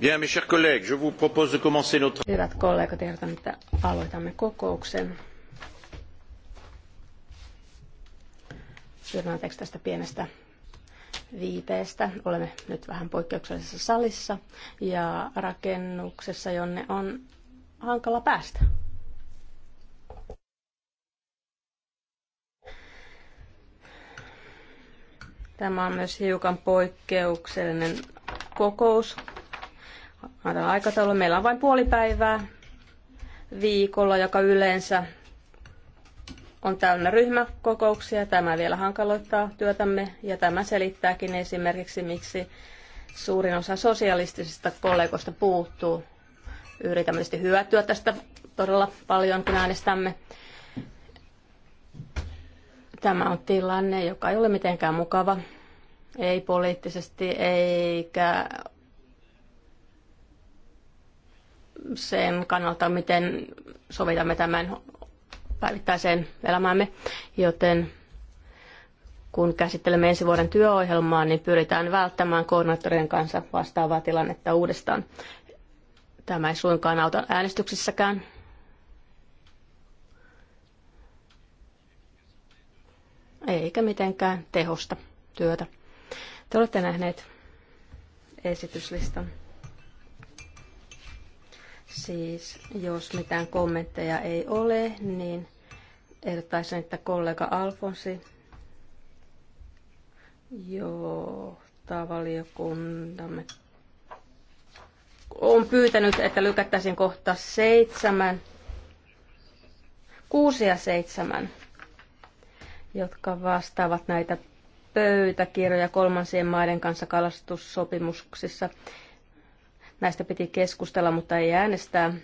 Bien, mes chers collègues, je vous propose de commencer notre... Hyvät kollegat, ehdotan, että aloitamme kokouksen. Pyydän tästä pienestä viiteestä. Olemme nyt vähän poikkeuksellisessa salissa ja rakennuksessa, jonne on hankala päästä. Tämä on myös hiukan poikkeuksellinen kokous aikataulu. Meillä on vain puoli päivää viikolla, joka yleensä on täynnä ryhmäkokouksia. Tämä vielä hankaloittaa työtämme ja tämä selittääkin esimerkiksi, miksi suurin osa sosialistisista kollegoista puuttuu. Yritämme tietysti hyötyä tästä todella paljon, kun äänestämme. Tämä on tilanne, joka ei ole mitenkään mukava, ei poliittisesti eikä sen kannalta, miten sovitamme tämän päivittäiseen elämäämme, joten kun käsittelemme ensi vuoden työohjelmaa, niin pyritään välttämään koordinaattorien kanssa vastaavaa tilannetta uudestaan. Tämä ei suinkaan auta äänestyksissäkään. Eikä mitenkään tehosta työtä. Te olette nähneet esityslistan. Siis jos mitään kommentteja ei ole, niin ehdottaisin, että kollega Alfonsi johtaa valiokuntamme on pyytänyt, että lykättäisiin kohta seitsemän, kuusi ja seitsemän, jotka vastaavat näitä pöytäkirjoja kolmansien maiden kanssa kalastussopimuksissa. Näistä piti keskustella, mutta ei äänestää.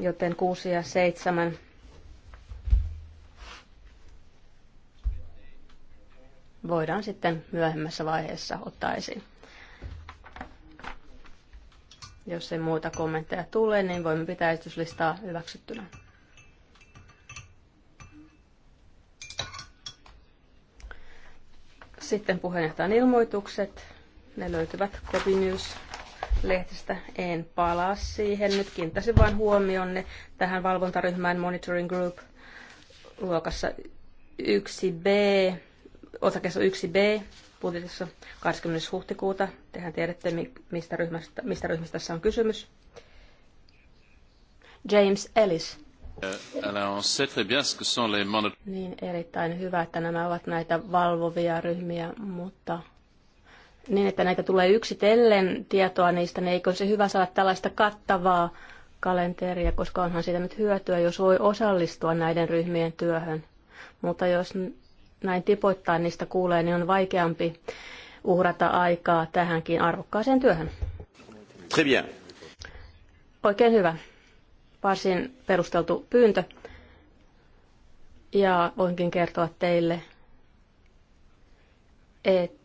Joten 6 ja 7 voidaan sitten myöhemmässä vaiheessa ottaa esiin. Jos ei muuta kommentteja tule, niin voimme pitää esityslistaa hyväksyttynä. Sitten puheenjohtajan ilmoitukset. Ne löytyvät Kopinews lehtistä en palaa siihen. Nyt kiinnittäisin vain huomionne tähän valvontaryhmään Monitoring Group luokassa 1B, osakeessa 1B budjetissa 20. huhtikuuta. Tehän tiedätte, mistä ryhmästä, mistä ryhmästä tässä on kysymys. James Ellis. Euh, niin, erittäin hyvä, että nämä ovat näitä valvovia ryhmiä, mutta niin, että näitä tulee yksitellen tietoa niistä, niin eikö se hyvä saada tällaista kattavaa kalenteria, koska onhan siitä nyt hyötyä, jos voi osallistua näiden ryhmien työhön. Mutta jos näin tipoittain niistä kuulee, niin on vaikeampi uhrata aikaa tähänkin arvokkaaseen työhön. Très bien. Oikein hyvä. Varsin perusteltu pyyntö. Ja voinkin kertoa teille, että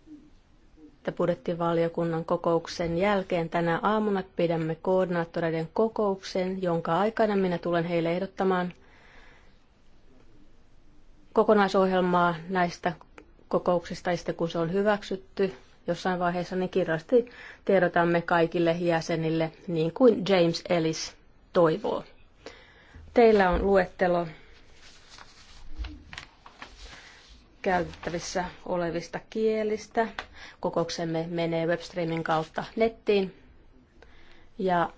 että budjettivaliokunnan kokouksen jälkeen tänä aamuna pidämme koordinaattoreiden kokouksen, jonka aikana minä tulen heille ehdottamaan kokonaisohjelmaa näistä kokouksista, ja sitten kun se on hyväksytty jossain vaiheessa, niin kirjallisesti tiedotamme kaikille jäsenille, niin kuin James Ellis toivoo. Teillä on luettelo käytettävissä olevista kielistä. Kokouksemme menee webstreamin kautta nettiin. Ja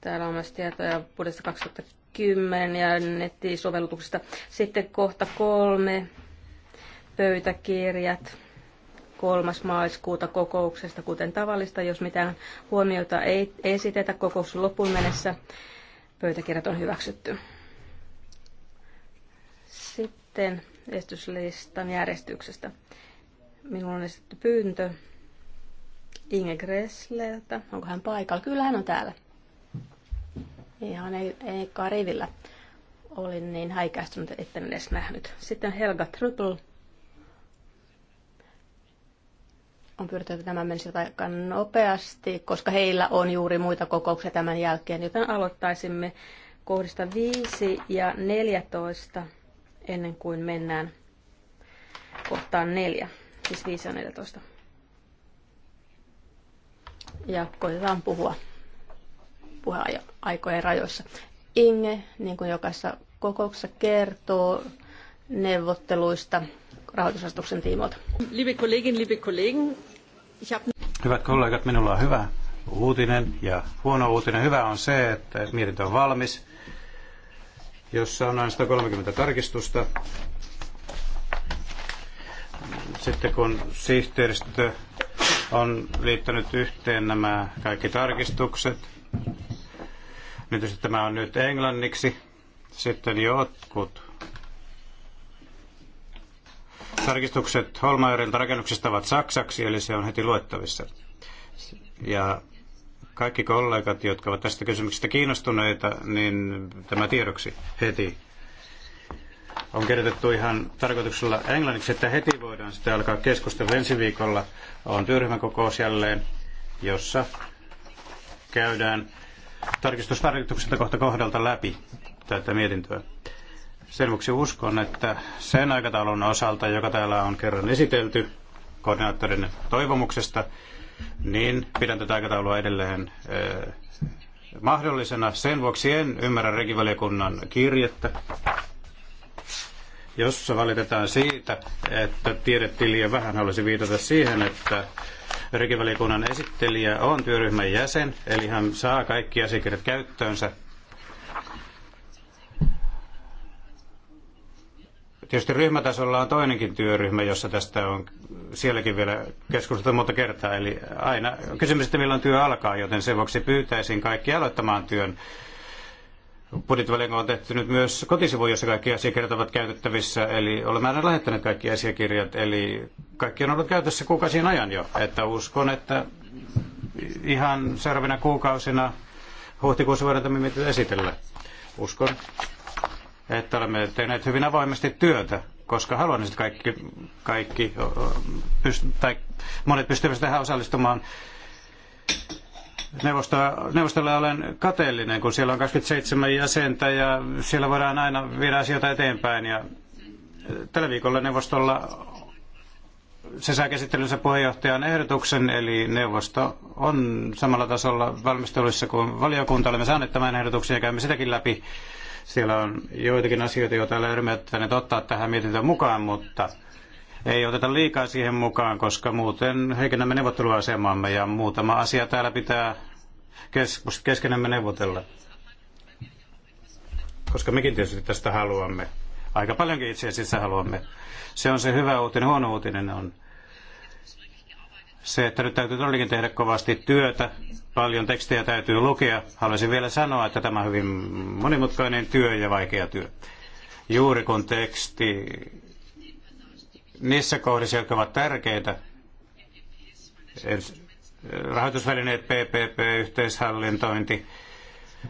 Täällä on myös tietoja vuodesta 2010 ja nettisovellutuksista. Sitten kohta kolme, pöytäkirjat 3. maaliskuuta kokouksesta, kuten tavallista. Jos mitään huomiota ei esitetä kokouksen loppuun mennessä, pöytäkirjat on hyväksytty. Sitten esityslistan järjestyksestä. Minulla on esitetty pyyntö Inge Gressleltä. Onko hän paikalla? Kyllä hän on täällä. Ihan ei, ei karivillä. Olin niin häikäistynyt, etten edes nähnyt. Sitten Helga Trypl on pyritty, että tämä menisi aika nopeasti, koska heillä on juuri muita kokouksia tämän jälkeen, joten aloittaisimme kohdista 5 ja 14 ennen kuin mennään kohtaan 4, siis 5 ja 14. Ja koitetaan puhua puheaikojen rajoissa. Inge, niin kuin jokaisessa kokouksessa kertoo neuvotteluista rahoitusasetuksen tiimoilta. Hyvät kollegat, minulla on hyvä uutinen ja huono uutinen. Hyvä on se, että mietintö on valmis, jossa on noin 130 tarkistusta. Sitten kun sihteeristö on liittänyt yhteen nämä kaikki tarkistukset, nyt tämä on nyt englanniksi, sitten jotkut Tarkistukset Holmaerilta rakennuksesta ovat saksaksi, eli se on heti luettavissa. Ja kaikki kollegat, jotka ovat tästä kysymyksestä kiinnostuneita, niin tämä tiedoksi heti on kirjoitettu ihan tarkoituksella englanniksi, että heti voidaan sitten alkaa keskustella. Ensi viikolla on työryhmäkokous jälleen, jossa käydään tarkistustarkoitukselta kohta kohdalta läpi tätä mietintöä. Sen vuoksi uskon, että sen aikataulun osalta, joka täällä on kerran esitelty koordinaattorin toivomuksesta, niin pidän tätä aikataulua edelleen eh, mahdollisena. Sen vuoksi en ymmärrä regivaliokunnan kirjettä, jossa valitetaan siitä, että tiedettiin liian vähän. Haluaisin viitata siihen, että regivaliokunnan esittelijä on työryhmän jäsen, eli hän saa kaikki asiakirjat käyttöönsä Tietysti ryhmätasolla on toinenkin työryhmä, jossa tästä on sielläkin vielä keskusteltu monta kertaa. Eli aina kysymys, että milloin työ alkaa, joten sen vuoksi pyytäisin kaikki aloittamaan työn. Budjettivalinko on tehty nyt myös kotisivu, jossa kaikki asiakirjat ovat käytettävissä, eli olemme aina lähettäneet kaikki asiakirjat, eli kaikki on ollut käytössä kuukausien ajan jo. Että uskon, että ihan seuraavina kuukausina huhtikuussa voidaan tämä esitellä. Uskon, että olemme tehneet hyvin avoimesti työtä, koska haluan, että kaikki, kaikki pyst- tai monet pystyvät tähän osallistumaan. Neuvosto, neuvostolle olen kateellinen, kun siellä on 27 jäsentä ja siellä voidaan aina viedä asioita eteenpäin. Ja tällä viikolla neuvostolla se saa käsittelynsä puheenjohtajan ehdotuksen, eli neuvosto on samalla tasolla valmistelussa kuin valiokunta. Olemme saaneet tämän ehdotuksen ja käymme sitäkin läpi. Siellä on joitakin asioita, joita olemme yrittäneet ottaa tähän mietintöön mukaan, mutta ei oteta liikaa siihen mukaan, koska muuten heikennämme neuvotteluasemamme ja muutama asia täällä pitää keskenämme neuvotella. Koska mekin tietysti tästä haluamme. Aika paljonkin itse asiassa haluamme. Se on se hyvä uutinen, huono uutinen on se, että nyt täytyy todellakin tehdä kovasti työtä, paljon tekstejä täytyy lukea. Haluaisin vielä sanoa, että tämä on hyvin monimutkainen työ ja vaikea työ. Juuri kun teksti niissä kohdissa, jotka ovat tärkeitä, rahoitusvälineet, PPP, yhteishallintointi,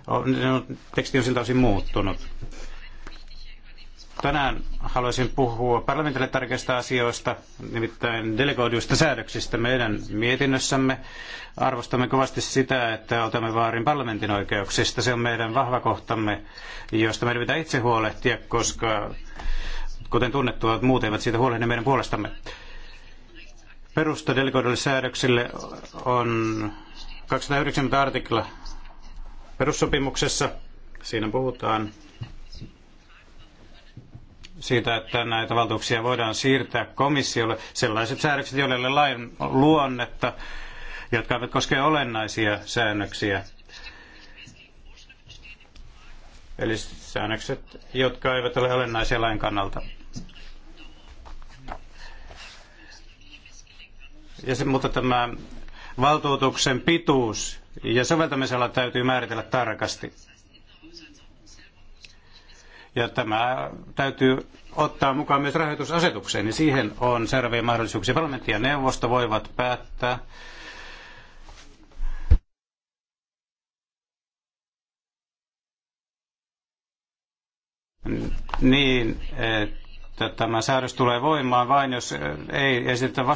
on, teksti on siltä osin muuttunut. Tänään haluaisin puhua parlamentille tärkeistä asioista, nimittäin delegoiduista säädöksistä meidän mietinnössämme. Arvostamme kovasti sitä, että otamme vaarin parlamentin oikeuksista. Se on meidän vahva kohtamme, josta meidän pitää itse huolehtia, koska kuten tunnettua, muut eivät siitä huolehdi meidän puolestamme. Perusta delegoiduille säädöksille on 290 artikla perussopimuksessa. Siinä puhutaan siitä, että näitä valtuuksia voidaan siirtää komissiolle sellaiset säädökset, joille ei lain luonnetta, jotka eivät koske olennaisia säännöksiä. Eli säännökset, jotka eivät ole olennaisia lain kannalta. Ja se, mutta tämä valtuutuksen pituus ja soveltamisella täytyy määritellä tarkasti. Ja tämä täytyy ottaa mukaan myös rahoitusasetukseen, niin siihen on seuraavia mahdollisuuksia. Parlamentti ja neuvosto voivat päättää niin, että tämä säädös tulee voimaan vain, jos ei esitetä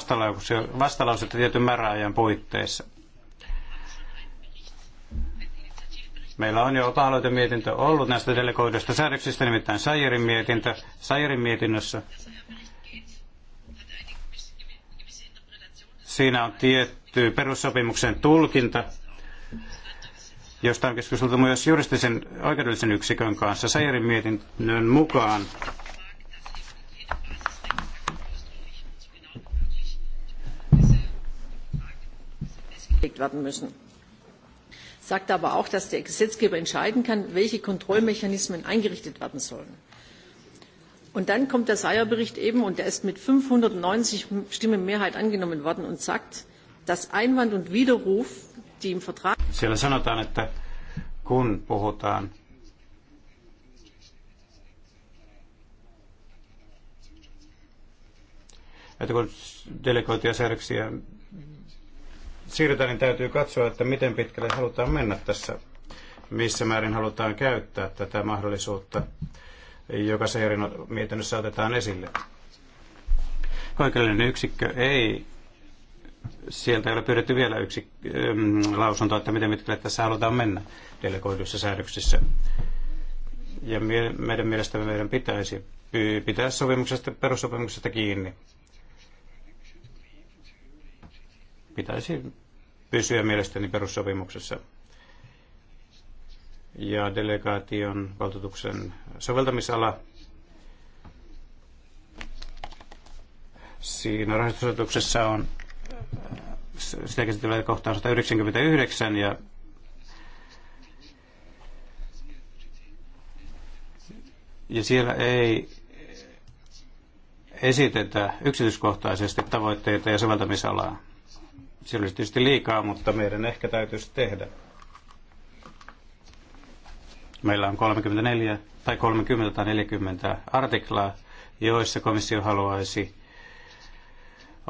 vastalausetta tietyn määräajan puitteissa. Meillä on jo opa-aloitemietintö ollut näistä delegoidusta säädöksistä, nimittäin Sajerin mietintö. Sajerin mietinnössä siinä on tietty perussopimuksen tulkinta, josta on keskusteltu myös juristisen oikeudellisen yksikön kanssa Sajerin mietinnön mukaan. werden müssen sagt aber auch, dass der Gesetzgeber entscheiden kann, welche Kontrollmechanismen eingerichtet werden sollen. Und dann kommt der Seyer-Bericht eben, und der ist mit 590 Stimmen Mehrheit angenommen worden und sagt, dass Einwand und Widerruf, die im Vertrag... Siellä sanotaan, että kun puhutaan että kun delegoituja säädöksiä siirrytään, niin täytyy katsoa, että miten pitkälle halutaan mennä tässä, missä määrin halutaan käyttää tätä mahdollisuutta, joka Seerin mietinnössä otetaan esille. Oikeudellinen yksikkö ei, sieltä ei ole pyydetty vielä yksi ähm, mm, lausunto, että miten pitkälle tässä halutaan mennä delegoiduissa säädöksissä. Ja meidän mielestä meidän pitäisi pitää sopimuksesta, perussopimuksesta kiinni pitäisi pysyä mielestäni perussopimuksessa. Ja delegaation valtuutuksen soveltamisala siinä rahoitusasetuksessa on sitä käsittelyä kohtaan 199 ja ja siellä ei esitetä yksityiskohtaisesti tavoitteita ja soveltamisalaa. Se olisi tietysti liikaa, mutta meidän ehkä täytyisi tehdä. Meillä on 34 tai 30 tai 40 artiklaa, joissa komissio haluaisi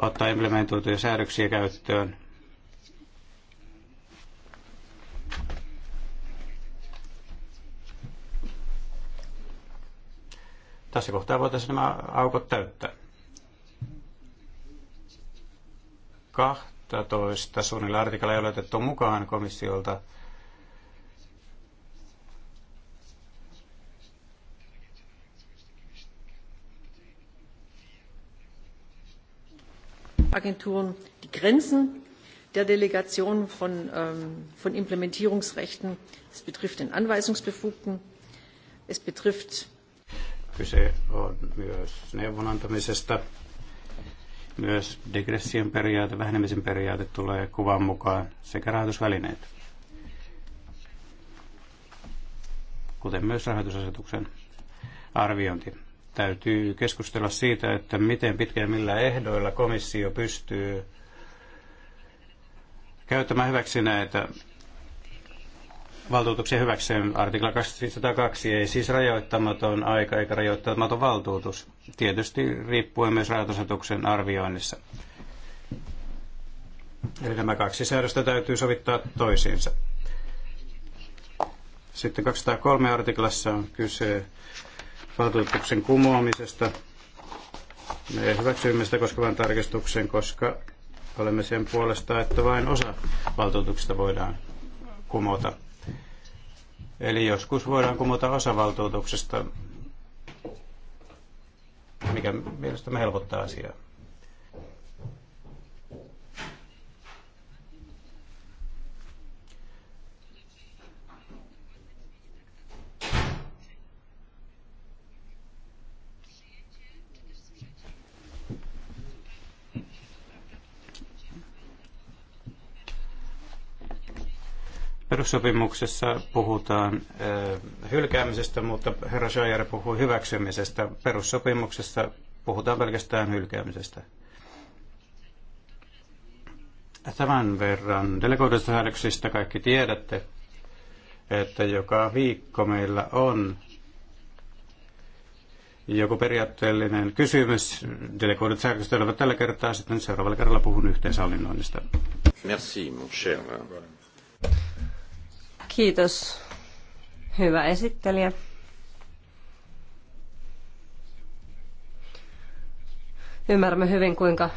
ottaa implementoituja säädöksiä käyttöön. Tässä kohtaa voitaisiin nämä aukot täyttää. Kahta 16 suunnilla artikla ei ole otettu mukaan komissiolta. Agenturen die Grenzen der Delegation von, ähm, von Implementierungsrechten. Es betrifft den Anweisungsbefugten. Es betrifft Kyse on myös neuvonantamisesta. Myös digression periaate, vähenemisen periaate tulee kuvan mukaan sekä rahoitusvälineet, kuten myös rahoitusasetuksen arviointi. Täytyy keskustella siitä, että miten pitkä ja millä ehdoilla komissio pystyy käyttämään hyväksi näitä valtuutuksia hyväkseen. Artikla 202 ei siis rajoittamaton aika eikä rajoittamaton valtuutus. Tietysti riippuen myös rahoitusasetuksen arvioinnissa. Eli nämä kaksi säädöstä täytyy sovittaa toisiinsa. Sitten 203 artiklassa on kyse valtuutuksen kumoamisesta. Me hyväksymme sitä koskevan tarkistuksen, koska olemme sen puolesta, että vain osa valtuutuksista voidaan kumota. Eli joskus voidaan kumota osavaltuutuksesta, mikä mielestämme helpottaa asiaa. Perussopimuksessa puhutaan eh, hylkäämisestä, mutta herra Schreier puhuu hyväksymisestä. Perussopimuksessa puhutaan pelkästään hylkäämisestä. Tämän verran delegoidusta säädöksistä kaikki tiedätte, että joka viikko meillä on joku periaatteellinen kysymys. Delegoidut säädökset olivat tällä kertaa, sitten seuraavalla kerralla puhun yhteishallinnoinnista. Merci, mon cher. Kiitos, hyvä esittelijä. Ymmärrämme hyvin, kuinka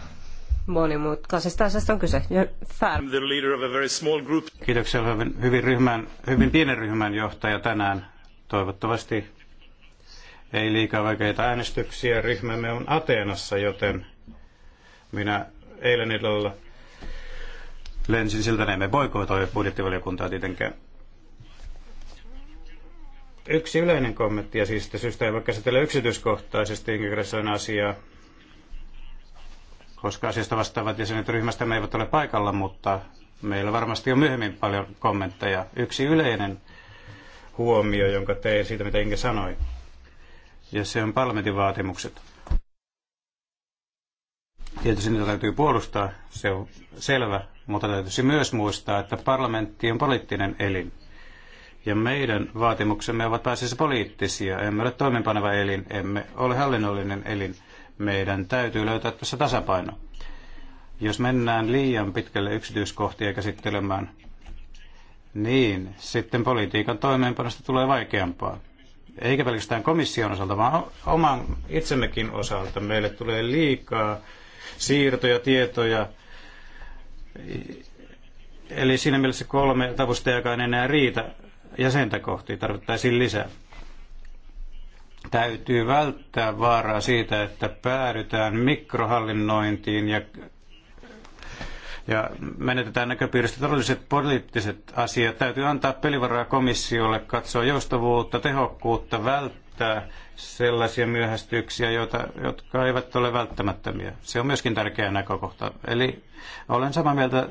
monimutkaisesta asiasta on kyse. Fär. Kiitoksia, Olen hyvin, ryhmän, hyvin pienen ryhmän johtaja tänään. Toivottavasti ei liikaa vaikeita äänestyksiä. Ryhmämme on Ateenassa, joten minä eilen illalla lensin siltä, että emme boikoitoi budjettivaliokuntaa tietenkään. Yksi yleinen kommentti, ja siis syystä ei voi käsitellä yksityiskohtaisesti Ingegressön asiaa, koska asiasta vastaavat jäsenet ryhmästä me eivät ole paikalla, mutta meillä varmasti on myöhemmin paljon kommentteja. Yksi yleinen huomio, jonka tein siitä, mitä Inge sanoi, ja se on parlamentin vaatimukset. Tietysti niitä täytyy puolustaa, se on selvä, mutta täytyisi myös muistaa, että parlamentti on poliittinen elin. Ja meidän vaatimuksemme ovat pääasiassa siis poliittisia. Emme ole toimenpaneva elin, emme ole hallinnollinen elin. Meidän täytyy löytää tässä tasapaino. Jos mennään liian pitkälle yksityiskohtia käsittelemään, niin sitten politiikan toimeenpanosta tulee vaikeampaa. Eikä pelkästään komission osalta, vaan oman itsemmekin osalta. Meille tulee liikaa siirtoja, tietoja, Eli siinä mielessä kolme tavusta, ei enää riitä jäsentä kohti tarvittaisiin lisää. Täytyy välttää vaaraa siitä, että päädytään mikrohallinnointiin ja, ja menetetään näköpiiristä todelliset poliittiset asiat. Täytyy antaa pelivaraa komissiolle katsoa joustavuutta, tehokkuutta, välttää välttää sellaisia myöhästyksiä, joita, jotka eivät ole välttämättömiä. Se on myöskin tärkeä näkökohta. Eli olen samaa mieltä,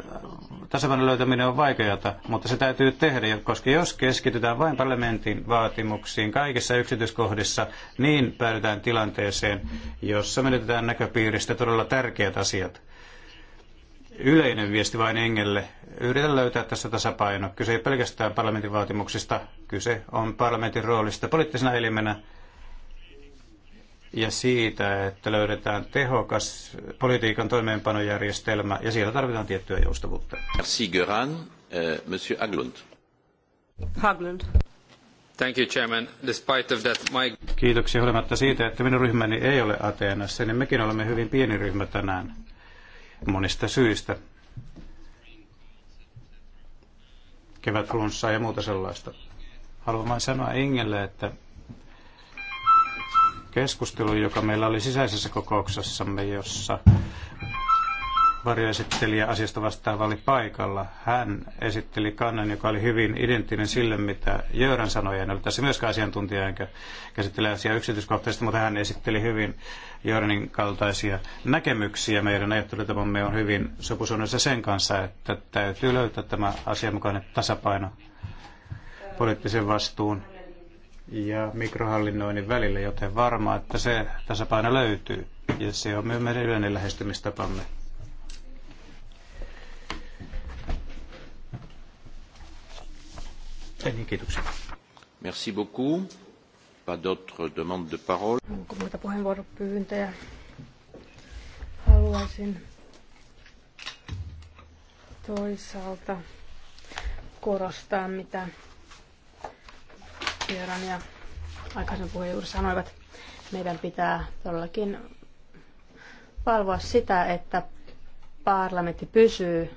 tasavallan löytäminen on vaikeata, mutta se täytyy tehdä, koska jos keskitytään vain parlamentin vaatimuksiin kaikissa yksityiskohdissa, niin päädytään tilanteeseen, jossa menetetään näköpiiristä todella tärkeät asiat yleinen viesti vain Engelle. Yritän löytää tässä tasapaino. Kyse ei pelkästään parlamentin vaatimuksista, kyse on parlamentin roolista poliittisena elimenä ja siitä, että löydetään tehokas politiikan toimeenpanojärjestelmä ja siellä tarvitaan tiettyä joustavuutta. Merci Göran, uh, Monsieur Aglund. Haglund. Thank you, Chairman. Despite of that, my... Kiitoksia huolimatta siitä, että minun ryhmäni ei ole Ateenassa, niin mekin olemme hyvin pieni ryhmä tänään monista syistä. Kevätflunssaa ja muuta sellaista. Haluan vain sanoa Ingelle, että keskustelu, joka meillä oli sisäisessä kokouksessamme, jossa varjoesittelijä asiasta vastaava oli paikalla. Hän esitteli kannan, joka oli hyvin identtinen sille, mitä Jörän sanoi. En ole tässä myöskään asiantuntija, enkä käsittele asiaa yksityiskohtaisesti, mutta hän esitteli hyvin Jörnin kaltaisia näkemyksiä. Meidän ajattelutapamme on hyvin sopusuunnassa sen kanssa, että täytyy löytää tämä asianmukainen tasapaino poliittisen vastuun ja mikrohallinnoinnin välillä, joten varmaa, että se tasapaino löytyy. Ja se on myös meidän yleinen lähestymistapamme. Merci beaucoup. Pas d'autres demandes de parole. Haluaisin toisaalta korostaa, mitä Pieran ja aikaisemmin puheen juuri sanoivat. Meidän pitää todellakin valvoa sitä, että parlamentti pysyy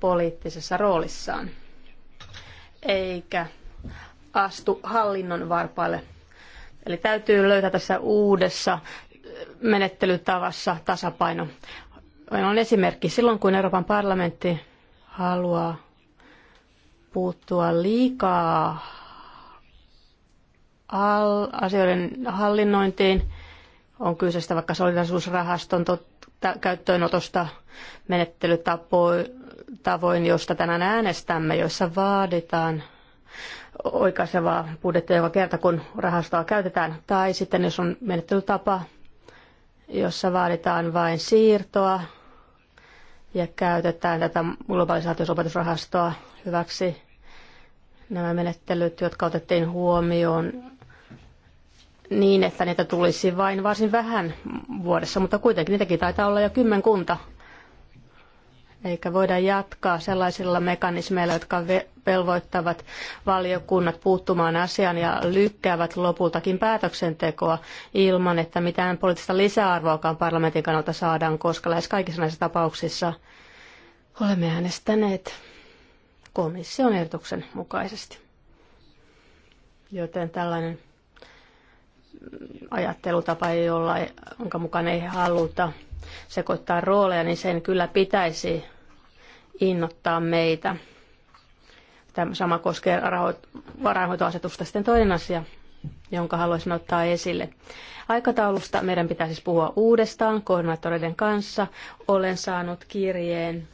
poliittisessa roolissaan eikä astu hallinnon varpaille. Eli täytyy löytää tässä uudessa menettelytavassa tasapaino. On esimerkki. Silloin kun Euroopan parlamentti haluaa puuttua liikaa asioiden hallinnointiin, on kyseistä vaikka solidarisuusrahaston tot- käyttöönotosta, menettelytapoja tavoin, josta tänään äänestämme, jossa vaaditaan oikaisevaa budjettia joka kerta, kun rahastoa käytetään, tai sitten jos on menettelytapa, jossa vaaditaan vain siirtoa ja käytetään tätä globalisaatiosopetusrahastoa hyväksi. Nämä menettelyt, jotka otettiin huomioon niin, että niitä tulisi vain varsin vähän vuodessa, mutta kuitenkin niitäkin taitaa olla jo kymmenkunta. Eli voida jatkaa sellaisilla mekanismeilla, jotka velvoittavat valiokunnat puuttumaan asiaan ja lykkäävät lopultakin päätöksentekoa ilman, että mitään poliittista lisäarvoakaan parlamentin kannalta saadaan, koska lähes kaikissa näissä tapauksissa olemme äänestäneet komission ehdotuksen mukaisesti. Joten tällainen ajattelutapa, jolla, jonka mukaan ei haluta sekoittaa rooleja, niin sen kyllä pitäisi innoittaa meitä. Tämä sama koskee varainhoitoasetusta. Sitten toinen asia, jonka haluaisin ottaa esille. Aikataulusta meidän pitää siis puhua uudestaan koordinaattoreiden kanssa. Olen saanut kirjeen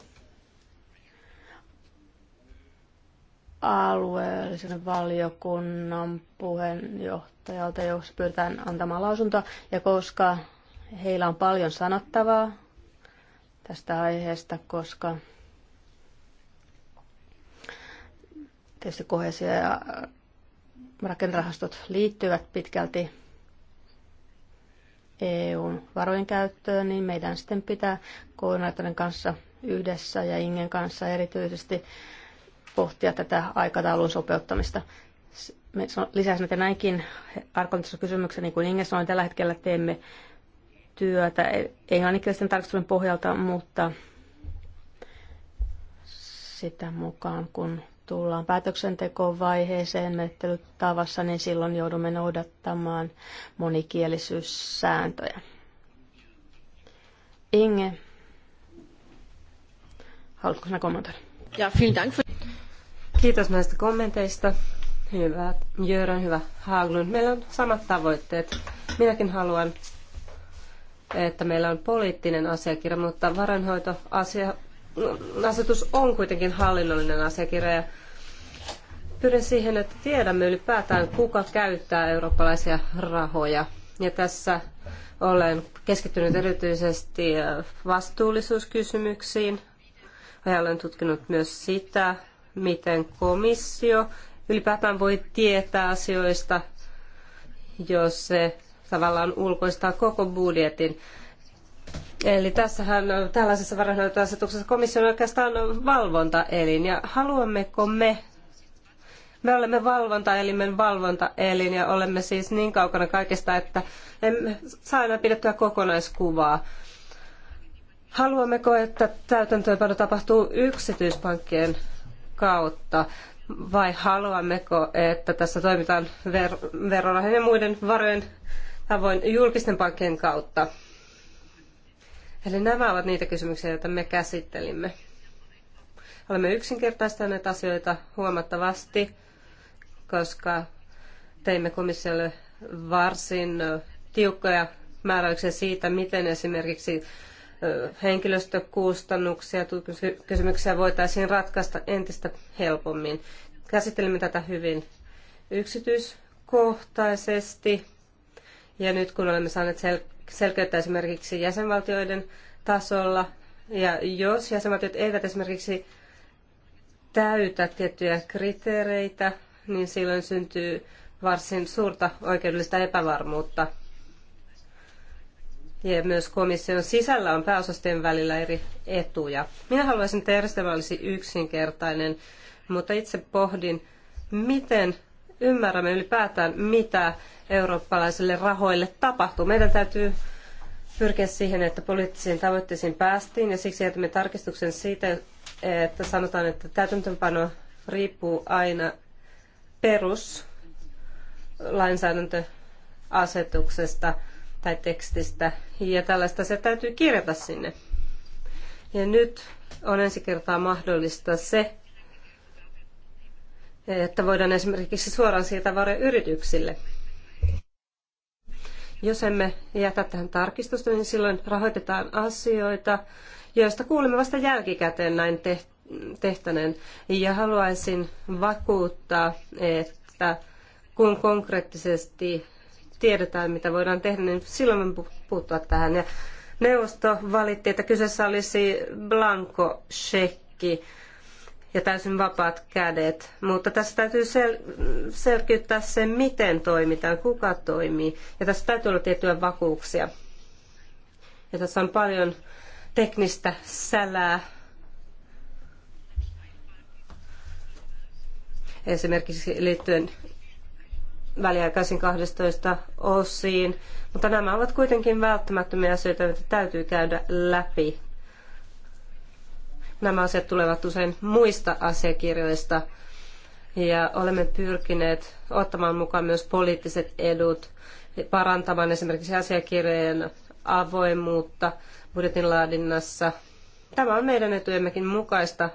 alueellisen valiokunnan puheenjohtajalta, jos pyritään antamaan lausuntoa. Ja koska heillä on paljon sanottavaa tästä aiheesta, koska Tietysti kohesio ja rakennerahastot liittyvät pitkälti EUn varojen käyttöön, niin meidän sitten pitää koordinaattorin kanssa yhdessä ja Ingen kanssa erityisesti pohtia tätä aikataulun sopeuttamista. Lisäisin, että näinkin arkoitus kysymyksen, niin kuin Inge sanoi, tällä hetkellä teemme työtä e- englanninkielisten tarkastelun pohjalta, mutta sitä mukaan, kun tullaan vaiheeseen menettelytavassa, niin silloin joudumme noudattamaan monikielisyyssääntöjä. Inge, haluatko sinä kommentoida? Ja, vielen Dank. Kiitos näistä kommenteista. Hyvä Jörön, hyvä Haglund. Meillä on samat tavoitteet. Minäkin haluan, että meillä on poliittinen asiakirja, mutta varainhoitoasia asetus on kuitenkin hallinnollinen asiakirja ja pyrin siihen, että tiedämme ylipäätään, kuka käyttää eurooppalaisia rahoja. Ja tässä olen keskittynyt erityisesti äh, vastuullisuuskysymyksiin ja olen tutkinut myös sitä, miten komissio ylipäätään voi tietää asioista, jos se tavallaan ulkoistaa koko budjetin. Eli tässähän tällaisessa varainhoitoasetuksessa komissio on oikeastaan valvontaelin. Ja haluammeko me, me olemme valvontaelimen valvontaelin ja olemme siis niin kaukana kaikesta, että emme saa enää pidettyä kokonaiskuvaa. Haluammeko, että täytäntöönpano tapahtuu yksityispankkien kautta vai haluammeko, että tässä toimitaan ver- verorahojen ja muiden varojen tavoin julkisten pankkien kautta? Eli nämä ovat niitä kysymyksiä, joita me käsittelimme. Olemme yksinkertaistaneet asioita huomattavasti, koska teimme komissiolle varsin tiukkoja määräyksiä siitä, miten esimerkiksi henkilöstökustannuksia, kysymyksiä voitaisiin ratkaista entistä helpommin. Käsittelimme tätä hyvin yksityiskohtaisesti. Ja nyt kun olemme saaneet sel- selkeyttä esimerkiksi jäsenvaltioiden tasolla. Ja jos jäsenvaltiot eivät esimerkiksi täytä tiettyjä kriteereitä, niin silloin syntyy varsin suurta oikeudellista epävarmuutta. Ja myös komission sisällä on pääosastojen välillä eri etuja. Minä haluaisin, että järjestelmä olisi yksinkertainen, mutta itse pohdin, miten ymmärrämme ylipäätään, mitä eurooppalaisille rahoille tapahtuu. Meidän täytyy pyrkiä siihen, että poliittisiin tavoitteisiin päästiin ja siksi jätämme tarkistuksen siitä, että sanotaan, että täytäntöönpano riippuu aina peruslainsäädäntöasetuksesta tai tekstistä ja tällaista se täytyy kirjata sinne. Ja nyt on ensi kertaa mahdollista se, että voidaan esimerkiksi suoraan siirtää varoja yrityksille. Jos emme jätä tähän tarkistusta, niin silloin rahoitetaan asioita, joista kuulemme vasta jälkikäteen näin tehtäneen. Ja haluaisin vakuuttaa, että kun konkreettisesti tiedetään, mitä voidaan tehdä, niin silloin me puuttua tähän. Ja neuvosto valitti, että kyseessä olisi blanko shekki ja täysin vapaat kädet. Mutta tässä täytyy sel- selkiyttää se, miten toimitaan, kuka toimii. Ja tässä täytyy olla tiettyjä vakuuksia. Ja tässä on paljon teknistä sälää. Esimerkiksi liittyen väliaikaisin 12 osiin. Mutta nämä ovat kuitenkin välttämättömiä asioita, joita täytyy käydä läpi Nämä asiat tulevat usein muista asiakirjoista ja olemme pyrkineet ottamaan mukaan myös poliittiset edut, parantamaan esimerkiksi asiakirjojen avoimuutta budjetin laadinnassa. Tämä on meidän etujemmekin mukaista.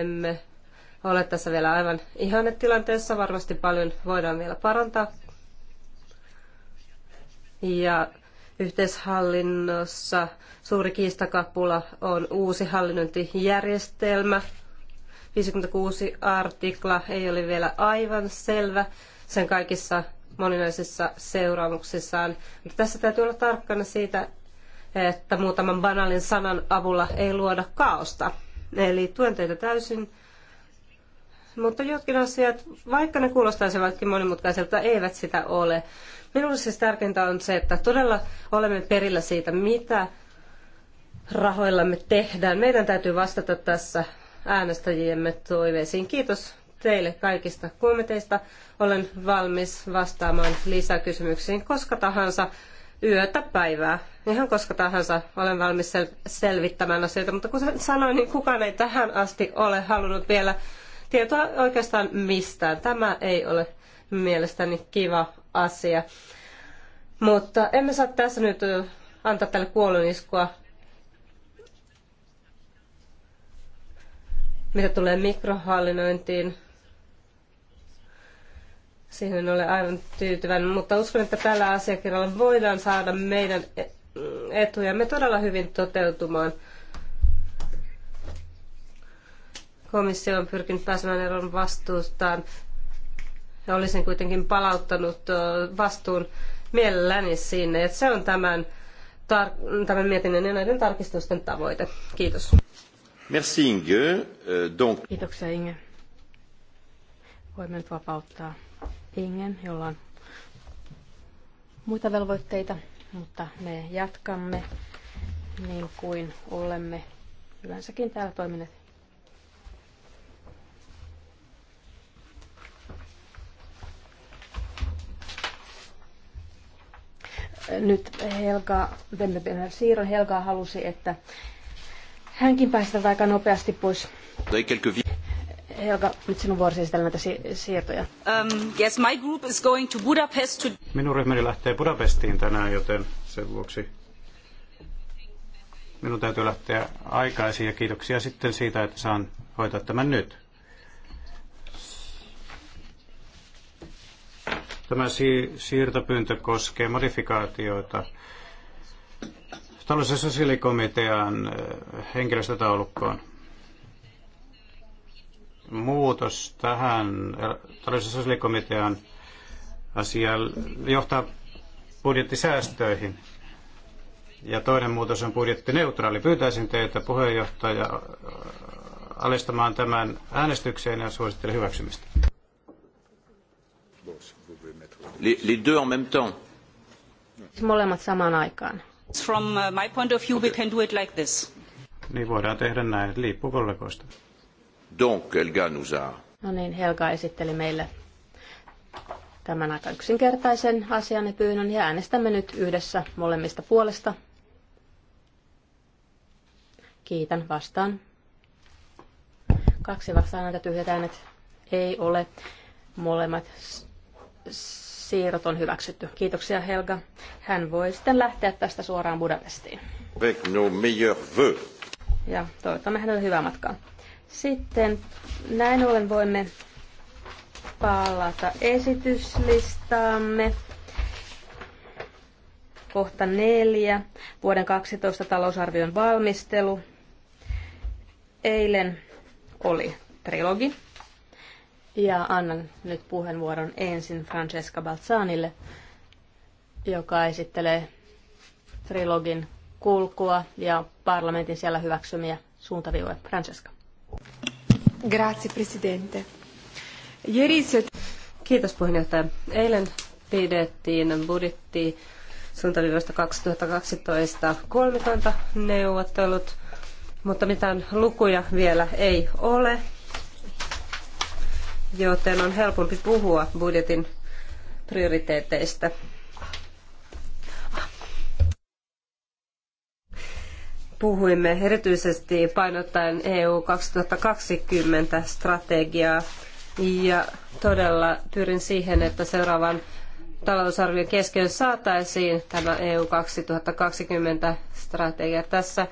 Emme ole tässä vielä aivan ihannetilanteessa. Varmasti paljon voidaan vielä parantaa. Ja yhteishallinnossa suuri kiistakapula on uusi hallinnointijärjestelmä. 56 artikla ei ole vielä aivan selvä sen kaikissa moninaisissa seuraamuksissaan. Mutta tässä täytyy olla tarkkana siitä, että muutaman banaalin sanan avulla ei luoda kaaosta. Eli tuen teitä täysin mutta jotkin asiat, vaikka ne kuulostaisivatkin monimutkaiselta, eivät sitä ole. Minulle siis tärkeintä on se, että todella olemme perillä siitä, mitä rahoillamme tehdään. Meidän täytyy vastata tässä äänestäjiemme toiveisiin. Kiitos teille kaikista kommenteista. Olen valmis vastaamaan lisäkysymyksiin koska tahansa yötä päivää. Ihan koska tahansa olen valmis sel- selvittämään asioita, mutta kuten sanoin, niin kukaan ei tähän asti ole halunnut vielä tietoa oikeastaan mistään. Tämä ei ole mielestäni kiva asia. Mutta emme saa tässä nyt antaa tälle kuoloniskua. Mitä tulee mikrohallinnointiin, siihen olen ole aivan tyytyväinen, mutta uskon, että tällä asiakirjalla voidaan saada meidän e- etujamme todella hyvin toteutumaan – Komissio on pyrkinyt pääsemään eroon vastuustaan ja olisin kuitenkin palauttanut vastuun mielelläni sinne. Et se on tämän, tämän mietinnön ja näiden tarkistusten tavoite. Kiitos. Merci Inge. Donc... Kiitoksia Inge. Voimme nyt vapauttaa Ingen, jolla on muita velvoitteita, mutta me jatkamme niin kuin olemme yleensäkin täällä toimineet. nyt Helga, siirron Helga halusi, että hänkin pääsi aika nopeasti pois. Helga, nyt sinun vuorosi esitellä näitä si- siirtoja. Um, yes, my group is going to Budapest to... Minun ryhmäni lähtee Budapestiin tänään, joten sen vuoksi minun täytyy lähteä aikaisin ja kiitoksia sitten siitä, että saan hoitaa tämän nyt. Tämä siirtopyyntö koskee modifikaatioita talous- ja sosiaalikomitean henkilöstötaulukkoon. Muutos tähän talous- ja sosiaalikomitean asiaan johtaa budjettisäästöihin. Ja toinen muutos on budjettineutraali. Pyytäisin teitä puheenjohtaja alistamaan tämän äänestykseen ja suosittelen hyväksymistä. Boss les, deux en même temps. Siis molemmat samaan aikaan. From uh, my point of view, we can do it like this. Niin voidaan tehdä näin, liippuu kollegoista. Donc, Helga nous a... No niin, Helga esitteli meille tämän aika yksinkertaisen asian ja pyynnön ja äänestämme nyt yhdessä molemmista puolesta. Kiitän vastaan. Kaksi vastaan näitä tyhjät äänet ei ole. Molemmat siirrot on hyväksytty. Kiitoksia Helga. Hän voi sitten lähteä tästä suoraan Budapestiin. Ja toivotamme hänelle hyvää matkaa. Sitten näin ollen voimme palata esityslistaamme. Kohta neljä, vuoden 12 talousarvion valmistelu. Eilen oli trilogi ja annan nyt puheenvuoron ensin Francesca Balzanille, joka esittelee trilogin kulkua ja parlamentin siellä hyväksymiä suuntaviivoja. Francesca. Grazie, Presidente. Kiitos puheenjohtaja. Eilen pidettiin budjetti suuntaviivoista 2012 kolmikanta neuvottelut, mutta mitään lukuja vielä ei ole joten on helpompi puhua budjetin prioriteeteista. Puhuimme erityisesti painottaen EU 2020 strategiaa ja todella pyrin siihen, että seuraavan talousarvion keskiöön saataisiin tämä EU 2020 strategia. Tässä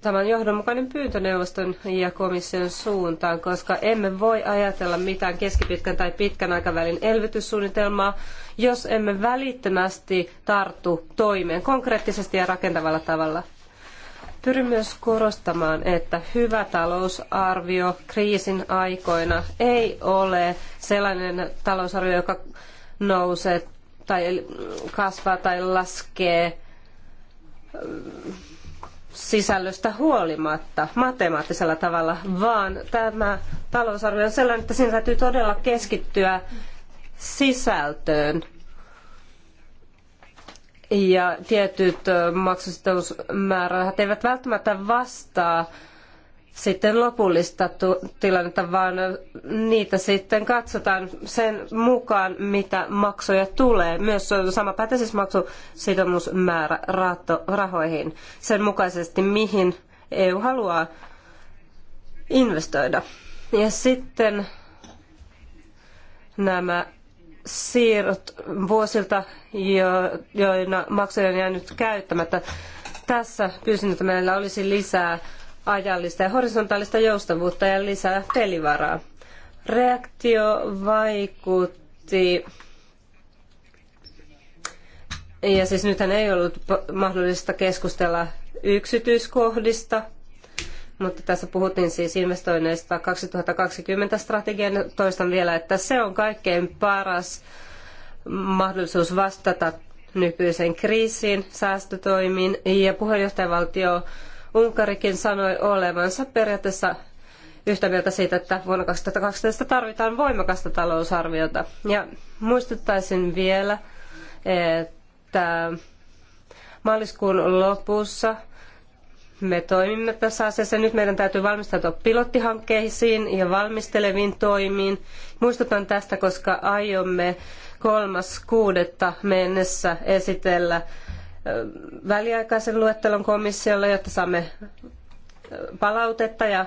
tämän johdonmukainen pyyntö neuvoston ja komission suuntaan, koska emme voi ajatella mitään keskipitkän tai pitkän aikavälin elvytyssuunnitelmaa, jos emme välittömästi tartu toimeen konkreettisesti ja rakentavalla tavalla. Pyrin myös korostamaan, että hyvä talousarvio kriisin aikoina ei ole sellainen talousarvio, joka nousee tai kasvaa tai laskee sisällöstä huolimatta matemaattisella tavalla, vaan tämä talousarvio on sellainen, että siinä täytyy todella keskittyä sisältöön. Ja tietyt maksusitousmäärärahat eivät välttämättä vastaa sitten lopullista tilannetta, vaan niitä sitten katsotaan sen mukaan, mitä maksuja tulee. Myös sama pätee siis maksusitoumusmäärä rahoihin sen mukaisesti, mihin EU haluaa investoida. Ja sitten nämä siirrot vuosilta, joina maksuja on jäänyt käyttämättä. Tässä pyysin, että meillä olisi lisää ajallista ja horisontaalista joustavuutta ja lisää pelivaraa. Reaktio vaikutti ja siis nythän ei ollut mahdollista keskustella yksityiskohdista, mutta tässä puhuttiin siis investoinneista 2020 strategian. Toistan vielä, että se on kaikkein paras mahdollisuus vastata nykyiseen kriisiin, säästötoimiin ja puheenjohtajavaltio Unkarikin sanoi olevansa periaatteessa yhtä mieltä siitä, että vuonna 2012 tarvitaan voimakasta talousarviota. Ja muistuttaisin vielä, että maaliskuun lopussa me toimimme tässä asiassa. Nyt meidän täytyy valmistautua pilottihankkeisiin ja valmisteleviin toimiin. Muistutan tästä, koska aiomme kolmas kuudetta mennessä esitellä väliaikaisen luettelon komissiolle, jotta saamme palautetta ja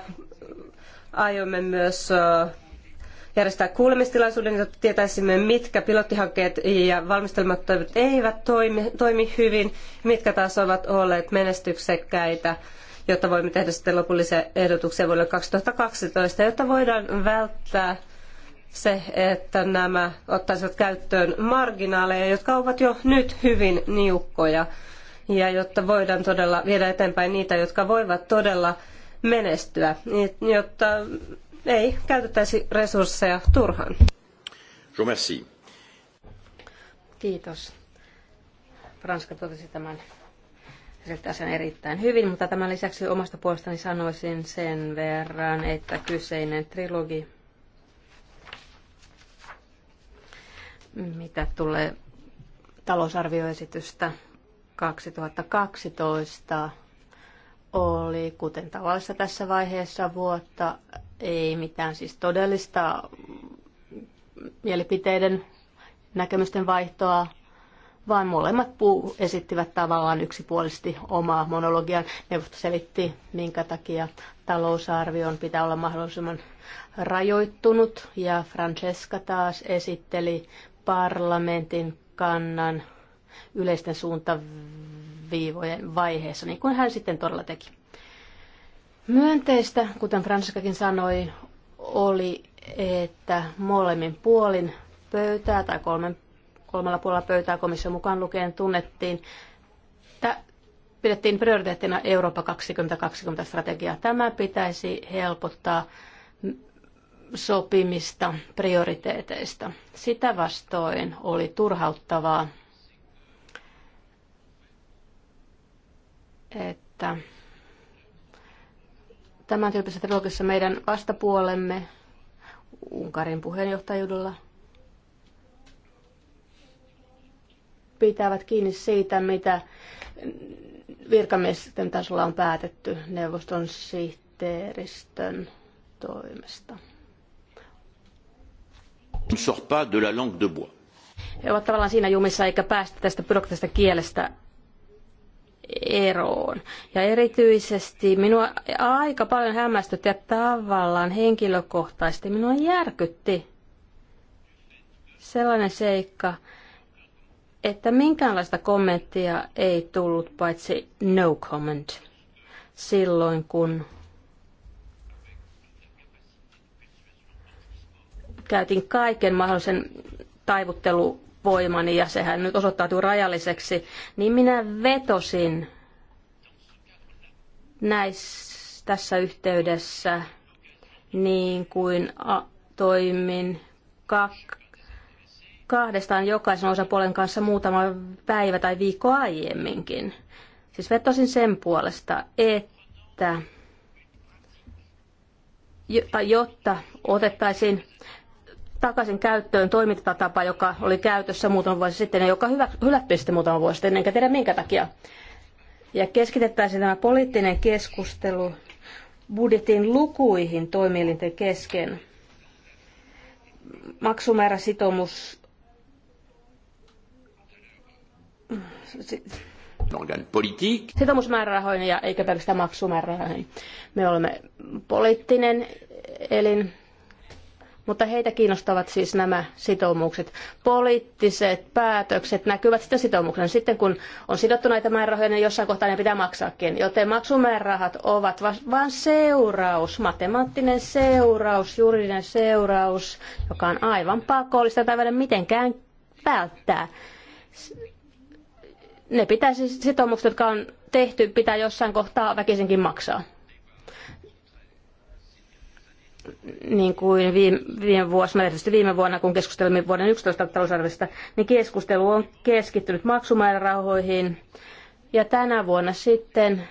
aiomme myös järjestää kuulemistilaisuuden, jotta tietäisimme, mitkä pilottihankkeet ja valmistelmat eivät toimi, toimi hyvin, mitkä taas ovat olleet menestyksekkäitä, jotta voimme tehdä sitten lopullisia ehdotuksia vuodelle 2012, jotta voidaan välttää se, että nämä ottaisivat käyttöön marginaaleja, jotka ovat jo nyt hyvin niukkoja, ja jotta voidaan todella viedä eteenpäin niitä, jotka voivat todella menestyä, jotta ei käytettäisi resursseja turhaan. Kiitos. Ranska totesi tämän asian erittäin hyvin, mutta tämän lisäksi omasta puolestani sanoisin sen verran, että kyseinen trilogi mitä tulee talousarvioesitystä 2012 oli, kuten tavallista tässä vaiheessa vuotta, ei mitään siis todellista mielipiteiden näkemysten vaihtoa, vaan molemmat puu esittivät tavallaan yksipuolisesti omaa monologian. Neuvosto selitti, minkä takia talousarvion pitää olla mahdollisimman rajoittunut, ja Francesca taas esitteli parlamentin kannan yleisten suuntaviivojen vaiheessa, niin kuin hän sitten todella teki. Myönteistä, kuten Franskakin sanoi, oli, että molemmin puolin pöytää tai kolmen, kolmella puolella pöytää komission mukaan lukien tunnettiin, että pidettiin prioriteettina Eurooppa 2020 strategiaa. Tämä pitäisi helpottaa sopimista prioriteeteista. Sitä vastoin oli turhauttavaa, että tämän tyyppisessä trilogissa meidän vastapuolemme Unkarin puheenjohtajuudella pitävät kiinni siitä, mitä virkamiesten tasolla on päätetty neuvoston sihteeristön toimesta ne sort pas de la langue de bois. He ovat tavallaan siinä jumissa eikä päästä tästä byrokratisesta kielestä eroon. Ja erityisesti minua aika paljon hämmästytti ja tavallaan henkilökohtaisesti minua järkytti sellainen seikka, että minkäänlaista kommenttia ei tullut paitsi no comment silloin, kun käytin kaiken mahdollisen taivutteluvoimani, ja sehän nyt osoittautui rajalliseksi, niin minä vetosin näissä, tässä yhteydessä niin kuin a, toimin kak, kahdestaan jokaisen osapuolen kanssa muutama päivä tai viikko aiemminkin. Siis vetosin sen puolesta, että jotta otettaisiin takaisin käyttöön toimintatapa, joka oli käytössä muutama vuosi sitten ja joka hylättiin sitten muutama vuosi sitten, enkä tiedä minkä takia. Ja keskitettäisiin tämä poliittinen keskustelu budjetin lukuihin toimielinten kesken. Maksumääräsitoumus organe Sitoumusmäärärahoihin ja eikä pelkästään maksumäärärahoihin. Me olemme poliittinen elin, mutta heitä kiinnostavat siis nämä sitoumukset. Poliittiset päätökset näkyvät sitten sitoumuksena, Sitten kun on sidottu näitä määrärahoja, niin jossain kohtaa ne pitää maksaakin. Joten maksumäärärahat ovat vain seuraus, matemaattinen seuraus, juridinen seuraus, joka on aivan pakollista tai mitenkään välttää ne pitäisi sitoumukset, jotka on tehty, pitää jossain kohtaa väkisinkin maksaa niin kuin viime, viime vuosina, erityisesti viime vuonna, kun keskustelimme vuoden 11 talousarvista, niin keskustelu on keskittynyt maksumäärärahoihin. Ja tänä vuonna sitten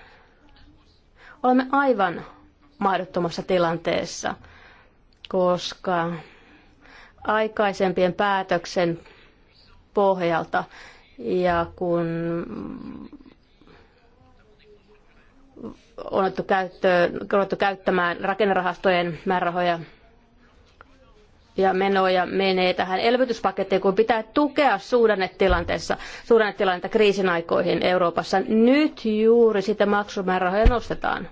olemme aivan mahdottomassa tilanteessa, koska aikaisempien päätöksen pohjalta ja kun on otettu, käyttöön, on otettu käyttämään rakennerahastojen määrärahoja ja menoja menee tähän elvytyspakettiin, kun pitää tukea suhdannetilanteessa, suhdannetilannetta kriisin aikoihin Euroopassa. Nyt juuri sitä maksumäärärahoja nostetaan.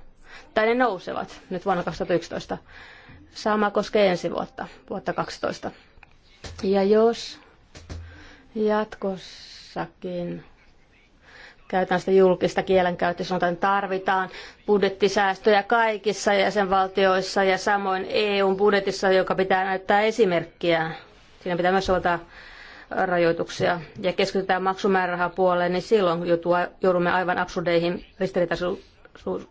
Tai ne nousevat nyt vuonna 2011. Sama koskee ensi vuotta, vuotta 2012. Ja jos jatkossakin käytän sitä julkista kielenkäyttöä, sanotaan, että tarvitaan budjettisäästöjä kaikissa jäsenvaltioissa ja samoin EUn budjetissa, joka pitää näyttää esimerkkiä. Siinä pitää myös soveltaa rajoituksia ja keskitytään maksumäärärahapuoleen, niin silloin joudumme aivan absurdeihin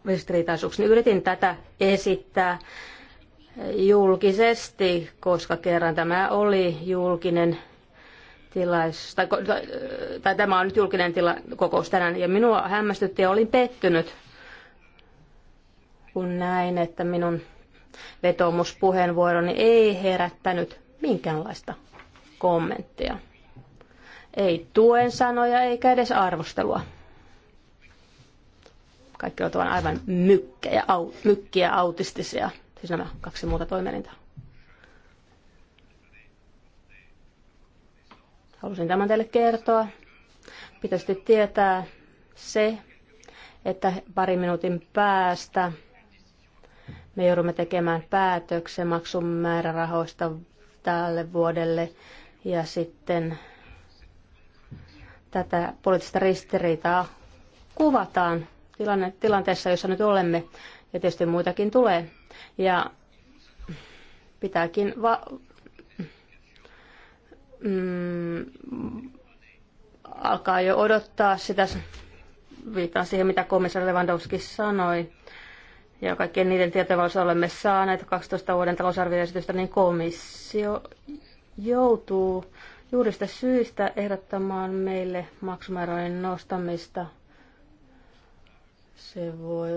ristiriitaisuuksiin. Yritin tätä esittää julkisesti, koska kerran tämä oli julkinen tilais, tai, tai, tai tämä on nyt julkinen tila, kokous tänään, ja minua hämmästytti ja olin pettynyt, kun näin, että minun vetomuspuheenvuoroni ei herättänyt minkäänlaista kommenttia. Ei tuen sanoja eikä edes arvostelua. Kaikki ovat aivan mykkejä, au, mykkiä autistisia, siis nämä kaksi muuta toimenintaa. Halusin tämän teille kertoa. Pitäisi tietää se, että pari minuutin päästä me joudumme tekemään päätöksen maksun määrärahoista tälle vuodelle ja sitten tätä poliittista ristiriitaa kuvataan tilanne, tilanteessa, jossa nyt olemme ja tietysti muitakin tulee. Ja pitääkin va- mm, alkaa jo odottaa sitä, viittaan siihen mitä komissaari Lewandowski sanoi, ja kaikkien niiden tietojen olemme saaneet 12 vuoden talousarvioesitystä, niin komissio joutuu juuri sitä syistä ehdottamaan meille maksumääräinen nostamista. Se voi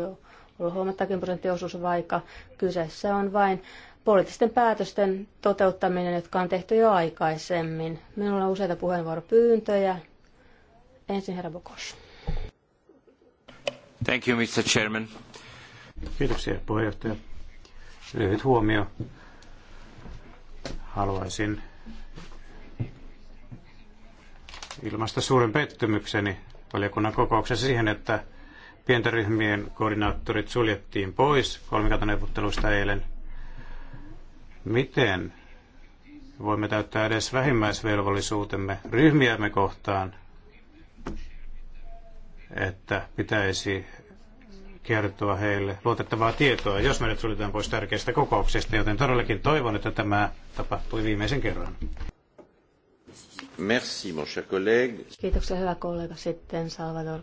olla huomattakin prosenttiosuus, vaikka kyseessä on vain poliittisten päätösten toteuttaminen, jotka on tehty jo aikaisemmin. Minulla on useita puheenvuoropyyntöjä. Ensin herra Bokos. Thank you, Mr. Chairman. Kiitoksia, puheenjohtaja. Lyhyt huomio. Haluaisin ilmaista suuren pettymykseni valiokunnan kokouksessa siihen, että pienten ryhmien koordinaattorit suljettiin pois kolmikantaneuvotteluista eilen miten voimme täyttää edes vähimmäisvelvollisuutemme ryhmiämme kohtaan, että pitäisi kertoa heille luotettavaa tietoa, jos meidät suljetaan pois tärkeistä kokouksista, joten todellakin toivon, että tämä tapahtui viimeisen kerran. Merci, mon cher collègue. Kiitoksia, hyvä kollega. Sitten Salvador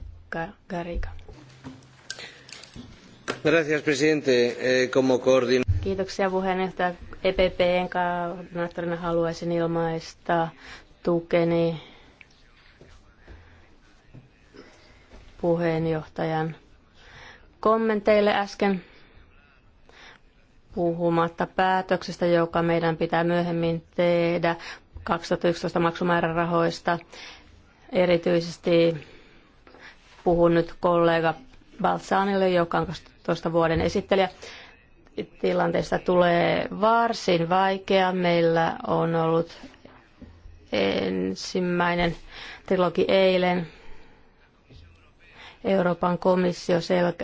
Garriga. Gracias, presidente. Eh, como coordinador... Kiitoksia puheenjohtaja. EPPn koordinaattorina haluaisin ilmaista tukeni puheenjohtajan kommenteille äsken puhumatta päätöksestä, joka meidän pitää myöhemmin tehdä 2011 maksumäärärahoista. Erityisesti puhun nyt kollega Balsanille, joka on 12 vuoden esittelijä tilanteesta tulee varsin vaikea. Meillä on ollut ensimmäinen trilogi eilen. Euroopan komissio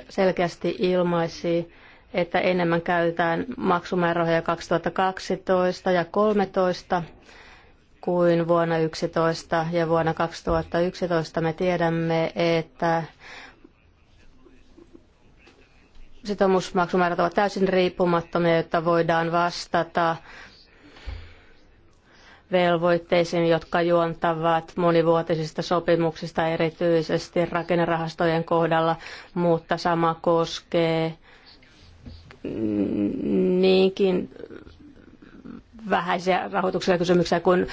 selkeästi ilmaisi, että enemmän käytetään maksumäärärahoja 2012 ja 2013 kuin vuonna 2011. Ja vuonna 2011 me tiedämme, että sitoumusmaksumäärät ovat täysin riippumattomia, jotta voidaan vastata velvoitteisiin, jotka juontavat monivuotisista sopimuksista erityisesti rakennerahastojen kohdalla, mutta sama koskee niinkin vähäisiä rahoituksia kysymyksiä kuin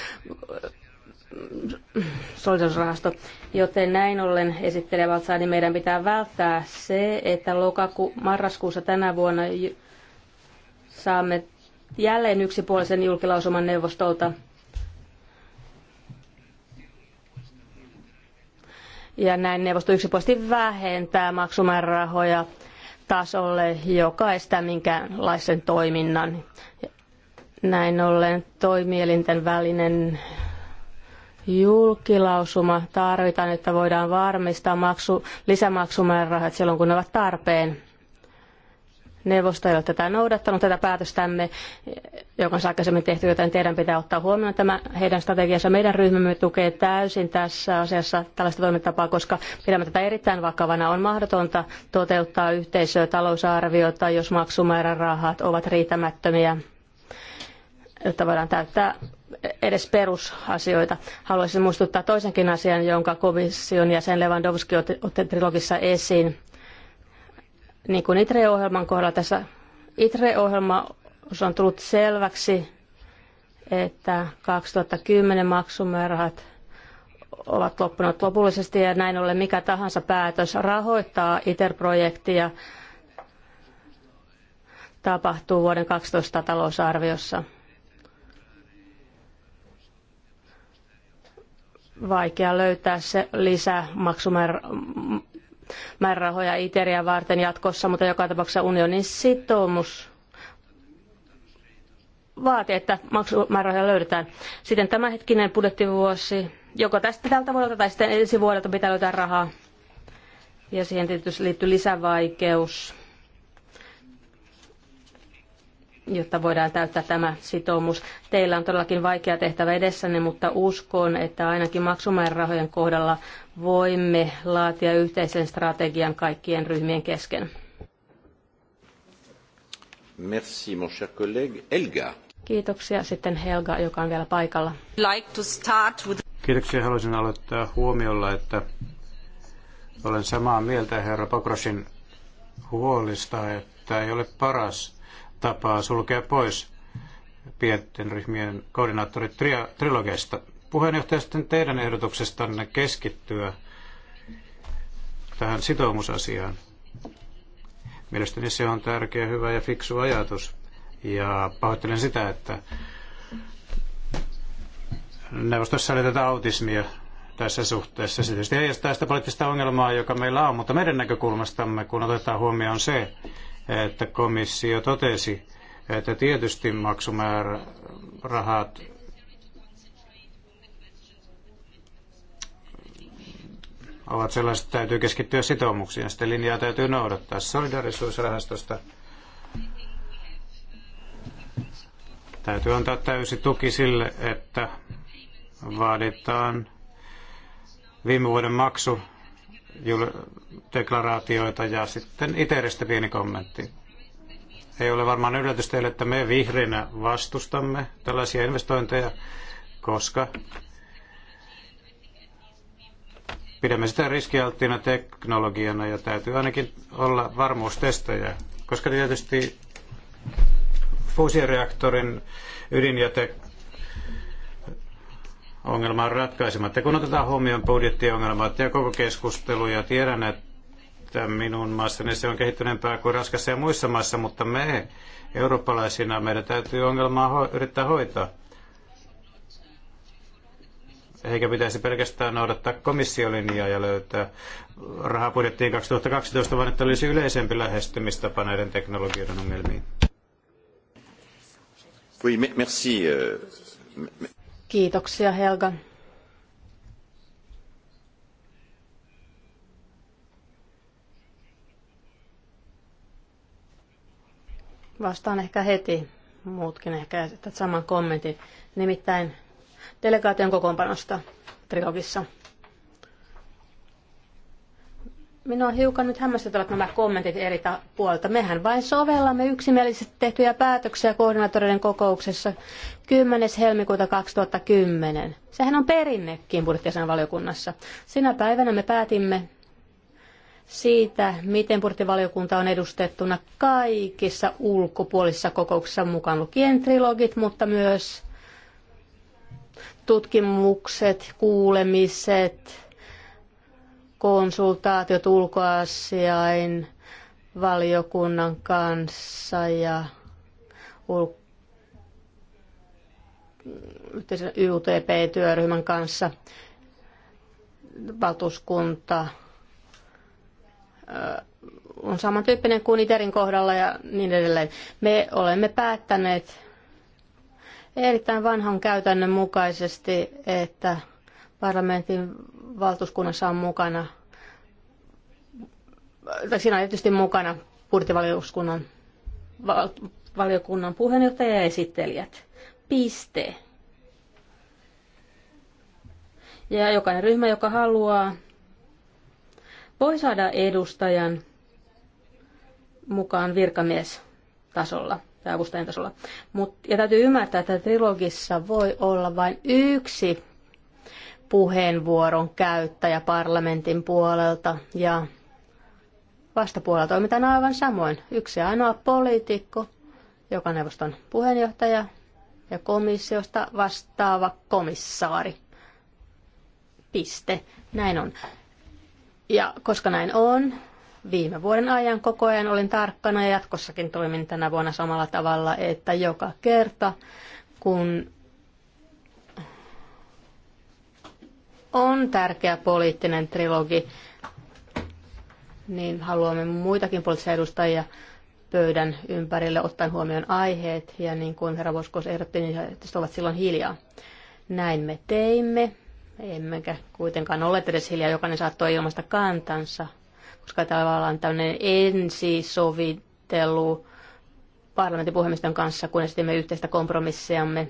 solidarisuusrahasto. Joten näin ollen esittelevät niin meidän pitää välttää se, että lokaku, marraskuussa tänä vuonna saamme jälleen yksipuolisen julkilausuman neuvostolta. Ja näin neuvosto yksipuolisesti vähentää maksumäärärahoja tasolle, joka estää minkäänlaisen toiminnan. Näin ollen toimielinten välinen julkilausuma tarvitaan, että voidaan varmistaa maksu, lisämaksumäärärahat silloin, kun ne ovat tarpeen. Neuvosto ei ole tätä noudattanut, tätä päätöstämme, joka on aikaisemmin tehty, joten teidän pitää ottaa huomioon tämä heidän strategiansa. Meidän ryhmämme tukee täysin tässä asiassa tällaista toimintatapaa, koska pidämme tätä erittäin vakavana. On mahdotonta toteuttaa yhteisöä talousarviota, jos maksumäärärahat ovat riittämättömiä, jotta voidaan täyttää edes perusasioita. Haluaisin muistuttaa toisenkin asian, jonka komission jäsen Lewandowski otti trilogissa esiin. Niin kuin ITRE-ohjelman kohdalla tässä ITRE-ohjelma on tullut selväksi, että 2010 maksumäärät ovat loppuneet lopullisesti ja näin ollen mikä tahansa päätös rahoittaa ITER-projektia tapahtuu vuoden 12 talousarviossa. vaikea löytää se lisää maksumäärärahoja Iteriä varten jatkossa, mutta joka tapauksessa unionin sitoumus vaatii, että maksumäärärahoja löydetään. Sitten tämänhetkinen budjettivuosi, joko tästä tältä vuodelta tai sitten ensi vuodelta pitää löytää rahaa. Ja siihen tietysti liittyy lisävaikeus jotta voidaan täyttää tämä sitoumus. Teillä on todellakin vaikea tehtävä edessänne, mutta uskon, että ainakin maksumäärärahojen kohdalla voimme laatia yhteisen strategian kaikkien ryhmien kesken. Merci, mon cher collègue. Elga. Kiitoksia. Sitten Helga, joka on vielä paikalla. Like to start with... Kiitoksia. Haluaisin aloittaa huomiolla, että olen samaa mieltä herra Pokrosin huolista, että ei ole paras tapaa sulkea pois pienten ryhmien koordinaattorit tri- trilogeista. Puheenjohtaja, sitten teidän ehdotuksestanne keskittyä tähän sitoumusasiaan. Mielestäni se on tärkeä, hyvä ja fiksu ajatus. Ja pahoittelen sitä, että neuvostossa oli tätä autismia tässä suhteessa. Se tietysti heijastaa sitä poliittista ongelmaa, joka meillä on, mutta meidän näkökulmastamme, kun otetaan huomioon se, että komissio totesi, että tietysti maksumäärärahat ovat sellaiset, että täytyy keskittyä sitoumuksiin. Sitä linjaa täytyy noudattaa. Solidarisuusrahastosta täytyy antaa täysi tuki sille, että vaaditaan viime vuoden maksu deklaraatioita ja sitten itse pieni kommentti. Ei ole varmaan yllätys teille, että me vihreinä vastustamme tällaisia investointeja, koska pidämme sitä riskialttiina teknologiana ja täytyy ainakin olla varmuustestejä, koska tietysti fuusioreaktorin ydinjäte ongelma on ratkaisematta. Kun otetaan huomioon budjettiongelmat ja koko keskustelu, ja tiedän, että minun maassani se on kehittyneempää kuin Raskassa ja muissa maissa, mutta me eurooppalaisina meidän täytyy ongelmaa yrittää hoitaa. Eikä pitäisi pelkästään noudattaa komissiolinjaa ja löytää rahapudjettiin 2012, vaan että olisi yleisempi lähestymistapa näiden teknologioiden ongelmiin. Oui, merci. Euh, Kiitoksia Helga. Vastaan ehkä heti, muutkin ehkä saman kommentin, nimittäin delegaation kokoonpanosta trilogissa. Minua hiukan nyt hämmästyttävät nämä kommentit eri puolta. Mehän vain sovellamme yksimielisesti tehtyjä päätöksiä koordinaattoreiden kokouksessa 10. helmikuuta 2010. Sehän on perinnekin budjettiasian valiokunnassa. Sinä päivänä me päätimme siitä, miten budjettivaliokunta on edustettuna kaikissa ulkopuolisissa kokouksissa mukaan lukien trilogit, mutta myös tutkimukset, kuulemiset, konsultaatiot ulkoasiain valiokunnan kanssa ja ulko- YTP-työryhmän kanssa valtuuskunta on samantyyppinen kuin ITERin kohdalla ja niin edelleen. Me olemme päättäneet erittäin vanhan käytännön mukaisesti, että parlamentin valtuuskunnassa on mukana, tai siinä on tietysti mukana budjettivaliokunnan val, valiokunnan puheenjohtaja ja esittelijät. Piste. Ja jokainen ryhmä, joka haluaa, voi saada edustajan mukaan virkamiestasolla tai avustajan tasolla. Mut, ja täytyy ymmärtää, että trilogissa voi olla vain yksi puheenvuoron käyttäjä parlamentin puolelta ja vastapuolella toimitaan aivan samoin. Yksi ainoa poliitikko, joka neuvoston puheenjohtaja ja komissiosta vastaava komissaari. Piste. Näin on. Ja koska näin on, viime vuoden ajan koko ajan olin tarkkana ja jatkossakin toimin tänä vuonna samalla tavalla, että joka kerta kun on tärkeä poliittinen trilogi, niin haluamme muitakin poliittisia edustajia pöydän ympärille ottaen huomioon aiheet, ja niin kuin herra Voskos ehdotti, niin he ovat silloin hiljaa. Näin me teimme, emmekä kuitenkaan ole edes hiljaa, jokainen saattoi ilmaista kantansa, koska tavallaan tämmöinen ensisovittelu parlamentin puhemiston kanssa, kun esitimme yhteistä kompromissiamme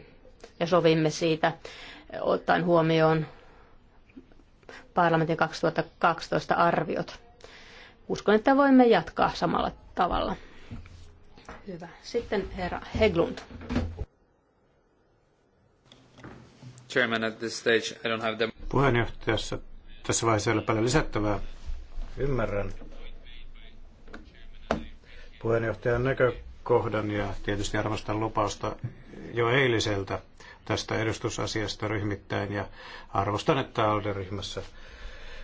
ja sovimme siitä ottaen huomioon parlamentin 2012 arviot. Uskon, että voimme jatkaa samalla tavalla. Hyvä. Sitten herra Heglund. Chairman, at this stage I don't have Puheenjohtajassa tässä vaiheessa ei ole paljon lisättävää. Ymmärrän puheenjohtajan näkökohdan ja tietysti arvostan lupausta jo eiliseltä tästä edustusasiasta ryhmittäin ja arvostan, että ALDE-ryhmässä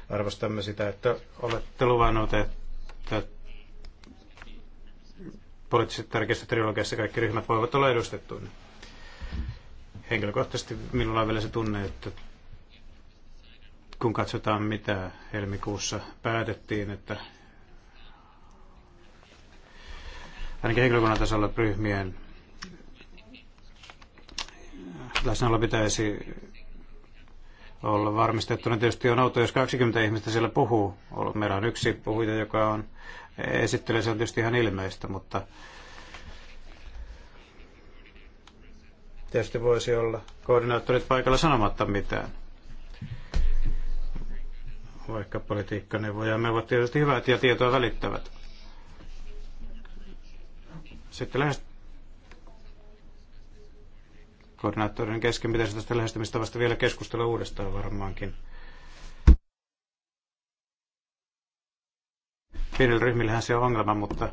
arvostamme sitä, että olette luvannut, että poliittisesti tärkeissä trilogiassa kaikki ryhmät voivat olla edustettuina. Henkilökohtaisesti minulla on vielä se tunne, että kun katsotaan mitä helmikuussa päätettiin, että ainakin henkilökunnan tasolla ryhmien läsnäolo pitäisi olla varmistettuna. Tietysti on outoa, jos 20 ihmistä siellä puhuu. Meillä on yksi puhuja, joka on esittelee, se on tietysti ihan ilmeistä, mutta tietysti voisi olla koordinaattorit paikalla sanomatta mitään. Vaikka me ovat tietysti hyvät ja tietoa välittävät. Sitten lähes koordinaattorin kesken pitäisi tästä lähestymistavasta vielä keskustella uudestaan varmaankin. Pienillä ryhmillähän se on ongelma, mutta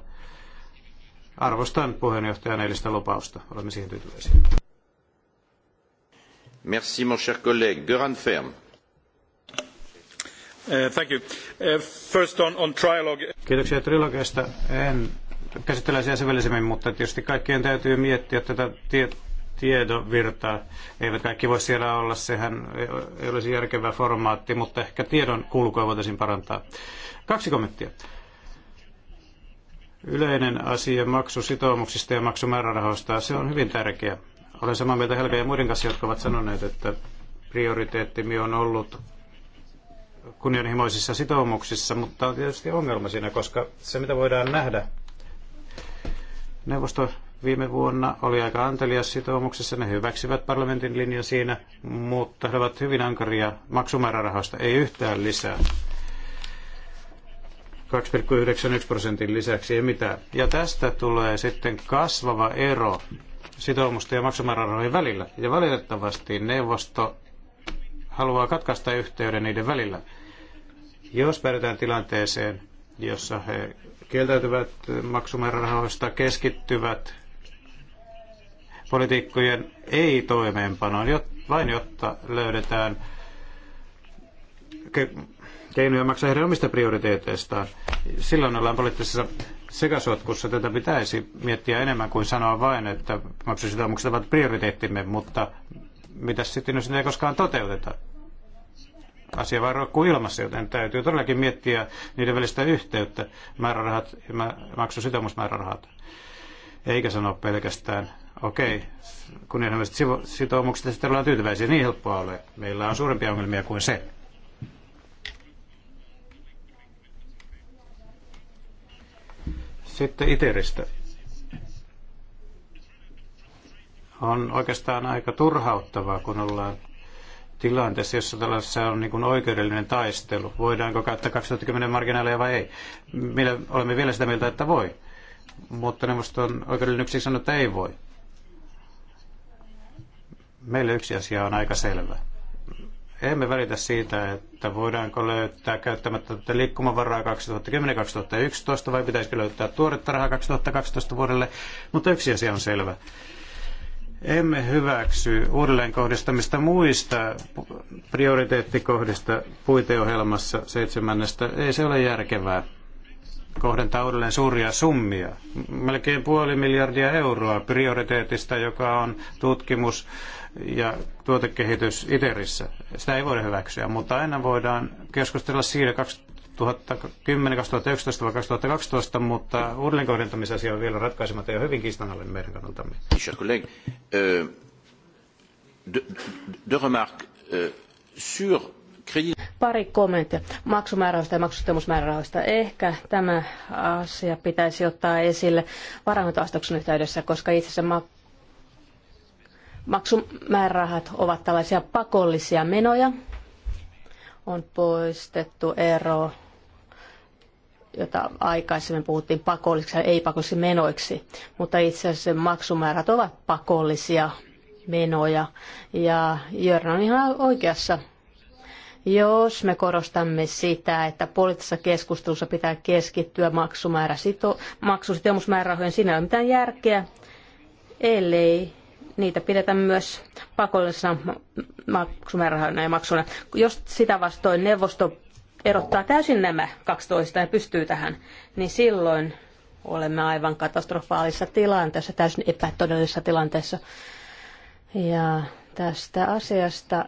arvostan puheenjohtajan eilistä lupausta. Olemme siihen tyytyväisiä. Merci mon cher collègue. Göran Ferm. Uh, thank you. Uh, first on, on trilogue. Kiitoksia trilogeista. En käsittele asiaa syvällisemmin, mutta tietysti kaikkien täytyy miettiä tätä tie- tiedovirtaa. Eivät kaikki voi siellä olla, sehän ei olisi järkevä formaatti, mutta ehkä tiedon kulkua voitaisiin parantaa. Kaksi kommenttia. Yleinen asia maksusitoumuksista ja maksumäärärahoista, se on hyvin tärkeä. Olen samaa mieltä Helga ja muiden kanssa, jotka ovat sanoneet, että prioriteettimi on ollut kunnianhimoisissa sitoumuksissa, mutta on tietysti ongelma siinä, koska se mitä voidaan nähdä neuvosto viime vuonna oli aika antelias sitoumuksessa. Ne hyväksivät parlamentin linjan siinä, mutta he ovat hyvin ankaria maksumäärärahoista, ei yhtään lisää. 2,91 prosentin lisäksi ei mitään. Ja tästä tulee sitten kasvava ero sitoumusten ja maksumäärärahojen välillä. Ja valitettavasti neuvosto haluaa katkaista yhteyden niiden välillä. Jos päädytään tilanteeseen, jossa he kieltäytyvät maksumäärärahoista, keskittyvät politiikkojen ei-toimeenpanoon, vain jotta löydetään keinoja maksaa heidän omista prioriteeteistaan. Silloin ollaan poliittisessa sekasotkussa. Tätä pitäisi miettiä enemmän kuin sanoa vain, että maksusitoumukset ovat prioriteettimme, mutta mitä sitten, jos niitä ei koskaan toteuteta? Asia vaan roikkuu ilmassa, joten täytyy todellakin miettiä niiden välistä yhteyttä, määrärahat ja maksusitoumusmäärärahat. Eikä sanoa pelkästään Okei, kunnianhimoiset sitoumukset sitten ollaan tyytyväisiä. Niin helppoa ole. Meillä on suurempia ongelmia kuin se. Sitten ITERistä. On oikeastaan aika turhauttavaa, kun ollaan tilanteessa, jossa tällaisessa on niin oikeudellinen taistelu. Voidaanko käyttää 2010 marginaaleja vai ei? Meillä olemme vielä sitä mieltä, että voi. Mutta neuvoston oikeudellinen yksi sanoo, että ei voi. Meille yksi asia on aika selvä. Emme välitä siitä, että voidaanko löytää käyttämättä tätä liikkumavaraa 2010-2011 vai pitäisikö löytää tuoretta rahaa 2012 vuodelle, mutta yksi asia on selvä. Emme hyväksy uudelleenkohdistamista muista prioriteettikohdista puiteohjelmassa seitsemännestä. Ei se ole järkevää kohdentaa uudelleen suuria summia, melkein puoli miljardia euroa prioriteetista, joka on tutkimus, ja tuotekehitys ITERissä. Sitä ei voida hyväksyä, mutta aina voidaan keskustella siitä 2010, 2011 vai 2012, mutta uudelleenkohdentamisasia on vielä ratkaisematta ja hyvin kiistanalainen meidän kannaltamme. Euh, euh, Pari kommenttia maksumääräystä ja maksustomusmääräystä. Ehkä tämä asia pitäisi ottaa esille varainhoitoastoksen yhteydessä, koska itse asiassa Maksumäärärahat ovat tällaisia pakollisia menoja. On poistettu ero, jota aikaisemmin puhuttiin pakollisiksi ja ei-pakollisiksi menoiksi, mutta itse asiassa maksumäärät ovat pakollisia menoja. Ja Jörn on ihan oikeassa. Jos me korostamme sitä, että poliittisessa keskustelussa pitää keskittyä maksumäärä sito, maksusitoumusmäärärahojen, siinä ei ole mitään järkeä, ellei niitä pidetään myös pakollisena maksumäärärahoina ja maksuna. Jos sitä vastoin neuvosto erottaa täysin nämä 12 ja pystyy tähän, niin silloin olemme aivan katastrofaalisessa tilanteessa, täysin epätodellisessa tilanteessa. Ja tästä asiasta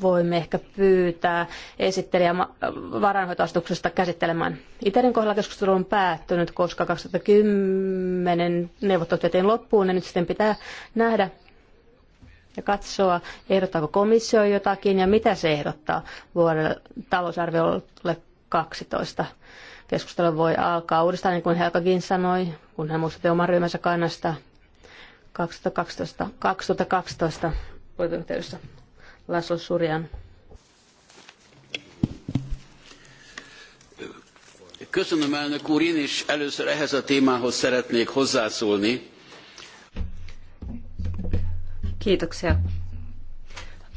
voimme ehkä pyytää esittelijä varainhoitoastuksesta käsittelemään. Iterin kohdalla keskustelu on päättynyt, koska 2010 neuvottelut vietiin loppuun ja nyt sitten pitää nähdä ja katsoa, ehdottaako komissio jotakin ja mitä se ehdottaa vuodelle talousarviolle 12. Keskustelu voi alkaa uudestaan, niin kuin Helkakin sanoi, kun hän muistutti oman ryhmänsä kannasta 2012, 2012 puheenjohtajuudessa. Laslo Surjan. Köszönöm, elnök úr. Én is először ehhez a témához szeretnék hozzászólni. Kiitoksia.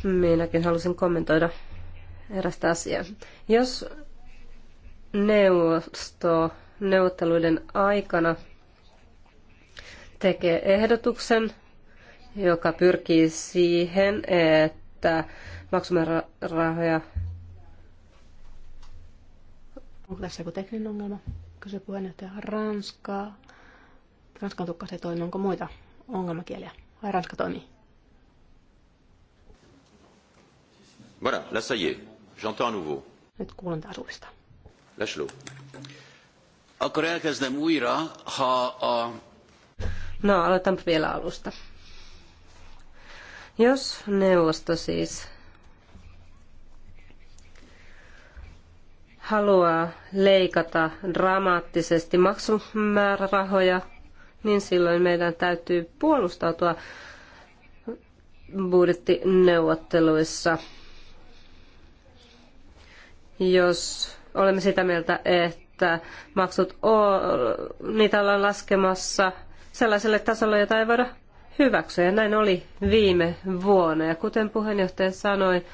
Minäkin halusin kommentoida erästä asiaa. Jos neuvosto neuvotteluiden aikana tekee ehdotuksen, joka pyrkii siihen, että käyttää maksumäärärahoja. Onko tässä joku tekninen ongelma? Kysy puheenjohtaja Ranskaa. Ranskan tukka se toimii. Onko muita ongelmakieliä? Vai Ranska toimii? Voilà, là ça y est. J'entends à nouveau. Nyt kuulen taas uudestaan. Lashlo. Akkor elkezdem újra, ha a... No, aloitanpa vielä alusta. Jos neuvosto siis haluaa leikata dramaattisesti maksumäärärahoja, niin silloin meidän täytyy puolustautua budjettineuvotteluissa. Jos olemme sitä mieltä, että maksut o, niitä ollaan laskemassa sellaiselle tasolle, jota ei voida hyväksyä. Ja näin oli viime vuonna. Ja kuten puheenjohtaja sanoi,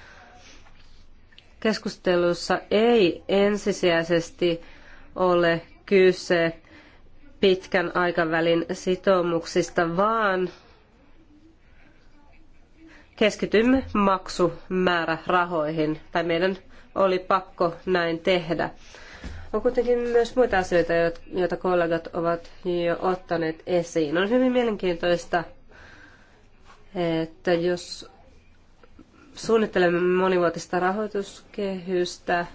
keskustelussa ei ensisijaisesti ole kyse pitkän aikavälin sitoumuksista, vaan keskitymme maksumäärärahoihin, tai meidän oli pakko näin tehdä. On kuitenkin myös muita asioita, joita kollegat ovat jo ottaneet esiin. On hyvin mielenkiintoista että jos suunnittelemme monivuotista rahoituskehystä,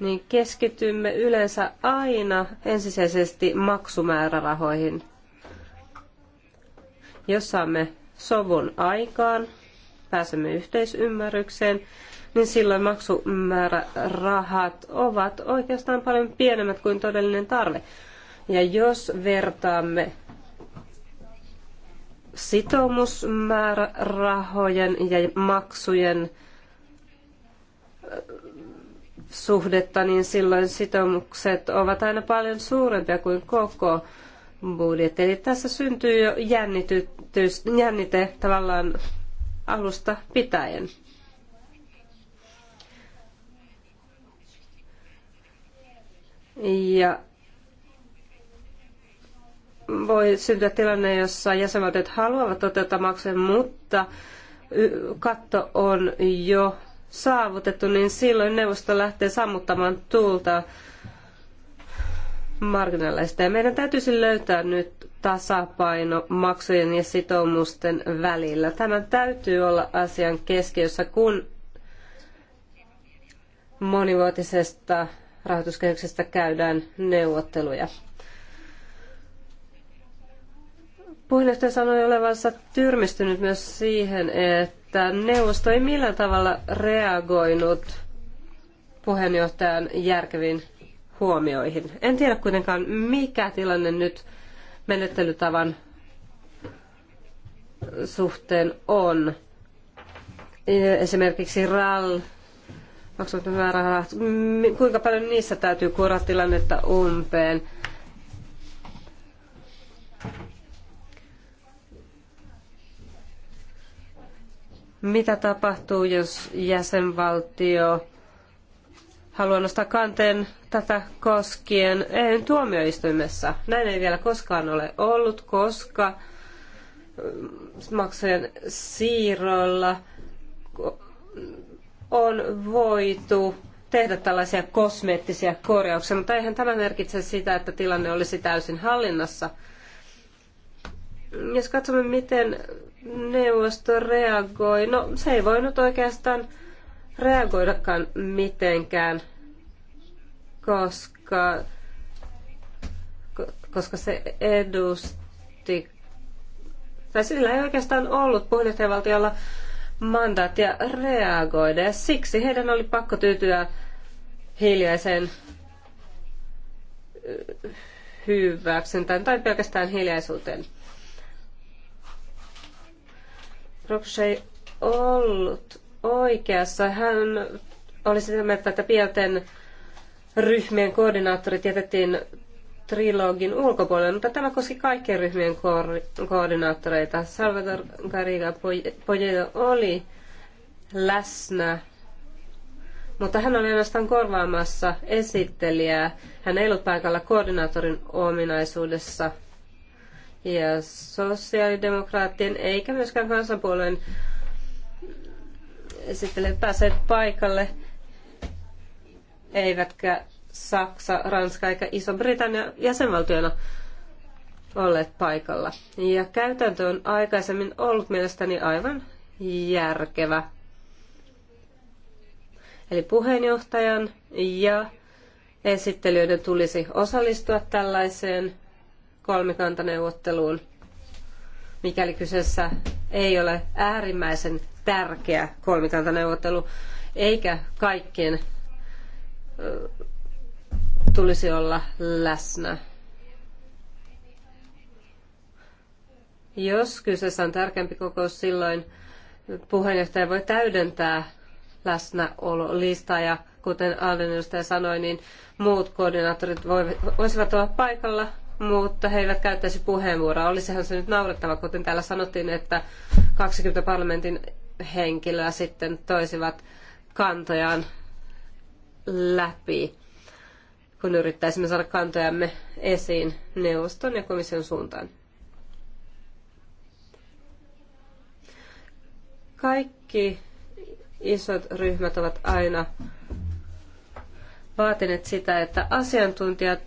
niin keskitymme yleensä aina ensisijaisesti maksumäärärahoihin. Jos saamme sovun aikaan, pääsemme yhteisymmärrykseen, niin silloin maksumäärärahat ovat oikeastaan paljon pienemmät kuin todellinen tarve. Ja jos vertaamme sitoumusmäärärahojen ja maksujen äh, suhdetta, niin silloin sitoumukset ovat aina paljon suurempia kuin koko budjetti. Eli tässä syntyy jo jännite tavallaan alusta pitäen. Ja voi syntyä tilanne, jossa jäsenvaltiot haluavat toteuttaa maksujen, mutta katto on jo saavutettu, niin silloin neuvosto lähtee sammuttamaan tuulta marginaaleista. Ja meidän täytyisi löytää nyt tasapaino maksujen ja sitoumusten välillä. Tämän täytyy olla asian keskiössä, kun monivuotisesta rahoituskehyksestä käydään neuvotteluja. Puheenjohtaja sanoi olevansa tyrmistynyt myös siihen, että neuvosto ei millään tavalla reagoinut puheenjohtajan järkeviin huomioihin. En tiedä kuitenkaan, mikä tilanne nyt menettelytavan suhteen on. Esimerkiksi RAL, maksamaton kuinka paljon niissä täytyy kuora tilannetta umpeen – mitä tapahtuu, jos jäsenvaltio haluaa nostaa kanteen tätä koskien EUn tuomioistuimessa. Näin ei vielä koskaan ole ollut, koska mm, maksujen siirroilla on voitu tehdä tällaisia kosmeettisia korjauksia, mutta eihän tämä merkitse sitä, että tilanne olisi täysin hallinnassa. Jos katsomme, miten neuvosto reagoi? No se ei voinut oikeastaan reagoidakaan mitenkään, koska, koska se edusti, tai sillä ei oikeastaan ollut puheenjohtajavaltiolla mandaattia reagoida, ja siksi heidän oli pakko tyytyä hiljaiseen hyväksyntään tai pelkästään hiljaisuuteen. ei ollut oikeassa. Hän oli sitä mieltä, että pienten ryhmien koordinaattorit jätettiin trilogin ulkopuolelle, mutta tämä koski kaikkien ryhmien ko- koordinaattoreita. Salvador Garriga Pojedo oli läsnä, mutta hän oli ainoastaan korvaamassa esittelijää. Hän ei ollut paikalla koordinaattorin ominaisuudessa – ja sosiaalidemokraattien eikä myöskään kansanpuolueen esittelijät päässeet paikalle, eivätkä Saksa, Ranska eikä Iso-Britannia jäsenvaltiona olleet paikalla. Ja käytäntö on aikaisemmin ollut mielestäni aivan järkevä. Eli puheenjohtajan ja esittelijöiden tulisi osallistua tällaiseen kolmikantaneuvotteluun, mikäli kyseessä ei ole äärimmäisen tärkeä kolmikantaneuvottelu, eikä kaikkien tulisi olla läsnä. Jos kyseessä on tärkeämpi kokous, silloin puheenjohtaja voi täydentää läsnäololistaa ja kuten Alden edustaja sanoi, niin muut koordinaattorit voisivat olla paikalla mutta he eivät käyttäisi puheenvuoroa. Olisihan se nyt naurettava, kuten täällä sanottiin, että 20 parlamentin henkilöä sitten toisivat kantojaan läpi, kun yrittäisimme saada kantojamme esiin neuvoston ja komission suuntaan. Kaikki isot ryhmät ovat aina vaatineet sitä, että asiantuntijat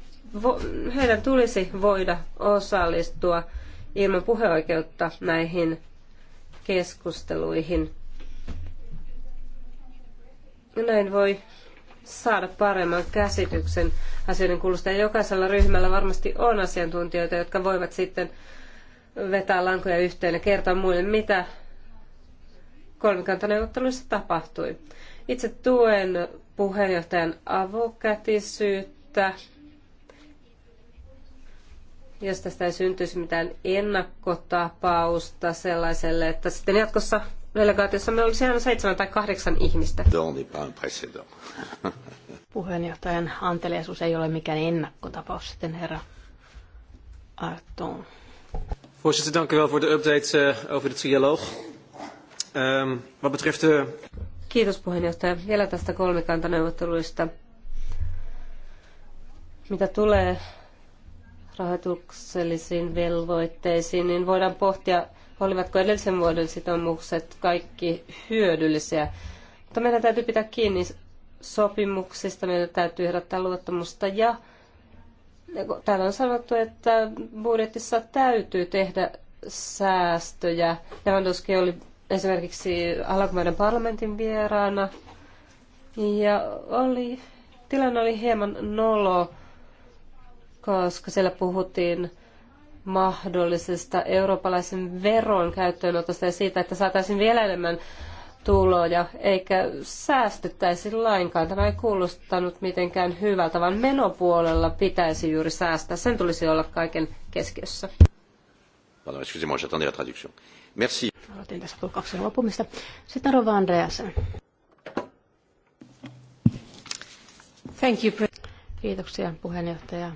heidän tulisi voida osallistua ilman puheoikeutta näihin keskusteluihin. Näin voi saada paremman käsityksen asioiden kulusta. Ja jokaisella ryhmällä varmasti on asiantuntijoita, jotka voivat sitten vetää lankoja yhteen ja kertoa muille, mitä kolmikantaneuvotteluissa tapahtui. Itse tuen puheenjohtajan avokätisyyttä jos tästä ei syntyisi mitään ennakkotapausta sellaiselle, että sitten jatkossa delegaatiossa me olisi aina seitsemän tai kahdeksan ihmistä. Puheenjohtajan anteliaisuus ei ole mikään ennakkotapaus sitten, herra Arton. Voorzitter, dank u wel voor de update eh, over de trialoog. Um, wat betreft de... Kiitos puheenjohtaja. Vielä tästä kolmikantaneuvotteluista. Mitä tulee rahoituksellisiin velvoitteisiin, niin voidaan pohtia, olivatko edellisen vuoden sitoumukset kaikki hyödyllisiä. Mutta meidän täytyy pitää kiinni sopimuksista, meidän täytyy herättää luottamusta ja täällä on sanottu, että budjetissa täytyy tehdä säästöjä. Lewandowski oli esimerkiksi Alankomaiden parlamentin vieraana ja oli, tilanne oli hieman nolo koska siellä puhuttiin mahdollisesta eurooppalaisen veron käyttöönotosta ja siitä, että saataisiin vielä enemmän tuloja, eikä säästettäisi lainkaan. Tämä ei kuulostanut mitenkään hyvältä, vaan menopuolella pitäisi juuri säästää. Sen tulisi olla kaiken keskiössä. Pardon, excusez-moi, j'attendais la traduction. Merci. tässä tulkauksen lopumista. Sitten Rova Andreasen. Thank you. Kiitoksia puheenjohtaja.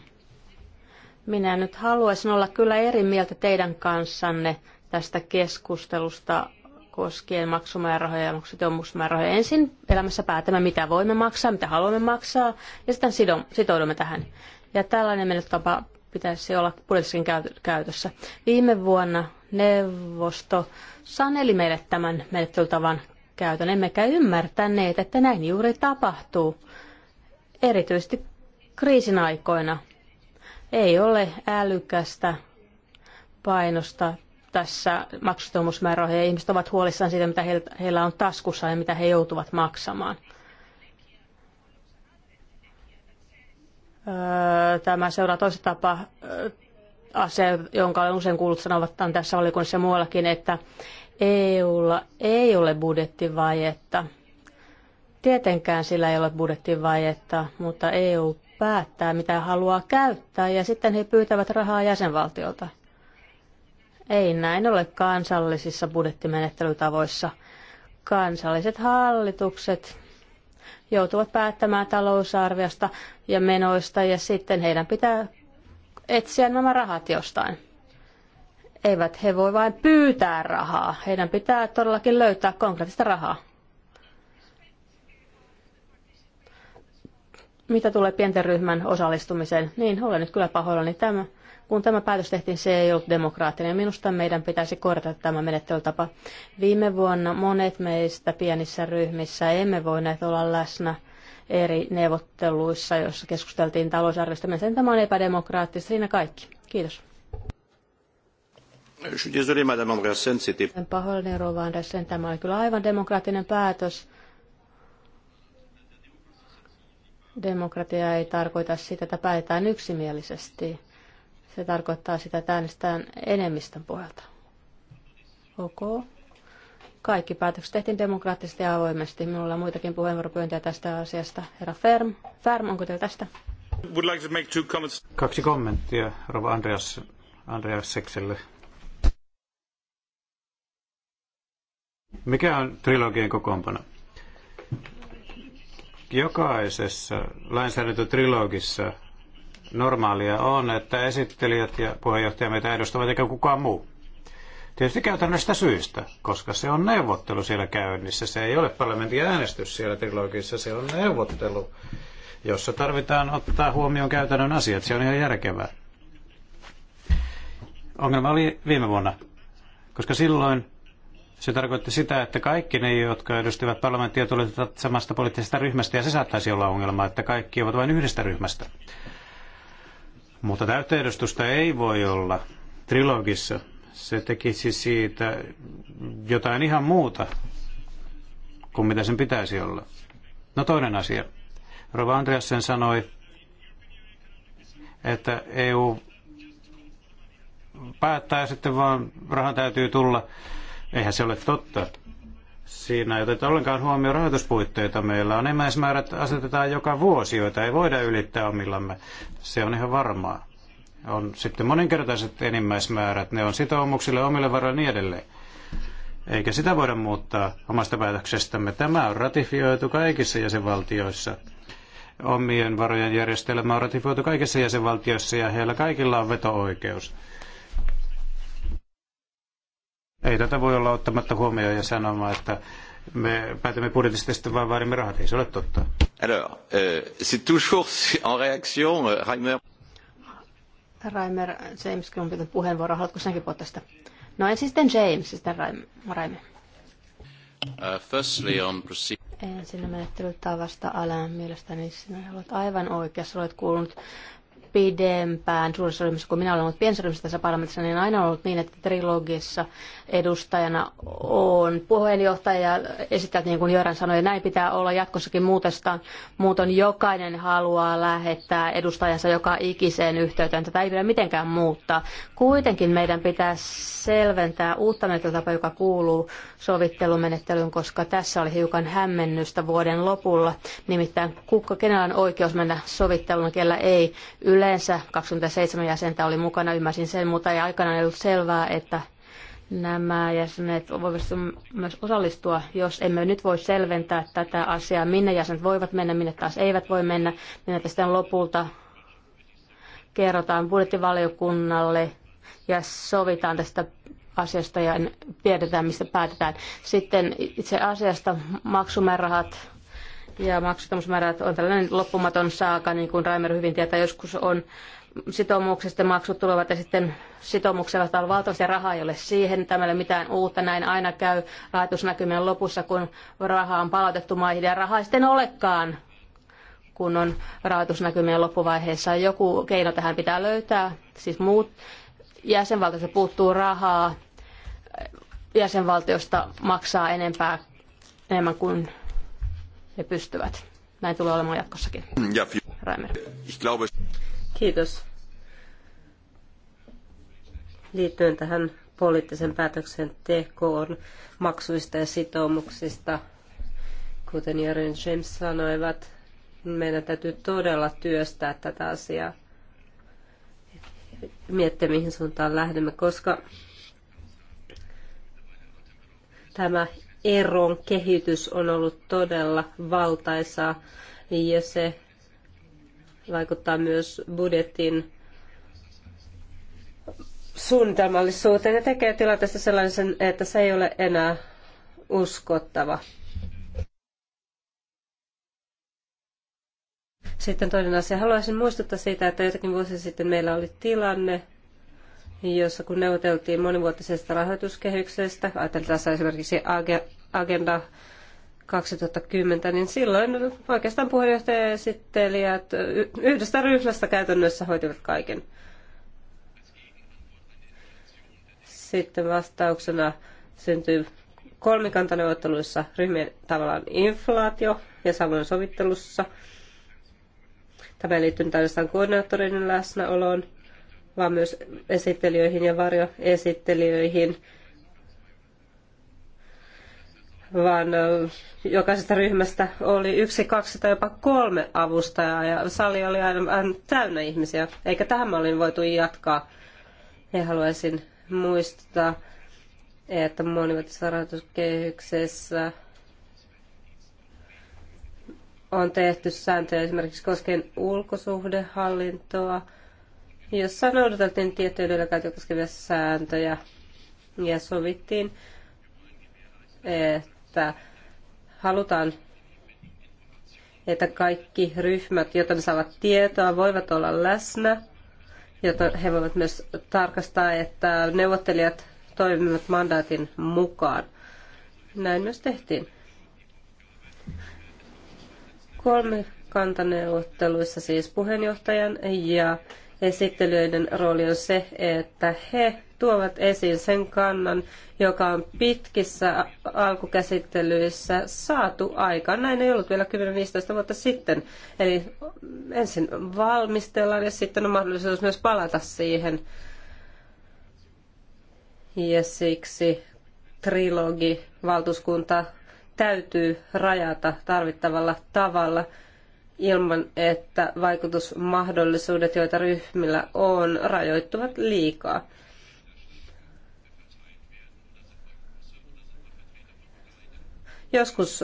Minä nyt haluaisin olla kyllä eri mieltä teidän kanssanne tästä keskustelusta koskien maksumäärärahoja ja maksutomuusmäärärahoja. Ensin elämässä päätämme, mitä voimme maksaa, mitä haluamme maksaa, ja sitten sitoudumme tähän. Ja tällainen menettelytapa pitäisi olla budjetissakin käytössä. Viime vuonna neuvosto saneli meille tämän menettelytavan käytön, emmekä ymmärtäneet, että näin juuri tapahtuu, erityisesti kriisin aikoina – ei ole älykästä painosta tässä maksutoumusmäärärahoja ihmiset ovat huolissaan siitä, mitä heillä on taskussa ja mitä he joutuvat maksamaan. Öö, tämä seuraa toisen tapa öö, asia, jonka olen usein kuullut sanovattaan tässä valiokunnassa ja muuallakin, että EUlla ei ole budjettivajetta. Tietenkään sillä ei ole budjettivajetta, mutta EU päättää, mitä haluaa käyttää, ja sitten he pyytävät rahaa jäsenvaltiolta. Ei näin ole kansallisissa budjettimenettelytavoissa. Kansalliset hallitukset joutuvat päättämään talousarviosta ja menoista, ja sitten heidän pitää etsiä nämä rahat jostain. Eivät he voi vain pyytää rahaa. Heidän pitää todellakin löytää konkreettista rahaa. Mitä tulee pienten ryhmän osallistumiseen, niin olen nyt kyllä pahoillani. Tämä, kun tämä päätös tehtiin, se ei ollut demokraattinen. Minusta meidän pitäisi korjata tämä menettelytapa. Viime vuonna monet meistä pienissä ryhmissä emme voineet olla läsnä eri neuvotteluissa, joissa keskusteltiin talousarviosta. Mielestäni tämä on epädemokraattista. Siinä kaikki. Kiitos. Je Pahoillani, Rova Tämä oli kyllä aivan demokraattinen päätös. Demokratia ei tarkoita sitä, että päätetään yksimielisesti. Se tarkoittaa sitä, että äänestetään enemmistön pohjalta. Ok. Kaikki päätökset tehtiin demokraattisesti ja avoimesti. Minulla on muitakin puheenvuoropyyntöjä tästä asiasta. Herra Ferm, Ferm onko teillä tästä? Would like to make two comments. Kaksi kommenttia Rova Andreas, Andreas Sekselle. Mikä on trilogian kokoonpano? Jokaisessa lainsäädäntötrilogissa normaalia on, että esittelijät ja puheenjohtaja meitä edustavat eikä kukaan muu. Tietysti käytännöstä syystä, koska se on neuvottelu siellä käynnissä. Se ei ole parlamentin äänestys siellä trilogissa, se on neuvottelu, jossa tarvitaan ottaa huomioon käytännön asiat. Se on ihan järkevää. Ongelma oli viime vuonna, koska silloin se tarkoitti sitä, että kaikki ne, jotka edustivat parlamenttia, tulivat samasta poliittisesta ryhmästä, ja se saattaisi olla ongelma, että kaikki ovat vain yhdestä ryhmästä. Mutta täyttä edustusta ei voi olla trilogissa. Se tekisi siitä jotain ihan muuta kuin mitä sen pitäisi olla. No toinen asia. Rova Andreasen sanoi, että EU päättää sitten vaan, rahan täytyy tulla Eihän se ole totta. Siinä ei oteta ollenkaan huomioon rahoituspuitteita. Meillä on enimmäismäärät asetetaan joka vuosi, joita ei voida ylittää omillamme. Se on ihan varmaa. On sitten moninkertaiset enimmäismäärät, ne on sitoumuksille, omille varoille niin edelleen. Eikä sitä voida muuttaa omasta päätöksestämme. Tämä on ratifioitu kaikissa jäsenvaltioissa omien varojen järjestelmä on ratifioitu kaikissa jäsenvaltioissa ja heillä kaikilla on veto-oikeus. Ei tätä voi olla ottamatta huomioon ja sanomaan, että me päätämme budjetista ja sitten vaan vaadimme rahat. Ei se ole totta. Alors, euh, c'est toujours en réaction, euh, Reimer. Reimer, James Grumpilta puheenvuoro. Haluatko sinäkin puhua tästä? No ensin sitten James, sitten Reimer. Uh, firstly on procedure. Ensin menettelytavasta Alain, mielestäni sinä olet aivan oikeassa, olet kuulunut pidempään suuressa ryhmässä kuin minä olen ollut pienessä ryhmässä tässä parlamentissa, niin aina on ollut niin, että trilogissa edustajana on puheenjohtaja ja esittää niin kuin Jörän sanoi, näin pitää olla jatkossakin muutosta. Muuton jokainen haluaa lähettää edustajansa joka ikiseen yhteyteen. Tätä ei pidä mitenkään muuttaa. Kuitenkin meidän pitää selventää uutta menettelytapaa, joka kuuluu sovittelumenettelyyn, koska tässä oli hiukan hämmennystä vuoden lopulla. Nimittäin kuka kenellä on oikeus mennä sovitteluun, kellä ei. Yle Yleensä 27 jäsentä oli mukana, ymmärsin sen, mutta ei aikana ollut selvää, että nämä jäsenet voivat myös osallistua, jos emme nyt voi selventää tätä asiaa, minne jäsenet voivat mennä, minne taas eivät voi mennä, niin että sitten lopulta kerrotaan budjettivaliokunnalle ja sovitaan tästä asiasta ja tiedetään, mistä päätetään. Sitten itse asiasta maksumäärärahat ja maksuttomuusmäärät on tällainen loppumaton saaka, niin kuin Raimer hyvin tietää, joskus on sitoumuksesta maksut tulevat ja sitten sitoumuksella on valtavasti rahaa, ole siihen tämä ei ole mitään uutta. Näin aina käy rahoitusnäkymien lopussa, kun rahaa on palautettu maihin ja rahaa ei sitten olekaan kun on rahoitusnäkymien loppuvaiheessa. Joku keino tähän pitää löytää, siis muut jäsenvaltioista puuttuu rahaa, jäsenvaltiosta maksaa enempää, enemmän kuin ne pystyvät. Näin tulee olemaan jatkossakin. Ja, Raimer. Kiitos. Liittyen tähän poliittisen päätöksen päätöksentekoon maksuista ja sitoumuksista, kuten Jörgen James sanoivat, meidän täytyy todella työstää tätä asiaa. Miettiä, mihin suuntaan lähdemme, koska tämä eron kehitys on ollut todella valtaisaa ja se vaikuttaa myös budjetin suunnitelmallisuuteen ja tekee tilanteesta sellaisen, että se ei ole enää uskottava. Sitten toinen asia. Haluaisin muistuttaa siitä, että jotakin vuosia sitten meillä oli tilanne, jossa kun neuvoteltiin monivuotisesta rahoituskehyksestä, ajatellaan tässä esimerkiksi Agenda 2010, niin silloin oikeastaan puheenjohtaja ja esittelijät yhdestä ryhmästä käytännössä hoitivat kaiken. Sitten vastauksena syntyi kolmikantaneuvotteluissa ryhmien tavallaan inflaatio ja samoin sovittelussa. Tämä liittyy nyt ainoastaan koordinaattoreiden läsnäoloon vaan myös esittelijöihin ja varjoesittelijöihin, vaan jokaisesta ryhmästä oli yksi, kaksi tai jopa kolme avustajaa ja sali oli aina täynnä ihmisiä, eikä tähän mallin voitu jatkaa. Ja haluaisin muistuttaa, että monivuotisessa rahoituskehyksessä on tehty sääntöjä esimerkiksi koskien ulkosuhdehallintoa, jossa noudateltiin tiettyjä delegaatio koskevia sääntöjä ja sovittiin, että halutaan, että kaikki ryhmät, joita ne saavat tietoa, voivat olla läsnä, jotta he voivat myös tarkastaa, että neuvottelijat toimivat mandaatin mukaan. Näin myös tehtiin. Kolme kantaneuvotteluissa siis puheenjohtajan ja esittelyiden rooli on se, että he tuovat esiin sen kannan, joka on pitkissä alkukäsittelyissä saatu aikaan. Näin ei ollut vielä 10-15 vuotta sitten. Eli ensin valmistellaan ja sitten on mahdollisuus myös palata siihen. Ja siksi trilogi valtuuskunta täytyy rajata tarvittavalla tavalla – ilman, että vaikutusmahdollisuudet, joita ryhmillä on, rajoittuvat liikaa. Joskus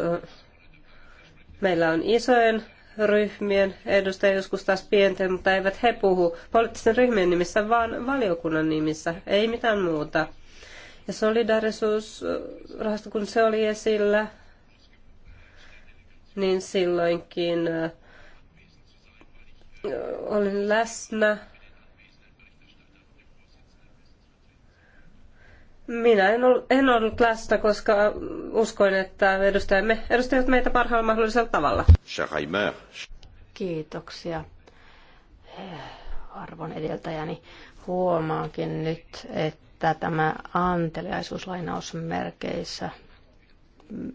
meillä on isojen ryhmien edustajia, joskus taas pienten, mutta eivät he puhu poliittisen ryhmien nimissä, vaan valiokunnan nimissä, ei mitään muuta. Ja solidarisuusrahasto, kun se oli esillä, niin silloinkin olin läsnä. Minä en ollut, en ollut läsnä, koska uskoin, että edustajamme edustajat meitä parhaalla mahdollisella tavalla. Kiitoksia. Eh, arvon edeltäjäni huomaankin nyt, että tämä anteliaisuuslainausmerkeissä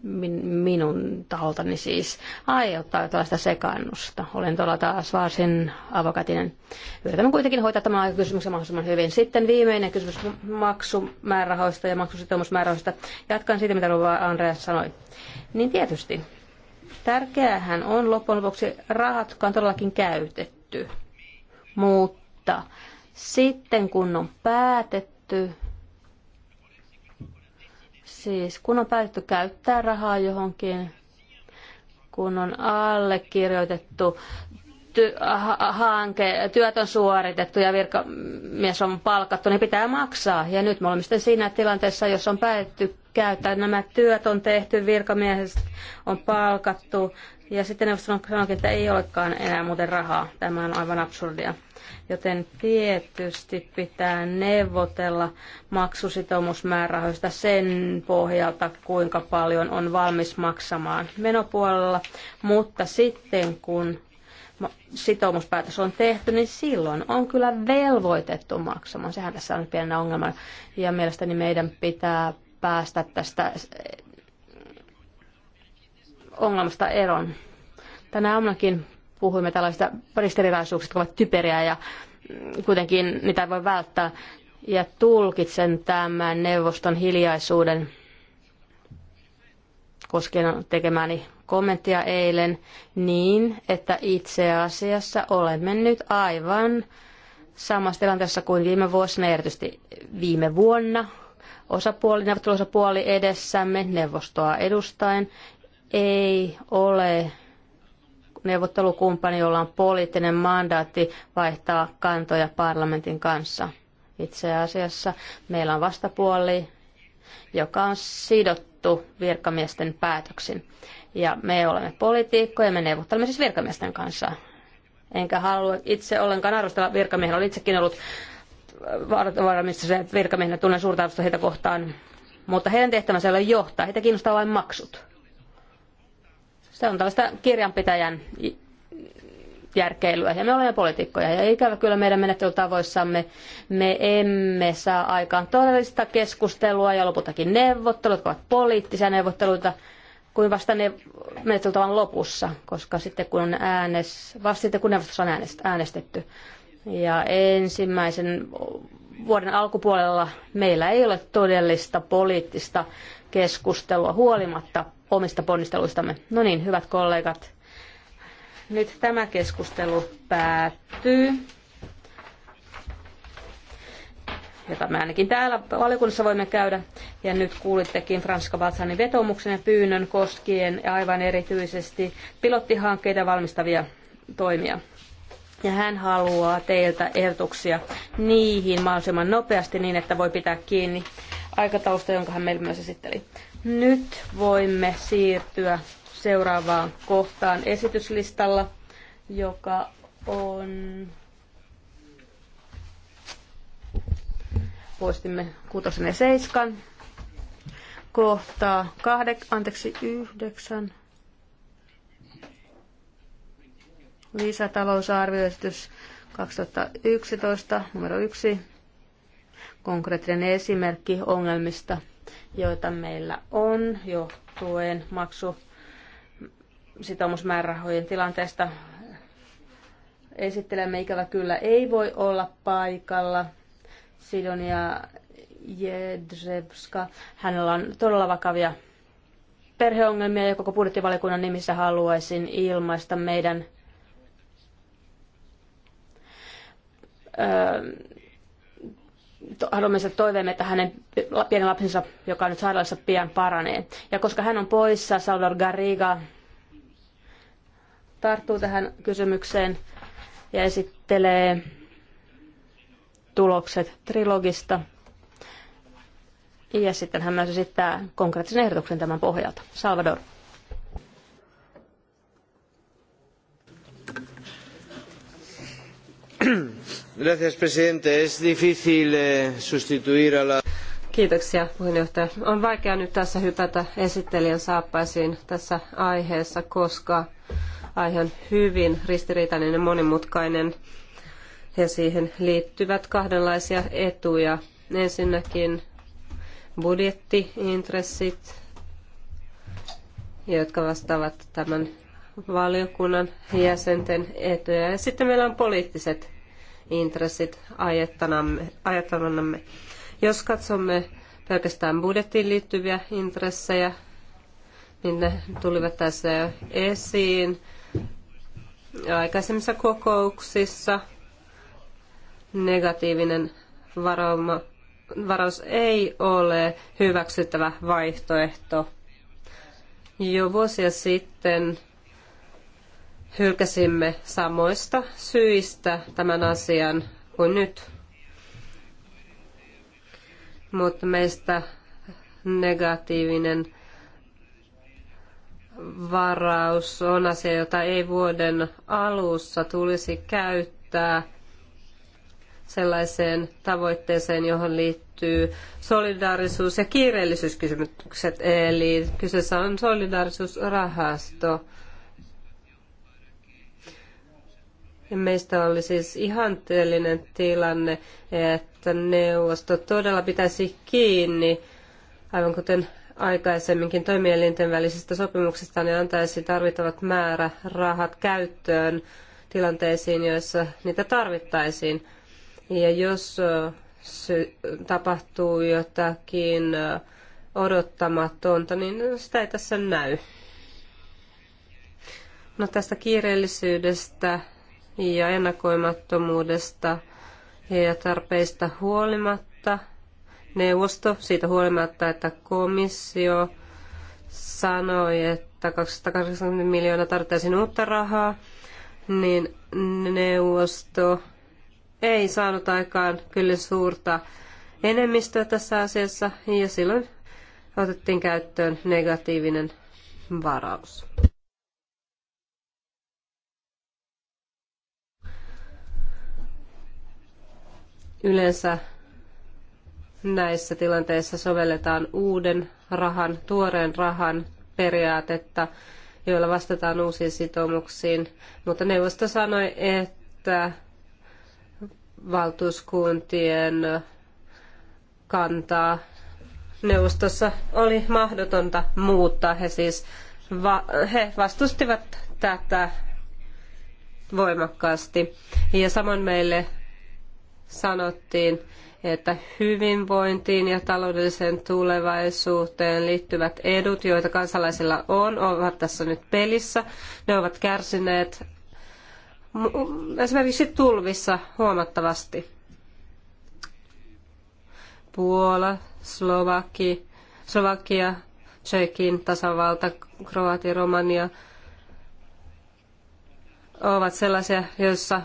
min, minun taholtani siis aiheuttaa tällaista sekannusta. Olen tuolla taas varsin avokatinen. Yritämme kuitenkin hoitaa tämän kysymyksen mahdollisimman hyvin. Sitten viimeinen kysymys maksumäärärahoista ja maksusitoumusmäärärahoista. Jatkan siitä, mitä Ruva Andreas sanoi. Niin tietysti. Tärkeähän on loppujen lopuksi rahat, jotka on todellakin käytetty. Mutta sitten kun on päätetty Siis kun on päätetty käyttää rahaa johonkin, kun on allekirjoitettu ty- hanke, työt on suoritettu ja virkamies on palkattu, niin pitää maksaa. Ja nyt me olemme sitten siinä tilanteessa, jos on päätetty käyttää. Nämä työt on tehty, virkamiehet on palkattu ja sitten neuvosto on että ei olekaan enää muuten rahaa. Tämä on aivan absurdia. Joten tietysti pitää neuvotella maksusitoumusmäärärahoista sen pohjalta, kuinka paljon on valmis maksamaan menopuolella. Mutta sitten kun sitoumuspäätös on tehty, niin silloin on kyllä velvoitettu maksamaan. Sehän tässä on pienenä ongelma Ja mielestäni meidän pitää päästä tästä ongelmasta eroon. Tänä aamunakin puhuimme tällaista ristiriitaisuuksista, jotka ovat typeriä ja kuitenkin niitä ei voi välttää. Ja tulkitsen tämän neuvoston hiljaisuuden koskien tekemäni kommenttia eilen niin, että itse asiassa olemme nyt aivan samassa tilanteessa kuin viime vuosina, erityisesti viime vuonna, osapuoli, neuvotteluosapuoli edessämme neuvostoa edustaen ei ole neuvottelukumppani, jolla on poliittinen mandaatti vaihtaa kantoja parlamentin kanssa. Itse asiassa meillä on vastapuoli, joka on sidottu virkamiesten päätöksin. Ja me olemme poliitikkoja, me neuvottelemme siis virkamiesten kanssa. Enkä halua itse ollenkaan arvostella virkamiehen, olen itsekin ollut varamistossa virkamiehenä tunnen suurta heitä kohtaan, mutta heidän tehtävänsä ei ole johtaa, heitä kiinnostaa vain maksut. Se on tällaista kirjanpitäjän järkeilyä. Ja me olemme poliitikkoja ja ikävä kyllä meidän menettelytavoissamme me emme saa aikaan todellista keskustelua ja lopultakin neuvottelut ovat poliittisia neuvotteluita kuin vasta ne menettelytavan lopussa, koska sitten kun, on äänes, vasta sitten kun neuvostossa on äänestetty. Ja ensimmäisen vuoden alkupuolella meillä ei ole todellista poliittista keskustelua huolimatta omista ponnisteluistamme. No niin, hyvät kollegat, nyt tämä keskustelu päättyy. jota me ainakin täällä valiokunnassa voimme käydä. Ja nyt kuulittekin Franska Balsanin vetomuksen ja pyynnön koskien ja aivan erityisesti pilottihankkeita valmistavia toimia ja hän haluaa teiltä ehdotuksia niihin mahdollisimman nopeasti niin, että voi pitää kiinni aikataulusta, jonka hän meille myös esitteli. Nyt voimme siirtyä seuraavaan kohtaan esityslistalla, joka on... Poistimme kutosen ja seiskan kohtaa kahdek, anteeksi, yhdeksän, Lisätalousarvioesitys 2011 numero yksi. Konkreettinen esimerkki ongelmista, joita meillä on johtuen maksu sitoumusmäärärahojen tilanteesta. Esittelemme ikävä kyllä ei voi olla paikalla. Sidonia Jedrzebska, Hänellä on todella vakavia perheongelmia ja koko budjettivaliokunnan nimissä haluaisin ilmaista meidän haluamme toiveemme, että hänen pienen lapsensa, joka on nyt sairaalassa, pian paranee. Ja koska hän on poissa, Salvador Garriga tarttuu tähän kysymykseen ja esittelee tulokset trilogista. Ja sitten hän myös esittää konkreettisen ehdotuksen tämän pohjalta. Salvador. Gracias, presidente. Es difícil eh, sustituir a la... Kiitoksia puheenjohtaja. On vaikea nyt tässä hypätä esittelijän saappaisiin tässä aiheessa, koska aihe on hyvin ristiriitainen ja monimutkainen ja siihen liittyvät kahdenlaisia etuja. Ensinnäkin budjettiintressit, jotka vastaavat tämän valiokunnan jäsenten etuja. Ja sitten meillä on poliittiset intressit ajettavanamme. Jos katsomme pelkästään budjettiin liittyviä intressejä, niin ne tulivat tässä jo esiin aikaisemmissa kokouksissa. Negatiivinen varauma, varaus ei ole hyväksyttävä vaihtoehto. Jo vuosia sitten hylkäsimme samoista syistä tämän asian kuin nyt. Mutta meistä negatiivinen varaus on asia, jota ei vuoden alussa tulisi käyttää sellaiseen tavoitteeseen, johon liittyy solidaarisuus- ja kiireellisyyskysymykset. Eli kyseessä on solidaarisuusrahasto. Meistä oli siis ihanteellinen tilanne, että neuvosto todella pitäisi kiinni, aivan kuten aikaisemminkin toimielinten välisestä sopimuksesta, niin antaisi tarvittavat määrä rahat käyttöön tilanteisiin, joissa niitä tarvittaisiin. Ja jos tapahtuu jotakin odottamatonta, niin sitä ei tässä näy. No tästä kiireellisyydestä ja ennakoimattomuudesta ja tarpeista huolimatta neuvosto siitä huolimatta, että komissio sanoi, että 280 miljoonaa tarvittaisiin uutta rahaa, niin neuvosto ei saanut aikaan kyllä suurta enemmistöä tässä asiassa ja silloin otettiin käyttöön negatiivinen varaus. Yleensä näissä tilanteissa sovelletaan uuden rahan, tuoreen rahan periaatetta, joilla vastataan uusiin sitoumuksiin, mutta neuvosto sanoi, että valtuuskuntien kantaa neuvostossa oli mahdotonta muuttaa. He siis va- he vastustivat tätä voimakkaasti. Ja samoin meille sanottiin, että hyvinvointiin ja taloudelliseen tulevaisuuteen liittyvät edut, joita kansalaisilla on, ovat tässä nyt pelissä. Ne ovat kärsineet esimerkiksi tulvissa huomattavasti. Puola, Slovaki, Slovakia, Tsekin tasavalta, Kroatia, Romania ovat sellaisia, joissa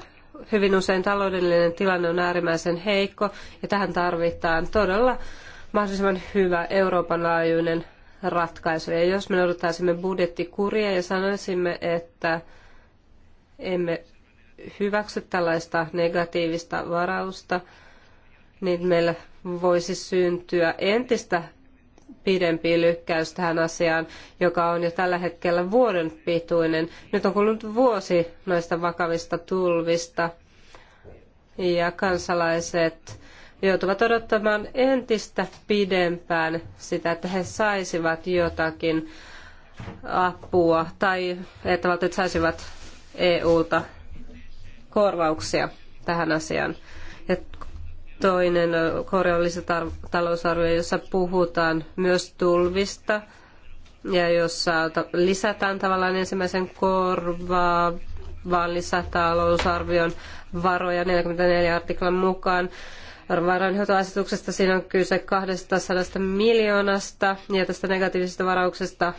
hyvin usein taloudellinen tilanne on äärimmäisen heikko ja tähän tarvitaan todella mahdollisimman hyvä Euroopan laajuinen ratkaisu. Ja jos me noudattaisimme budjettikuria ja sanoisimme, että emme hyväksy tällaista negatiivista varausta, niin meillä voisi syntyä entistä pidempi lykkäys tähän asiaan, joka on jo tällä hetkellä vuoden pituinen. Nyt on kulunut vuosi noista vakavista tulvista ja kansalaiset joutuvat odottamaan entistä pidempään sitä, että he saisivat jotakin apua tai että valtiot saisivat EUlta korvauksia tähän asiaan. Ja toinen talousarvio, jossa puhutaan myös tulvista ja jossa lisätään tavallaan ensimmäisen korvaa vaan lisätalousarvion varoja 44 artiklan mukaan. Varainhoitoasetuksesta siinä on kyse 200 miljoonasta ja tästä negatiivisesta varauksesta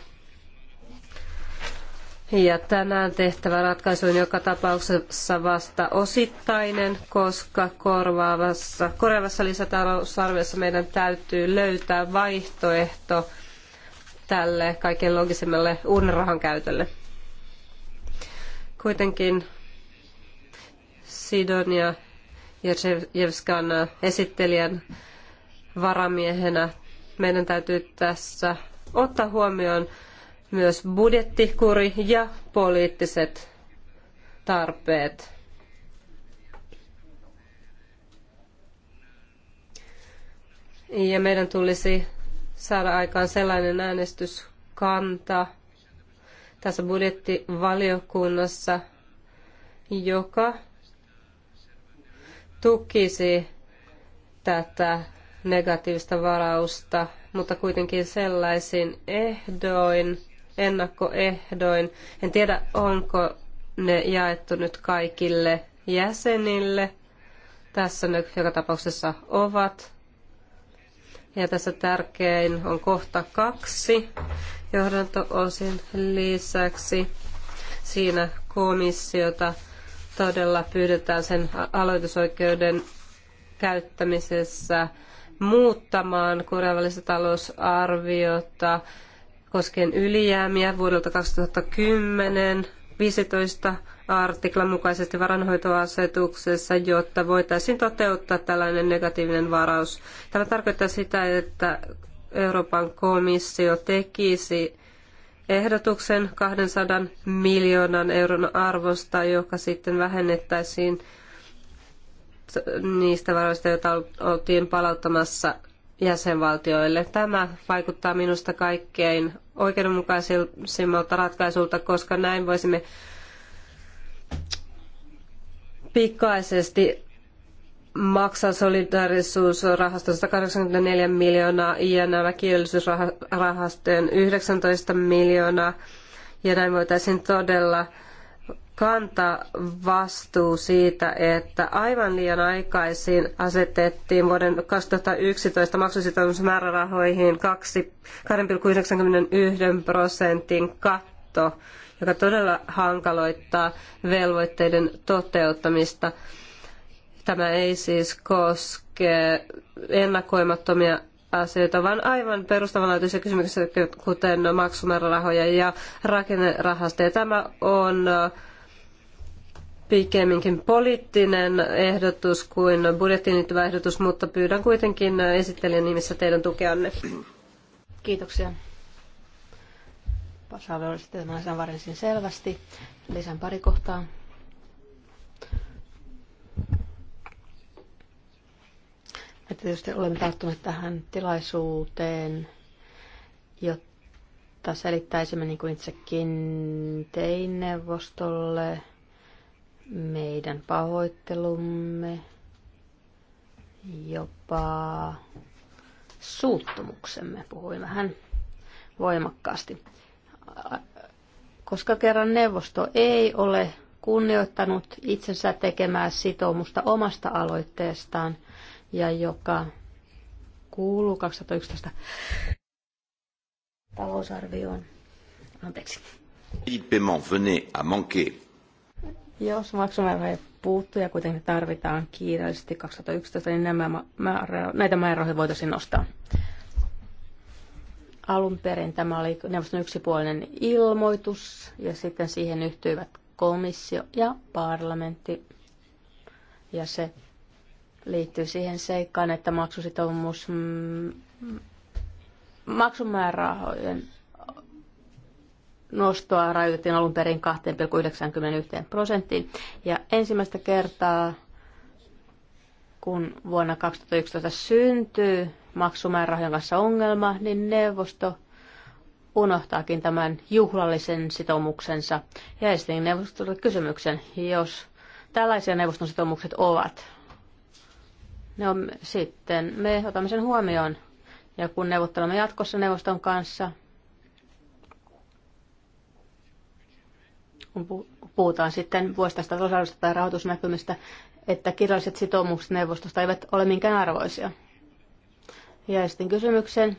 ja tänään tehtävä ratkaisu on joka tapauksessa vasta osittainen, koska korvaavassa, korjaavassa lisätalousarviossa meidän täytyy löytää vaihtoehto tälle kaiken logisemmalle uuden rahan käytölle. Kuitenkin Sidonia Jevskan esittelijän varamiehenä meidän täytyy tässä ottaa huomioon myös budjettikuri ja poliittiset tarpeet. Ja meidän tulisi saada aikaan sellainen äänestyskanta tässä budjettivaliokunnassa, joka tukisi tätä negatiivista varausta, mutta kuitenkin sellaisin ehdoin, ennakkoehdoin. En tiedä, onko ne jaettu nyt kaikille jäsenille. Tässä ne joka tapauksessa ovat. Ja tässä tärkein on kohta kaksi johdanto-osin lisäksi. Siinä komissiota todella pyydetään sen aloitusoikeuden käyttämisessä muuttamaan kansainvälistä talousarviota koskien ylijäämiä vuodelta 2010 15 artiklan mukaisesti varanhoitoasetuksessa, jotta voitaisiin toteuttaa tällainen negatiivinen varaus. Tämä tarkoittaa sitä, että Euroopan komissio tekisi ehdotuksen 200 miljoonan euron arvosta, joka sitten vähennettäisiin niistä varoista, joita oltiin palauttamassa jäsenvaltioille. Tämä vaikuttaa minusta kaikkein oikeudenmukaisemmalta ratkaisulta, koska näin voisimme pikaisesti maksaa solidaarisuusrahastosta 84 miljoonaa ja nämä kiireellisyysrahastojen 19 miljoonaa. Ja näin voitaisiin todella kantaa vastuu siitä, että aivan liian aikaisin asetettiin vuoden 2011 maksusitoumusmäärärahoihin 2,91 prosentin katto, joka todella hankaloittaa velvoitteiden toteuttamista. Tämä ei siis koske ennakoimattomia asioita, vaan aivan perustavanlaatuisia kysymyksiä, kuten maksumäärärahoja ja rakennerahastoja. Tämä on pikemminkin poliittinen ehdotus kuin budjettiin liittyvä ehdotus, mutta pyydän kuitenkin esittelijän nimissä teidän tukeanne. Kiitoksia. Pasaave oli sitten tämän varsin selvästi. Lisän pari kohtaa. Me tietysti olemme tarttuneet tähän tilaisuuteen, jotta selittäisimme, niin kuin itsekin tein neuvostolle, meidän pahoittelumme, jopa suuttumuksemme. Puhuin vähän voimakkaasti. Koska kerran neuvosto ei ole kunnioittanut itsensä tekemää sitoumusta omasta aloitteestaan ja joka kuuluu 2011 talousarvioon. Anteeksi. Philippe Paiement venait à manquer jos maksumäärärahoja puuttuu ja kuitenkin tarvitaan kiireellisesti 2011, niin nämä määrä, näitä määrärahoja voitaisiin nostaa. Alun perin tämä oli neuvoston yksipuolinen ilmoitus ja sitten siihen yhtyivät komissio ja parlamentti. Ja se liittyy siihen seikkaan, että maksusitoumus, mm, maksumäärärahojen nostoa rajoitettiin alun perin 2,91 prosenttiin. Ja ensimmäistä kertaa, kun vuonna 2011 syntyy maksumäärärahojen kanssa ongelma, niin neuvosto unohtaakin tämän juhlallisen sitoumuksensa ja esitin neuvostolle kysymyksen, jos tällaisia neuvoston sitoumukset ovat. Ne on, sitten me otamme sen huomioon ja kun neuvottelemme jatkossa neuvoston kanssa, kun puhutaan sitten vuosittaisesta tasa tai rahoitusnäkymistä, että kirjalliset sitoumukset neuvostosta eivät ole minkään arvoisia. Ja sitten kysymyksen.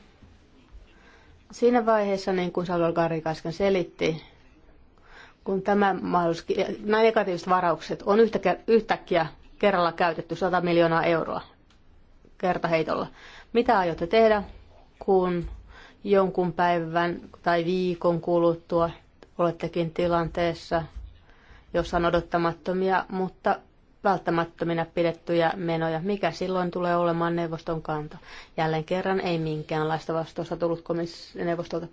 Siinä vaiheessa, niin kuin Salvador garri äsken selitti, kun tämä mahdollisuus, nämä negatiiviset varaukset on yhtäkkiä, yhtäkkiä kerralla käytetty 100 miljoonaa euroa kertaheitolla. Mitä aiotte tehdä, kun jonkun päivän tai viikon kuluttua olettekin tilanteessa, jossa on odottamattomia, mutta välttämättöminä pidettyjä menoja. Mikä silloin tulee olemaan neuvoston kanta? Jälleen kerran ei minkäänlaista vastausta tullut komis- neuvostolta.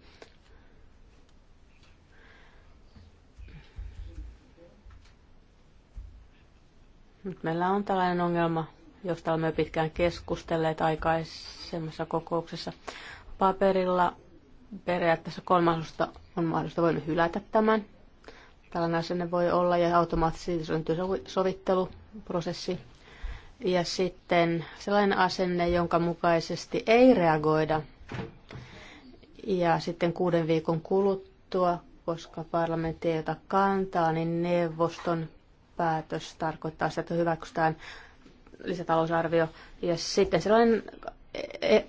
Nyt meillä on tällainen ongelma, josta olemme pitkään keskustelleet aikaisemmassa kokouksessa. Paperilla periaatteessa kolmasosta on mahdollista, voimme hylätä tämän. Tällainen asenne voi olla ja automaattisesti syntyy sovitteluprosessi. Ja sitten sellainen asenne, jonka mukaisesti ei reagoida. Ja sitten kuuden viikon kuluttua, koska parlamentti ei ota kantaa, niin neuvoston päätös tarkoittaa sitä, että hyväksytään lisätalousarvio. Ja sitten sellainen E,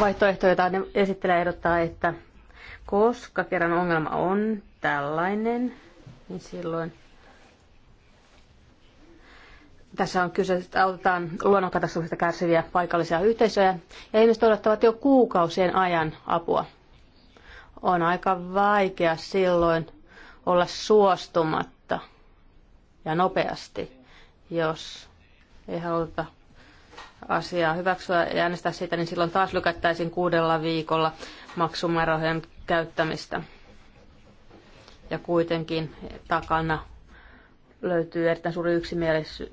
vaihtoehto, jota ne esittelee ehdottaa, että koska kerran ongelma on tällainen, niin silloin tässä on kyse, että autetaan luonnonkatastrofista kärsiviä paikallisia yhteisöjä ja ihmiset odottavat jo kuukausien ajan apua. On aika vaikea silloin olla suostumatta ja nopeasti, jos ei haluta asiaa hyväksyä ja äänestää sitä, niin silloin taas lykättäisiin kuudella viikolla maksumäärärahojen käyttämistä. Ja kuitenkin takana löytyy erittäin suuri yksimielisyys,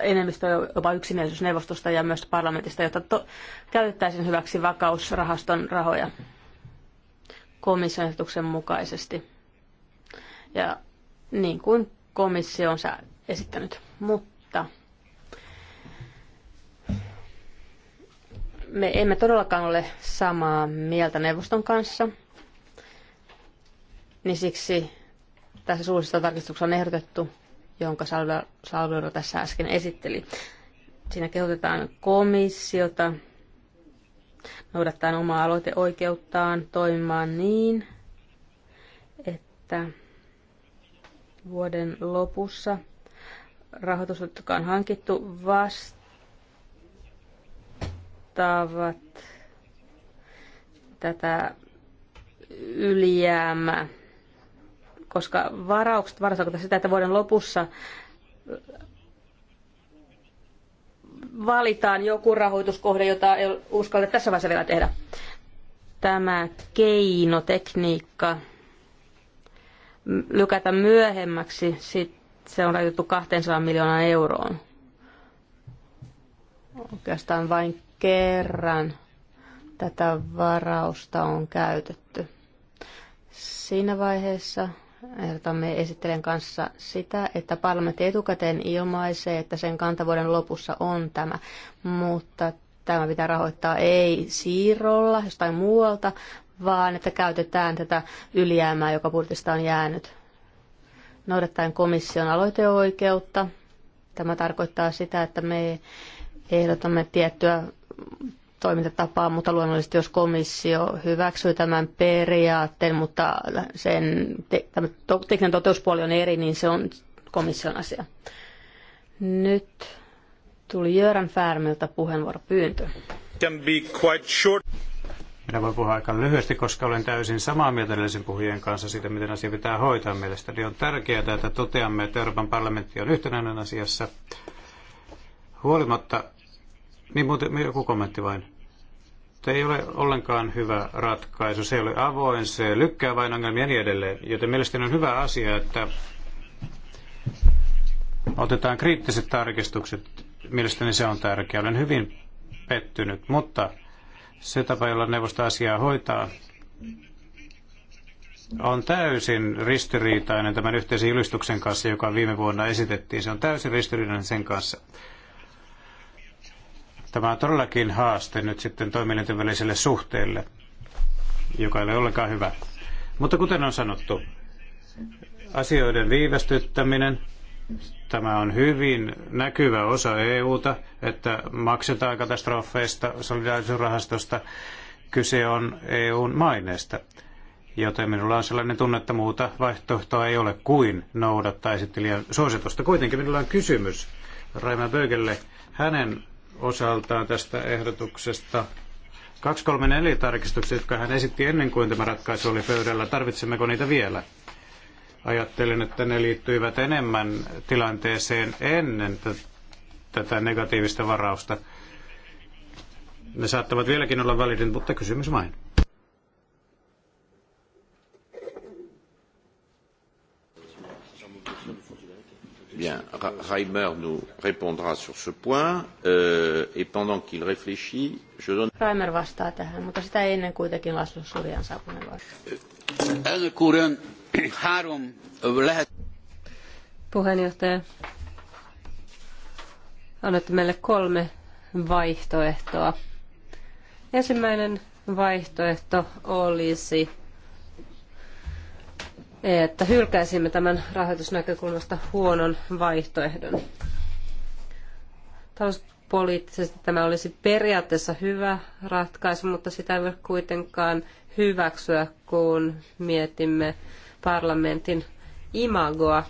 enemmistö jopa yksimielisyysneuvostosta neuvostosta ja myös parlamentista, jotta to- käytettäisiin hyväksi vakausrahaston rahoja komission ehdotuksen mukaisesti. Ja niin kuin komissio on esittänyt. Mutta Me emme todellakaan ole samaa mieltä neuvoston kanssa, niin siksi tässä suullisessa tarkistuksessa on ehdotettu, jonka Salvador tässä äsken esitteli. Siinä kehotetaan komissiota noudattaen omaa aloiteoikeuttaan toimimaan niin, että vuoden lopussa rahoitus, jotka on hankittu vasta, vastaavat tätä ylijäämää, koska varaukset varastoivat sitä, että vuoden lopussa valitaan joku rahoituskohde, jota ei uskalleta tässä vaiheessa vielä tehdä. Tämä keinotekniikka lykätä myöhemmäksi, sit se on rajoitettu 200 miljoonaa euroon. Oikeastaan vain kerran tätä varausta on käytetty. Siinä vaiheessa ehdotamme esittelen kanssa sitä, että parlamentti etukäteen ilmaisee, että sen kantavuoden lopussa on tämä, mutta tämä pitää rahoittaa ei siirrolla jostain muualta, vaan että käytetään tätä ylijäämää, joka budjetista on jäänyt noudattaen komission aloiteoikeutta. Tämä tarkoittaa sitä, että me ehdotamme tiettyä toimintatapaa, mutta luonnollisesti jos komissio hyväksyy tämän periaatteen, mutta sen te- tämä tekninen toteutuspuoli on eri, niin se on komission asia. Nyt tuli Jörän Färmiltä puheenvuoropyyntö. Can be quite short. Minä voin puhua aika lyhyesti, koska olen täysin samaa mieltä edellisen puhujien kanssa siitä, miten asia pitää hoitaa mielestäni. On tärkeää, että toteamme, että Euroopan parlamentti on yhtenäinen asiassa. Huolimatta niin muuten joku kommentti vain. Se ei ole ollenkaan hyvä ratkaisu, se ei ole avoin, se lykkää vain ongelmia ja niin edelleen. Joten mielestäni on hyvä asia, että otetaan kriittiset tarkistukset. Mielestäni se on tärkeää. Olen hyvin pettynyt, mutta se tapa, jolla neuvosto asiaa hoitaa, on täysin ristiriitainen tämän yhteisen julistuksen kanssa, joka viime vuonna esitettiin. Se on täysin ristiriitainen sen kanssa, Tämä on todellakin haaste nyt sitten toimielinten väliselle suhteelle, joka ei ole ollenkaan hyvä. Mutta kuten on sanottu, asioiden viivästyttäminen, tämä on hyvin näkyvä osa EUta, että maksetaan katastrofeista, solidaarisuusrahastosta. Kyse on EUn maineesta. Joten minulla on sellainen tunne, että muuta vaihtoehtoa ei ole kuin noudattaa esittelijän suositusta. Kuitenkin minulla on kysymys Raima Bögelle hänen osaltaan tästä ehdotuksesta. 234 tarkistuksia, jotka hän esitti ennen kuin tämä ratkaisu oli pöydällä. Tarvitsemmeko niitä vielä? Ajattelin, että ne liittyivät enemmän tilanteeseen ennen tätä negatiivista varausta. Ne saattavat vieläkin olla validin, mutta kysymys vain. Eh bien, Reimer nous répondra sur ce point, euh, et pendant qu'il réfléchit, je donne... Reimer vastaa tähän, mutta sitä ennen kuitenkin Laslo Surjan saa puheenvuoron. Eh, három lähet... Puheenjohtaja, annatte meille kolme vaihtoehtoa. Ensimmäinen vaihtoehto olisi että hylkäisimme tämän rahoitusnäkökulmasta huonon vaihtoehdon. Talouspoliittisesti tämä olisi periaatteessa hyvä ratkaisu, mutta sitä ei voi kuitenkaan hyväksyä, kun mietimme parlamentin imagoa.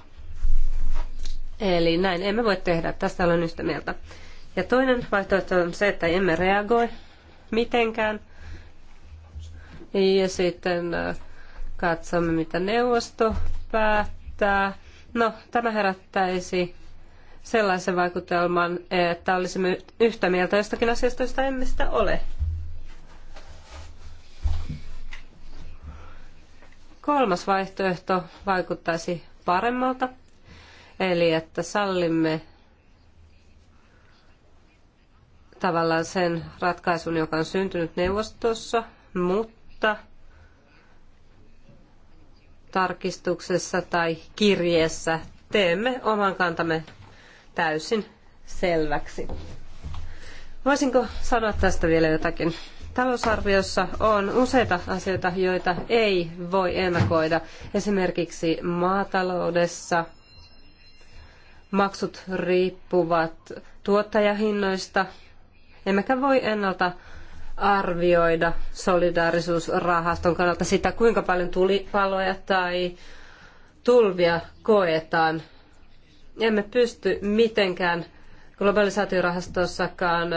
Eli näin emme voi tehdä, tästä olen yhtä mieltä. Ja toinen vaihtoehto on se, että emme reagoi mitenkään. Ja sitten äh, Katsomme, mitä neuvosto päättää. No, tämä herättäisi sellaisen vaikutelman, että olisimme yhtä mieltä jostakin asiasta, josta emme sitä ole. Kolmas vaihtoehto vaikuttaisi paremmalta, eli että sallimme tavallaan sen ratkaisun, joka on syntynyt neuvostossa, mutta – tarkistuksessa tai kirjeessä teemme oman kantamme täysin selväksi. Voisinko sanoa tästä vielä jotakin? Talousarviossa on useita asioita, joita ei voi ennakoida. Esimerkiksi maataloudessa maksut riippuvat tuottajahinnoista, emmekä voi ennalta arvioida solidaarisuusrahaston kannalta sitä, kuinka paljon tulipaloja tai tulvia koetaan. Emme pysty mitenkään globalisaatiorahastossakaan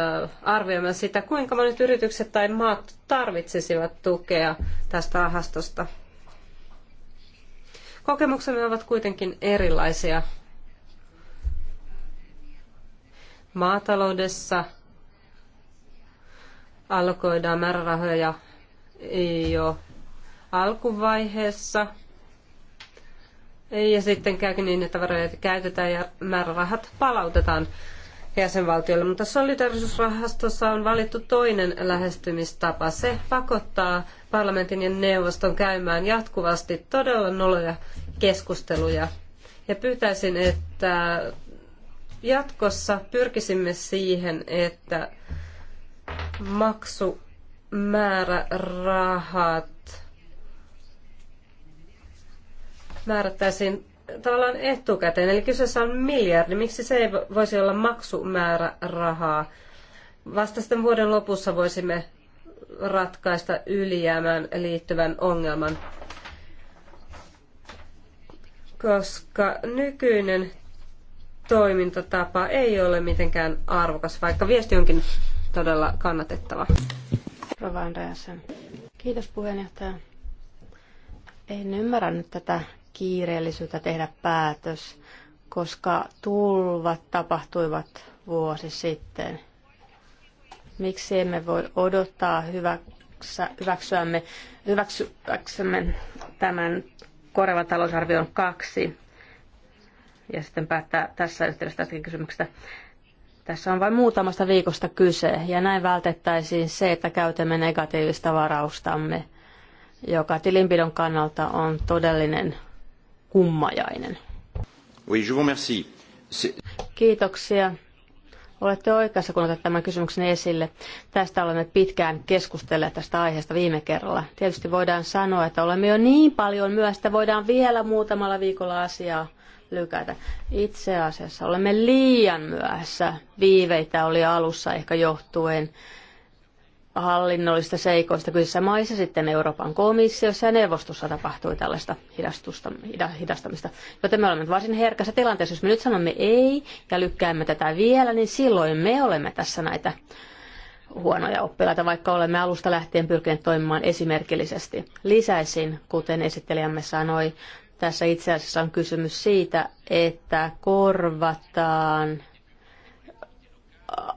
arvioimaan sitä, kuinka monet yritykset tai maat tarvitsisivat tukea tästä rahastosta. Kokemuksemme ovat kuitenkin erilaisia. Maataloudessa – allokoidaan määrärahoja jo alkuvaiheessa. Ja sitten käykin niin, että varoja käytetään ja määrärahat palautetaan jäsenvaltioille. Mutta solidarisuusrahastossa on valittu toinen lähestymistapa. Se pakottaa parlamentin ja neuvoston käymään jatkuvasti todella noloja keskusteluja. Ja pyytäisin, että jatkossa pyrkisimme siihen, että maksumäärärahat määrättäisiin tavallaan etukäteen, eli kyseessä on miljardi. Miksi se ei voisi olla maksumäärärahaa? Vasta sitten vuoden lopussa voisimme ratkaista ylijäämään liittyvän ongelman, koska nykyinen toimintatapa ei ole mitenkään arvokas, vaikka viesti onkin todella kannatettava. Rova Andreasen. Kiitos puheenjohtaja. En ymmärrä nyt tätä kiireellisyyttä tehdä päätös, koska tulvat tapahtuivat vuosi sitten. Miksi emme voi odottaa hyväksä, hyväksyämme, hyväksyäksemme tämän korvan talousarvion kaksi ja sitten päättää tässä yhteydessä tästäkin kysymyksestä. Tässä on vain muutamasta viikosta kyse, ja näin vältettäisiin se, että käytämme negatiivista varaustamme, joka tilinpidon kannalta on todellinen kummajainen. Oui, je vous remercie. Kiitoksia. Olette oikeassa, kun otat tämän kysymyksen esille. Tästä olemme pitkään keskustelleet tästä aiheesta viime kerralla. Tietysti voidaan sanoa, että olemme jo niin paljon myöhässä, voidaan vielä muutamalla viikolla asiaa lykätä. Itse asiassa olemme liian myöhässä. Viiveitä oli alussa ehkä johtuen hallinnollista seikoista. Kyseessä maissa sitten Euroopan komissiossa ja neuvostossa tapahtui tällaista hidastusta, hidastamista. Joten me olemme varsin herkässä tilanteessa. Jos me nyt sanomme ei ja lykkäämme tätä vielä, niin silloin me olemme tässä näitä huonoja oppilaita, vaikka olemme alusta lähtien pyrkineet toimimaan esimerkillisesti. Lisäisin, kuten esittelijämme sanoi, tässä itse asiassa on kysymys siitä, että korvataan äh,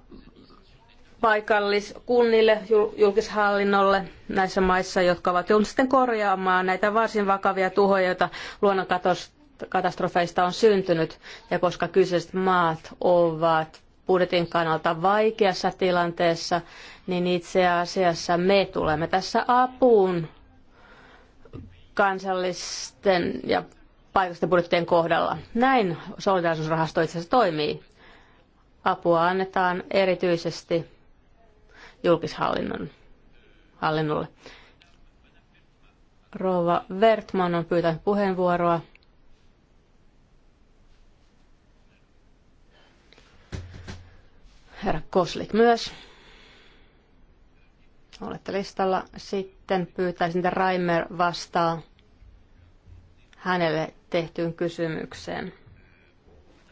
paikalliskunnille, julkishallinnolle näissä maissa, jotka ovat joutuneet sitten korjaamaan näitä varsin vakavia tuhoja, joita luonnonkatastrofeista on syntynyt. Ja koska kyseiset maat ovat budjetin kannalta vaikeassa tilanteessa, niin itse asiassa me tulemme tässä apuun kansallisten ja paikallisten budjettien kohdalla. Näin solidaarisuusrahasto itse asiassa toimii. Apua annetaan erityisesti julkishallinnon hallinnolle. Rouva Vertman on pyytänyt puheenvuoroa. Herra Koslik myös. Olette listalla. Sitten sitten pyytäisin, että Raimer vastaa hänelle tehtyyn kysymykseen.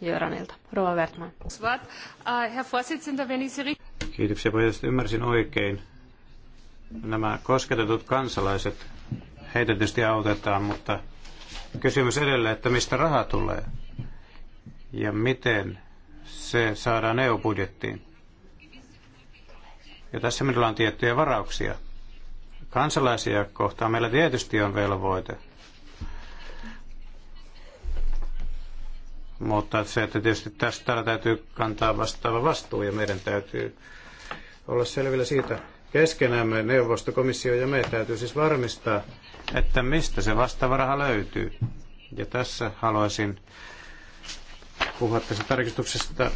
Jöranilta. Rova Wertman. Kiitoksia puheenjohtaja. Ymmärsin oikein. Nämä kosketetut kansalaiset, heitä tietysti autetaan, mutta kysymys edelleen, että mistä raha tulee ja miten se saadaan EU-budjettiin. Ja tässä meillä on tiettyjä varauksia kansalaisia kohtaan meillä tietysti on velvoite. Mutta se, että tietysti tästä täällä täytyy kantaa vastaava vastuu ja meidän täytyy olla selvillä siitä keskenämme, neuvosto, komissio ja me täytyy siis varmistaa, että mistä se vastaava raha löytyy. Ja tässä haluaisin puhua tästä tarkistuksesta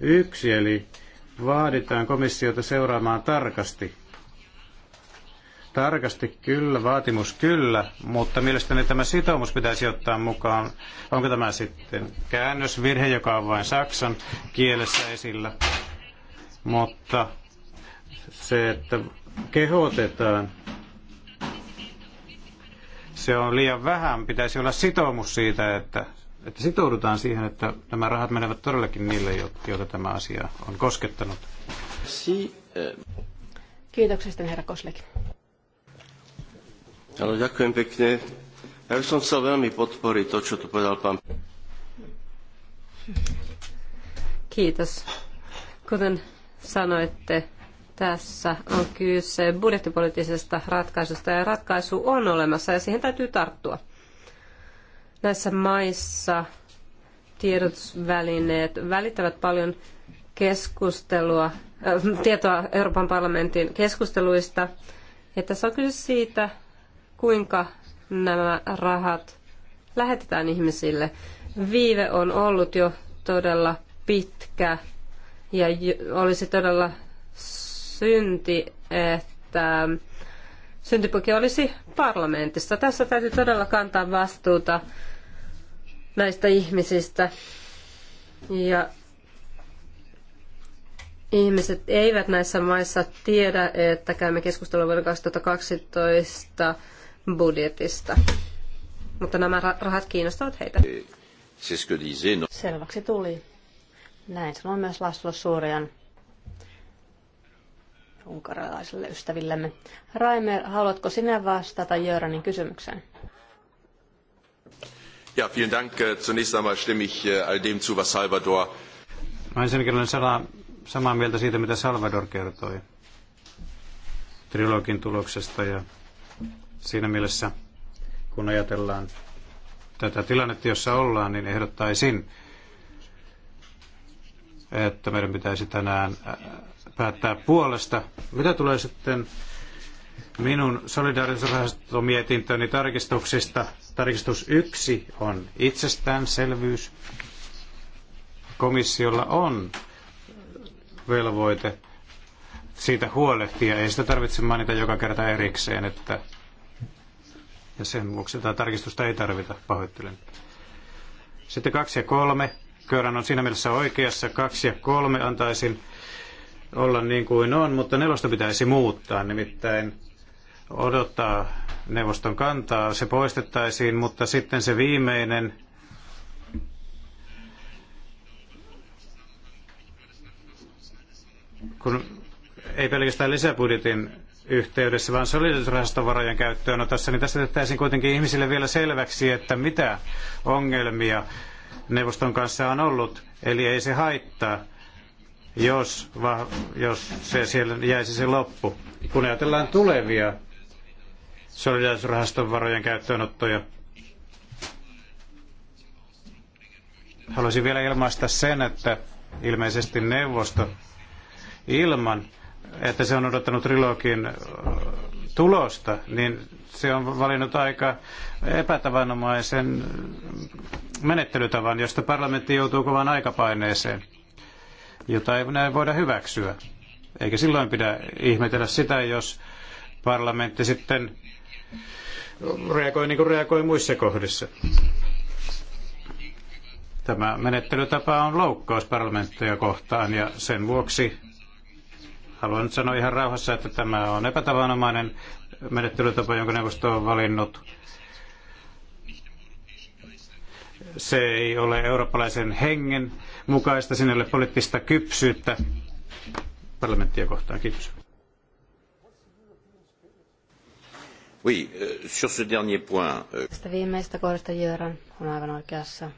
yksi, eli vaaditaan komissiota seuraamaan tarkasti Tarkasti kyllä, vaatimus kyllä, mutta mielestäni tämä sitoumus pitäisi ottaa mukaan. Onko tämä sitten käännösvirhe, joka on vain saksan kielessä esillä? Mutta se, että kehotetaan, se on liian vähän. Pitäisi olla sitoumus siitä, että, että sitoudutaan siihen, että nämä rahat menevät todellakin niille, joita tämä asia on koskettanut. Eh. Kiitoksesta, herra Koslek. Áno, ďakujem pekne. Ja by som chcel veľmi podporiť to, čo tu povedal pán. Kiitos. Kuten sanoitte, tässä on kyse budjettipoliittisesta ratkaisusta ja ratkaisu on olemassa ja siihen täytyy tarttua. Näissä maissa tiedotusvälineet välittävät paljon keskustelua, äh, tietoa Euroopan parlamentin keskusteluista. Ja tässä on kyse siitä, kuinka nämä rahat lähetetään ihmisille. Viive on ollut jo todella pitkä ja olisi todella synti, että syntipuki olisi parlamentissa. Tässä täytyy todella kantaa vastuuta näistä ihmisistä. Ja ihmiset eivät näissä maissa tiedä, että käymme keskustelua vuonna 2012 budjetista. Mutta nämä rahat kiinnostavat heitä. Selväksi tuli. Näin sanoi myös Laszlo Suorian unkaralaisille ystävillemme. Raimer, haluatko sinä vastata Jöranin kysymykseen? Ja, vielen Dank. Äh, zunächst einmal stimme ich äh, all dem zu, was Salvador... Mä ensinnäkin olen sana, samaa mieltä siitä, mitä Salvador kertoi trilogin tuloksesta ja Siinä mielessä, kun ajatellaan tätä tilannetta, jossa ollaan, niin ehdottaisin, että meidän pitäisi tänään päättää puolesta. Mitä tulee sitten minun solidaarisuusrahastomietintöni tarkistuksista? Tarkistus yksi on itsestäänselvyys. Komissiolla on velvoite siitä huolehtia. Ei sitä tarvitse mainita joka kerta erikseen, että ja sen vuoksi tätä tarkistusta ei tarvita, pahoittelen. Sitten kaksi ja kolme. Köyrän on siinä mielessä oikeassa. Kaksi ja kolme antaisin olla niin kuin on, mutta nelosta pitäisi muuttaa. Nimittäin odottaa neuvoston kantaa, se poistettaisiin, mutta sitten se viimeinen kun ei pelkästään lisäbudjetin yhteydessä, vaan käyttöön käyttöönotossa, niin tässä tehtäisiin kuitenkin ihmisille vielä selväksi, että mitä ongelmia neuvoston kanssa on ollut. Eli ei se haittaa, jos, va, jos se siellä jäisi se loppu. Kun ajatellaan tulevia solidaarisuusrahaston varojen käyttöönottoja, haluaisin vielä ilmaista sen, että ilmeisesti neuvosto ilman että se on odottanut trilogin tulosta, niin se on valinnut aika epätavanomaisen menettelytavan, josta parlamentti joutuu kovaan aikapaineeseen, jota ei näin voida hyväksyä. Eikä silloin pidä ihmetellä sitä, jos parlamentti sitten reagoi niin kuin reagoi muissa kohdissa. Tämä menettelytapa on loukkaus parlamenttia kohtaan ja sen vuoksi Haluan nyt sanoa ihan rauhassa, että tämä on epätavanomainen menettelytapa, jonka neuvosto on valinnut. Se ei ole eurooppalaisen hengen mukaista, sinne ei ole poliittista kypsyyttä parlamenttia kohtaan. Kiitos. Oui, euh, sur ce dernier point. Euh, Tästä viimeistä kohdasta Jöran on aivan oikeassa.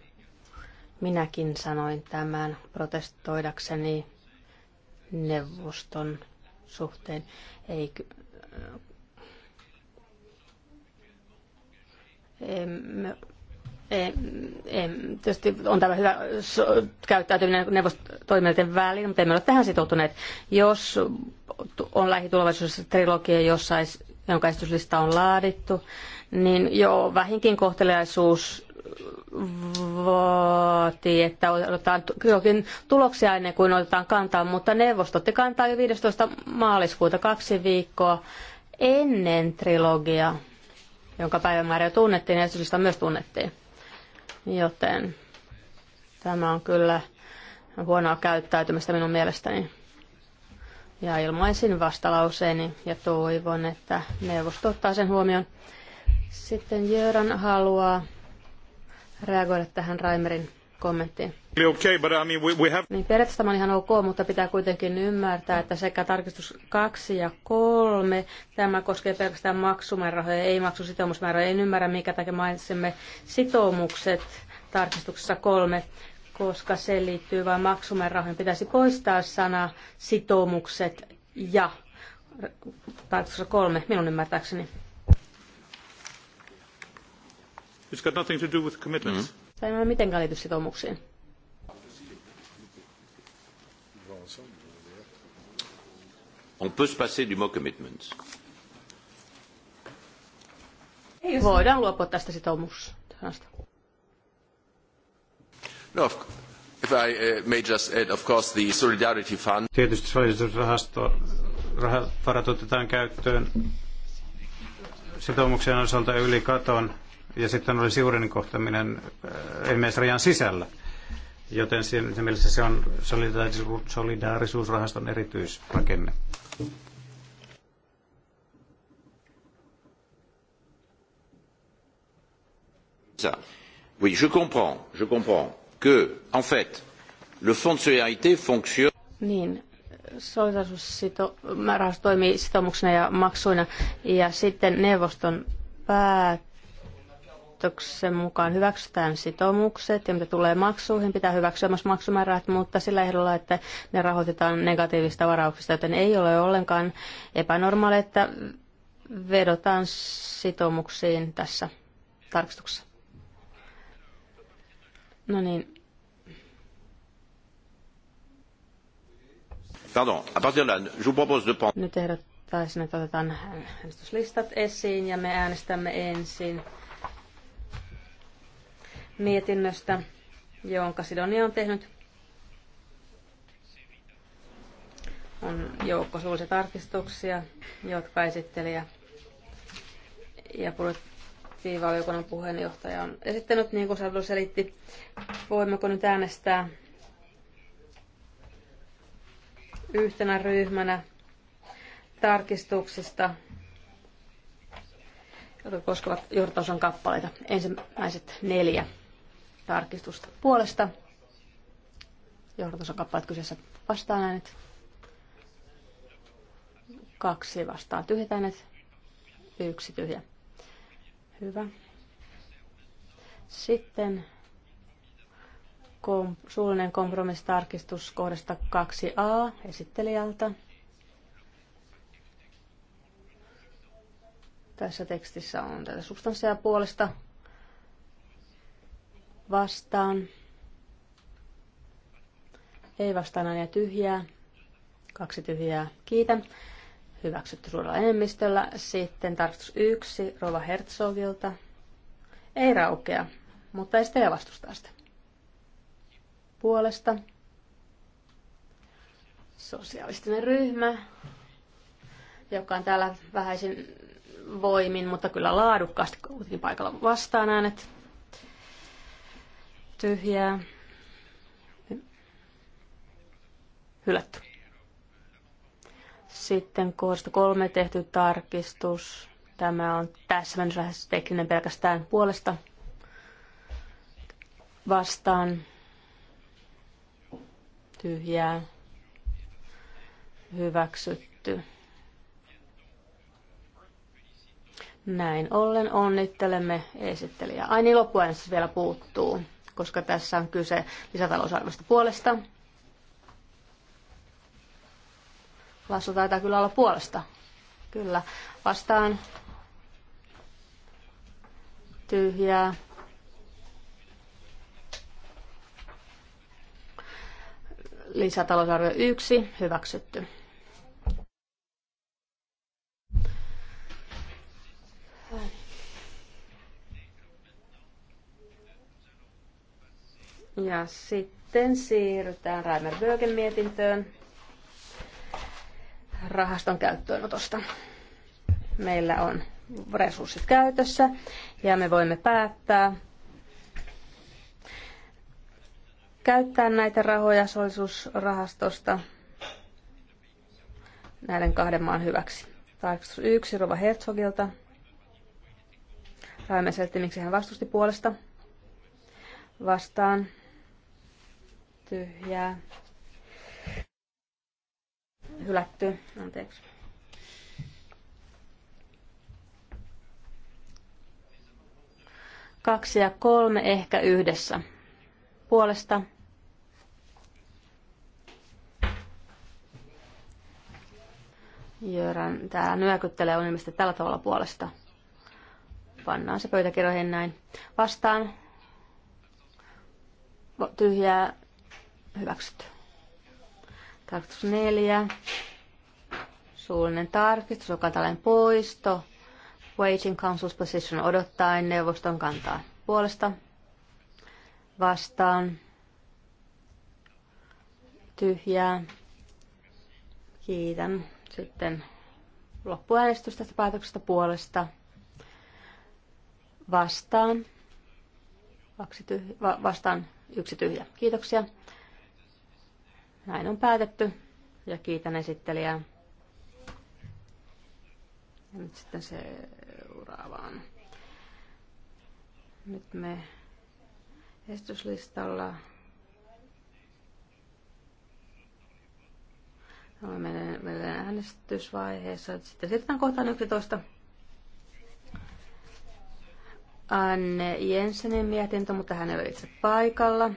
Minäkin sanoin tämän protestoidakseni neuvoston suhteen. Ei, emme, em, tietysti on tämä hyvä käyttäytyminen neuvostotoimijoiden väliin, mutta emme ole tähän sitoutuneet. Jos on lähitulevaisuudessa trilogia, jossa, jonka esityslista on laadittu, niin jo vähinkin kohteliaisuus vaatii, että otetaan jokin tuloksia ennen kuin otetaan kantaa, mutta neuvosto otti kantaa jo 15. maaliskuuta kaksi viikkoa ennen trilogiaa, jonka päivämäärä jo tunnettiin ja esitystä myös tunnettiin. Joten tämä on kyllä huonoa käyttäytymistä minun mielestäni. Ja ilmaisin vastalauseeni ja toivon, että neuvosto ottaa sen huomioon. Sitten Jöran haluaa reagoida tähän Raimerin kommenttiin. Okay, but I mean we, we have... niin periaatteessa tämä on ihan ok, mutta pitää kuitenkin ymmärtää, että sekä tarkistus 2 ja 3, tämä koskee pelkästään maksumäärärahoja, ei maksusitoumusmäärä. En ymmärrä, mikä takia mainitsemme sitoumukset tarkistuksessa 3, koska se liittyy vain maksumäärärahoihin. Pitäisi poistaa sana sitoumukset ja tarkistuksessa 3, minun ymmärtääkseni. It's got nothing to do with commitments. Mm. Mm-hmm. Tämä ei mitenkään liity sitoumuksiin. On peut se passer du mot commitments. Voidaan luopua tästä sitoumuksesta. No, of If I uh, may just add, of course, the Solidarity Fund. Tietysti solidarisuusrahasto rahat varat otetaan käyttöön sitoumuksen osalta yli katon ja sitten oli Siurinin kohtaminen äh, ilmeisrajan sisällä. Joten siinä mielessä se on solidaarisuusrahaston erityisrakenne. Ça. Oui, je comprends, je comprends que, en fait, le fonds de solidarité fonctionne. Niin, sito, solidaarisuusrahasto toimii sitoumuksena ja maksuina, ja sitten neuvoston päät sopimuksen mukaan hyväksytään sitoumukset ja mitä tulee maksuihin, pitää hyväksyä myös maksumäärät, mutta sillä ehdolla, että ne rahoitetaan negatiivista varauksista, joten ei ole ollenkaan epänormaalia, että vedotaan sitoumuksiin tässä tarkistuksessa. No niin. Pardon, à partir de là, je vous propose de prendre... Nyt ehdottaisin, että otetaan äänestyslistat esiin ja me äänestämme ensin mietinnöstä, jonka Sidonia on tehnyt. On joukko suullisia tarkistuksia, jotka esitteli ja budjettivaliokunnan puheenjohtaja on esittänyt, niin kuin Saldo selitti. Voimmeko nyt äänestää yhtenä ryhmänä tarkistuksista, jotka koskevat johtoson kappaleita, ensimmäiset neljä tarkistusta puolesta. Johdatus on kappaleet kyseessä vastaan äänet. Kaksi vastaan tyhjät äänet. Yksi tyhjä. Hyvä. Sitten kom- suullinen kompromissitarkistus kohdasta 2a esittelijältä. Tässä tekstissä on tätä substanssia puolesta vastaan. Ei vastaan ja tyhjää. Kaksi tyhjää. Kiitän. Hyväksytty suurella enemmistöllä. Sitten tarkoitus yksi Rova Herzogilta. Ei raukea, mutta ei vastustaa sitä. Puolesta. Sosialistinen ryhmä, joka on täällä vähäisin voimin, mutta kyllä laadukkaasti kuitenkin paikalla vastaan äänet tyhjää, hylätty. Sitten kohdasta kolme tehty tarkistus. Tämä on täsmennys lähes tekninen pelkästään puolesta vastaan tyhjää hyväksytty. Näin ollen onnittelemme esittelijää. Ai niin, loppuäänestys vielä puuttuu koska tässä on kyse lisätalousarvosta puolesta. Lasso taitaa kyllä olla puolesta. Kyllä. Vastaan. Tyhjää. Lisätalousarvio 1 hyväksytty. Ja sitten siirrytään Raimer Bögen mietintöön rahaston käyttöönotosta. Meillä on resurssit käytössä ja me voimme päättää käyttää näitä rahoja solisuusrahastosta näiden kahden maan hyväksi. Tarkastus 1 Rova Herzogilta. Raimeseltti, miksi hän vastusti puolesta. Vastaan tyhjää, hylätty, anteeksi. Kaksi ja kolme ehkä yhdessä. Puolesta Jörän täällä nyökyttelee on ilmeisesti tällä tavalla puolesta. Pannaan se pöytäkirjoihin näin. Vastaan tyhjää Hyväksytty. Tarkistus neljä. Suullinen tarkistus, joka on tällainen poisto. Waiting Council's Position odottaen neuvoston kantaa puolesta. Vastaan. Tyhjää. Kiitän. Sitten loppuäänestys tästä päätöksestä puolesta. Vastaan. vastaan yksi tyhjä. Kiitoksia. Näin on päätetty ja kiitän esittelijää. Ja nyt sitten seuraavaan. Nyt me estyslistalla. olemme meidän äänestysvaiheessa. Sitten siirrytään kohtaan 11. Anne Jensenin mietintö, mutta hän ei ole itse paikalla.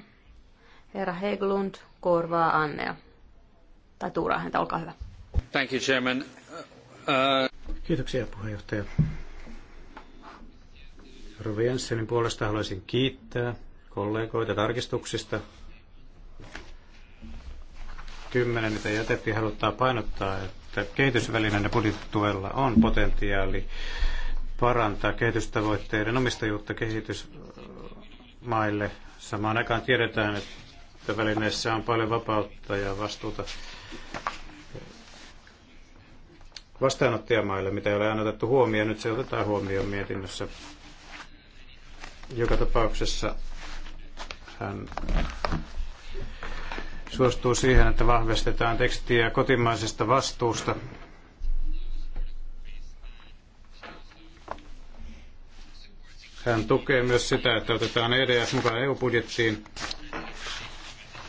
Herra Heglund korvaa Annea. Tai tuuraa häntä, olkaa hyvä. Thank you, Chairman. Uh... uh Kiitoksia puheenjohtaja. Rovi Jensenin puolesta haluaisin kiittää kollegoita tarkistuksista. Kymmenen, mitä jätettiin, haluttaa painottaa, että kehitysvälineen ja budjettituella on potentiaali parantaa kehitystavoitteiden omistajuutta kehitysmaille. Samaan aikaan tiedetään, että välineissä on paljon vapautta ja vastuuta vastaanottajamaille, mitä ei ole aina otettu huomioon. Nyt se otetaan huomioon mietinnössä. Joka tapauksessa hän suostuu siihen, että vahvistetaan tekstiä kotimaisesta vastuusta. Hän tukee myös sitä, että otetaan EDS mukaan EU-budjettiin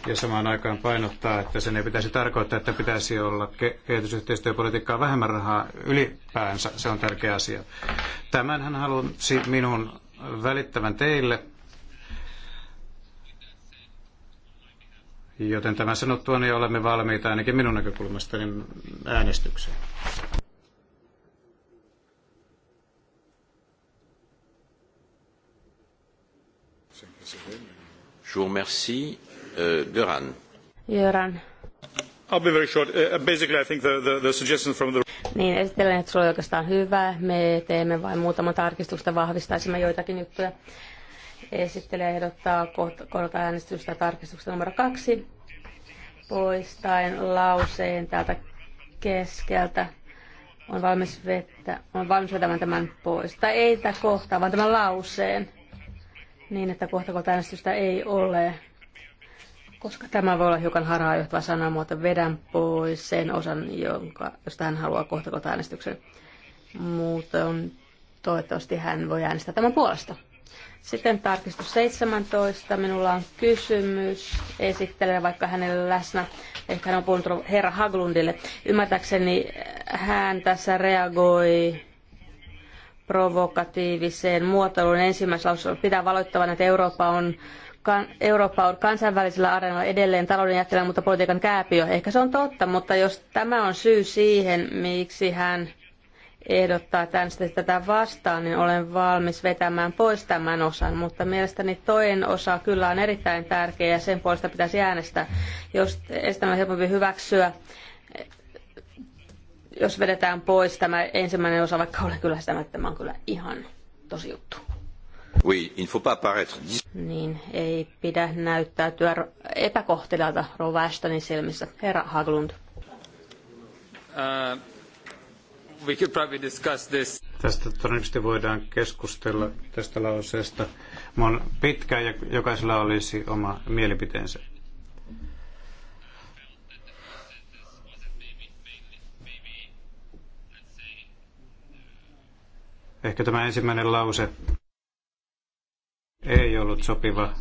ja samaan aikaan painottaa, että sen ei pitäisi tarkoittaa, että pitäisi olla ke- kehitysyhteistyöpolitiikkaa vähemmän rahaa ylipäänsä. Se on tärkeä asia. Tämän hän halusi minun välittävän teille. Joten tämän sanottua, niin olemme valmiita ainakin minun näkökulmastani äänestykseen. Je vous remercie. Uh, Göran. Göran. I'll be very short. Uh, uh, basically, I think the, the, the suggestion from the... Niin, esittelen, että se oli oikeastaan hyvä. Me teemme vain muutama tarkistusta, vahvistaisimme joitakin juttuja. Esittelijä ehdottaa kohta äänestystä tarkistuksesta numero kaksi poistaen lauseen täältä keskeltä. On valmis, vettä, on valmis vetämään tämän pois. Tai ei tätä kohtaa, vaan tämän lauseen. Niin, että kohta äänestystä ei ole koska tämä voi olla hiukan harhaanjohtava sanamuoto, vedän pois sen osan, jonka, josta hän haluaa kohtakolta äänestyksen. Muuten toivottavasti hän voi äänestää tämän puolesta. Sitten tarkistus 17. Minulla on kysymys. Esittelen, vaikka hänelle läsnä. Ehkä hän on puhunut herra Haglundille. Ymmärtääkseni hän tässä reagoi provokatiiviseen muotoiluun ensimmäisellä lausunnolla. Pitää valoittavan, että Eurooppa on Eurooppa on kansainvälisellä areenalla edelleen talouden jättilä, mutta politiikan kääpiö. Ehkä se on totta, mutta jos tämä on syy siihen, miksi hän ehdottaa tämän, tätä vastaan, niin olen valmis vetämään pois tämän osan. Mutta mielestäni toinen osa kyllä on erittäin tärkeä ja sen puolesta pitäisi äänestää. Jos estämme helpompi hyväksyä, jos vedetään pois tämä ensimmäinen osa, vaikka olen kyllä sitä, että tämä on kyllä ihan tosi juttu. Oui, il faut pas paraître... Niin, ei pidä näyttäytyä epäkohtelijalta rouva Ashtonin silmissä. Herra Haglund. Uh, we could probably discuss this. Tästä todennäköisesti voidaan keskustella tästä lauseesta. Mä pitkä ja jokaisella olisi oma mielipiteensä. Ehkä tämä ensimmäinen lause ei ollut sopiva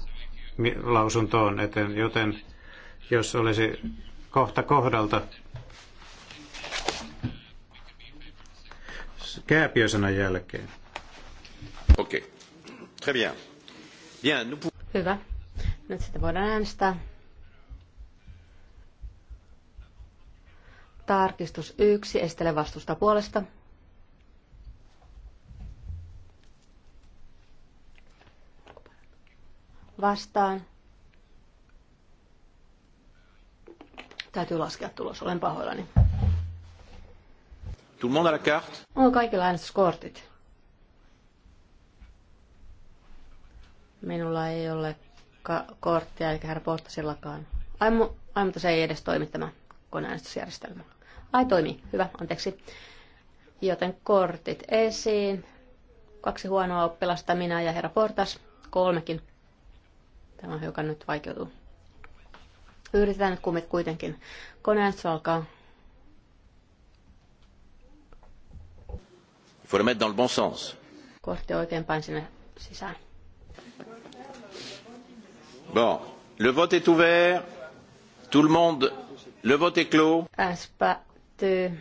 lausuntoon, eten, joten jos olisi kohta kohdalta kääpiösanan jälkeen. Okei. Okay. Très bien. bien nous... Hyvä. Nyt sitten voidaan äänestää. Tarkistus yksi Estele vastusta puolesta. vastaan. Täytyy laskea tulos, olen pahoillani. Tout le monde à la carte? On kaikilla äänestyskortit. Minulla ei ole ka- korttia eikä herra Portasillakaan. ai, mutta se ei edes toimi tämä koneäänestysjärjestelmä. Ai toimii, hyvä, anteeksi. Joten kortit esiin. Kaksi huonoa oppilasta, minä ja herra Portas, kolmekin. Tämä hiukan nyt vaikeutuu. Yritetään nyt kummit kuitenkin. Koneäänestys alkaa. faut le mettre dans le bon sens. Kortti oikein päin sinne sisään. Bon, le vote est ouvert. Tout le monde, le vote est clos. Aspa päättyy.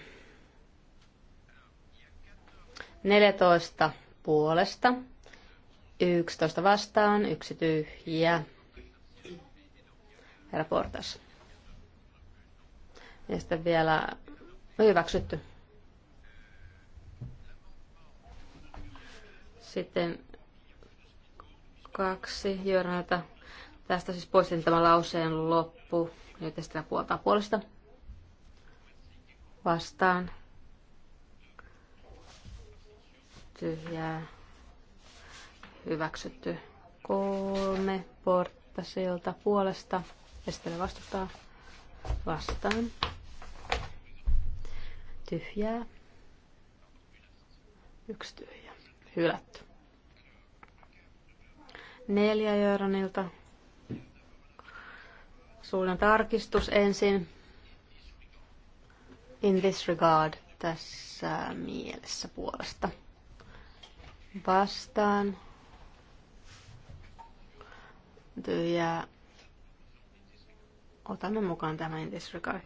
14 puolesta, 11 vastaan, yksi tyhjä. Herra Portas. Ja sitten vielä hyväksytty. Sitten kaksi Jörnältä. Tästä siis poistin tämän lauseen loppu. Nyt sitä puolta puolesta. Vastaan. Tyhjää hyväksytty. Kolme sieltä puolesta. Estele vastustaa. Vastaan. Tyhjää. Yksi tyhjä. Hylätty. Neljä Jöranilta. Suullinen tarkistus ensin. In this regard, tässä mielessä puolesta. Vastaan tyhjää. Otamme mukaan tämä Indisregard.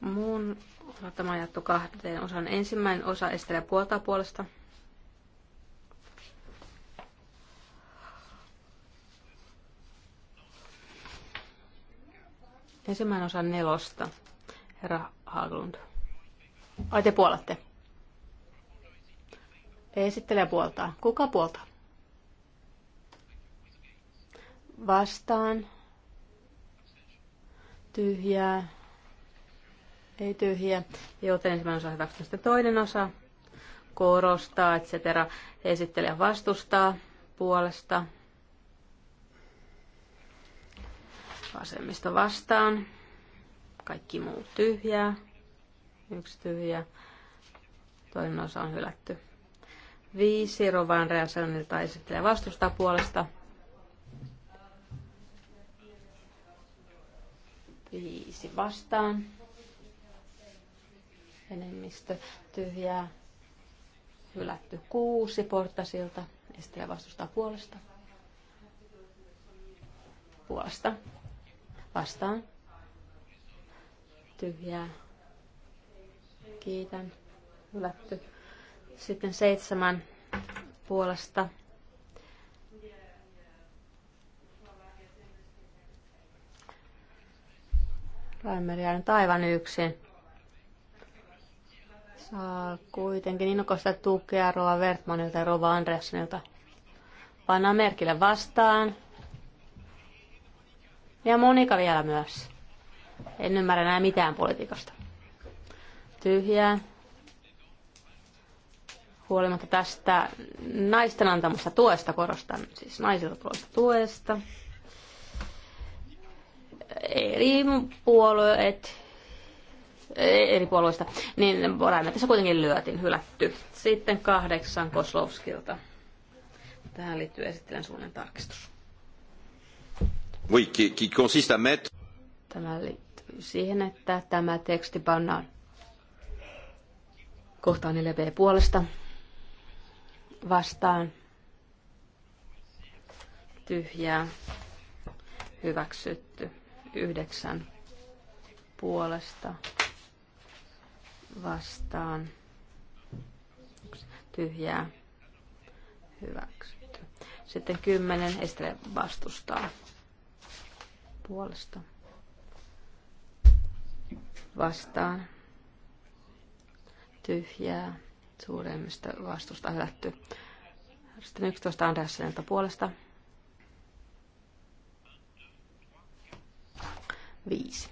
Muun osa tämä on jaettu kahteen osan. Ensimmäinen osa estelee puolta puolesta. Ensimmäinen osa nelosta. Herra Haglund. Ai te puolatte. Esittelee puoltaa. Kuka puoltaa? vastaan, tyhjää, ei tyhjää, joten ensimmäinen osa hyväksytään. Sitten toinen osa korostaa, etc. Esittelijä vastustaa puolesta, vasemmista vastaan, kaikki muu tyhjää, yksi tyhjä, toinen osa on hylätty. Viisi Rovan tai esittelee vastustaa puolesta viisi vastaan. Enemmistö tyhjää. Hylätty kuusi portasilta. Estelijä vastustaa puolesta. Puolesta. Vastaan. Tyhjää. Kiitän. Hylätty. Sitten seitsemän puolesta Raimer jäänyt aivan yksin. Saa kuitenkin innokasta tukea Rova Vertmanilta ja Rova Andressonilta. Pannaan merkille vastaan. Ja Monika vielä myös. En ymmärrä enää mitään politiikasta. Tyhjää. Huolimatta tästä naisten antamasta tuesta, korostan siis naisilta tuosta tuesta eri puolueet eri puolueista, niin se kuitenkin lyötin hylätty. Sitten kahdeksan Koslovskilta. Tähän liittyy esittelen suunnan tarkistus. Oui, qui, qui consiste à mettre... Tämä liittyy siihen, että tämä teksti pannaan kohtaan 4b puolesta vastaan tyhjää hyväksytty yhdeksän puolesta vastaan tyhjää hyväksytty. Sitten kymmenen estre vastustaa puolesta vastaan tyhjää suuremmista vastusta hylätty. Sitten 11 Andersenilta puolesta 5.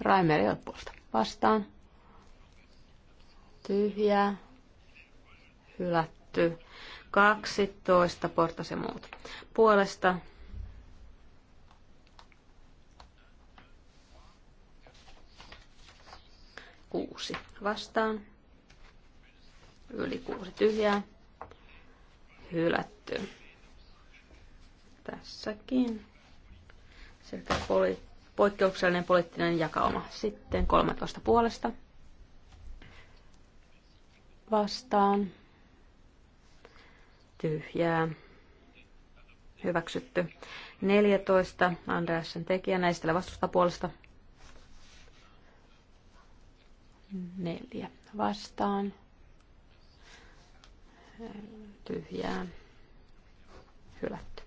Raimeri puolesta vastaan. Tyhjä. Hylätty. 12. porta se muut. Puolesta kuusi vastaan. Yli kuusi tyhjää. Hylätty. Tässäkin. Sieltä poli- poikkeuksellinen poliittinen jakauma. Sitten 13 puolesta vastaan. Tyhjää. Hyväksytty. 14. Andreasen tekijä näistä vastusta puolesta. Neljä vastaan. Tyhjää. Hylätty.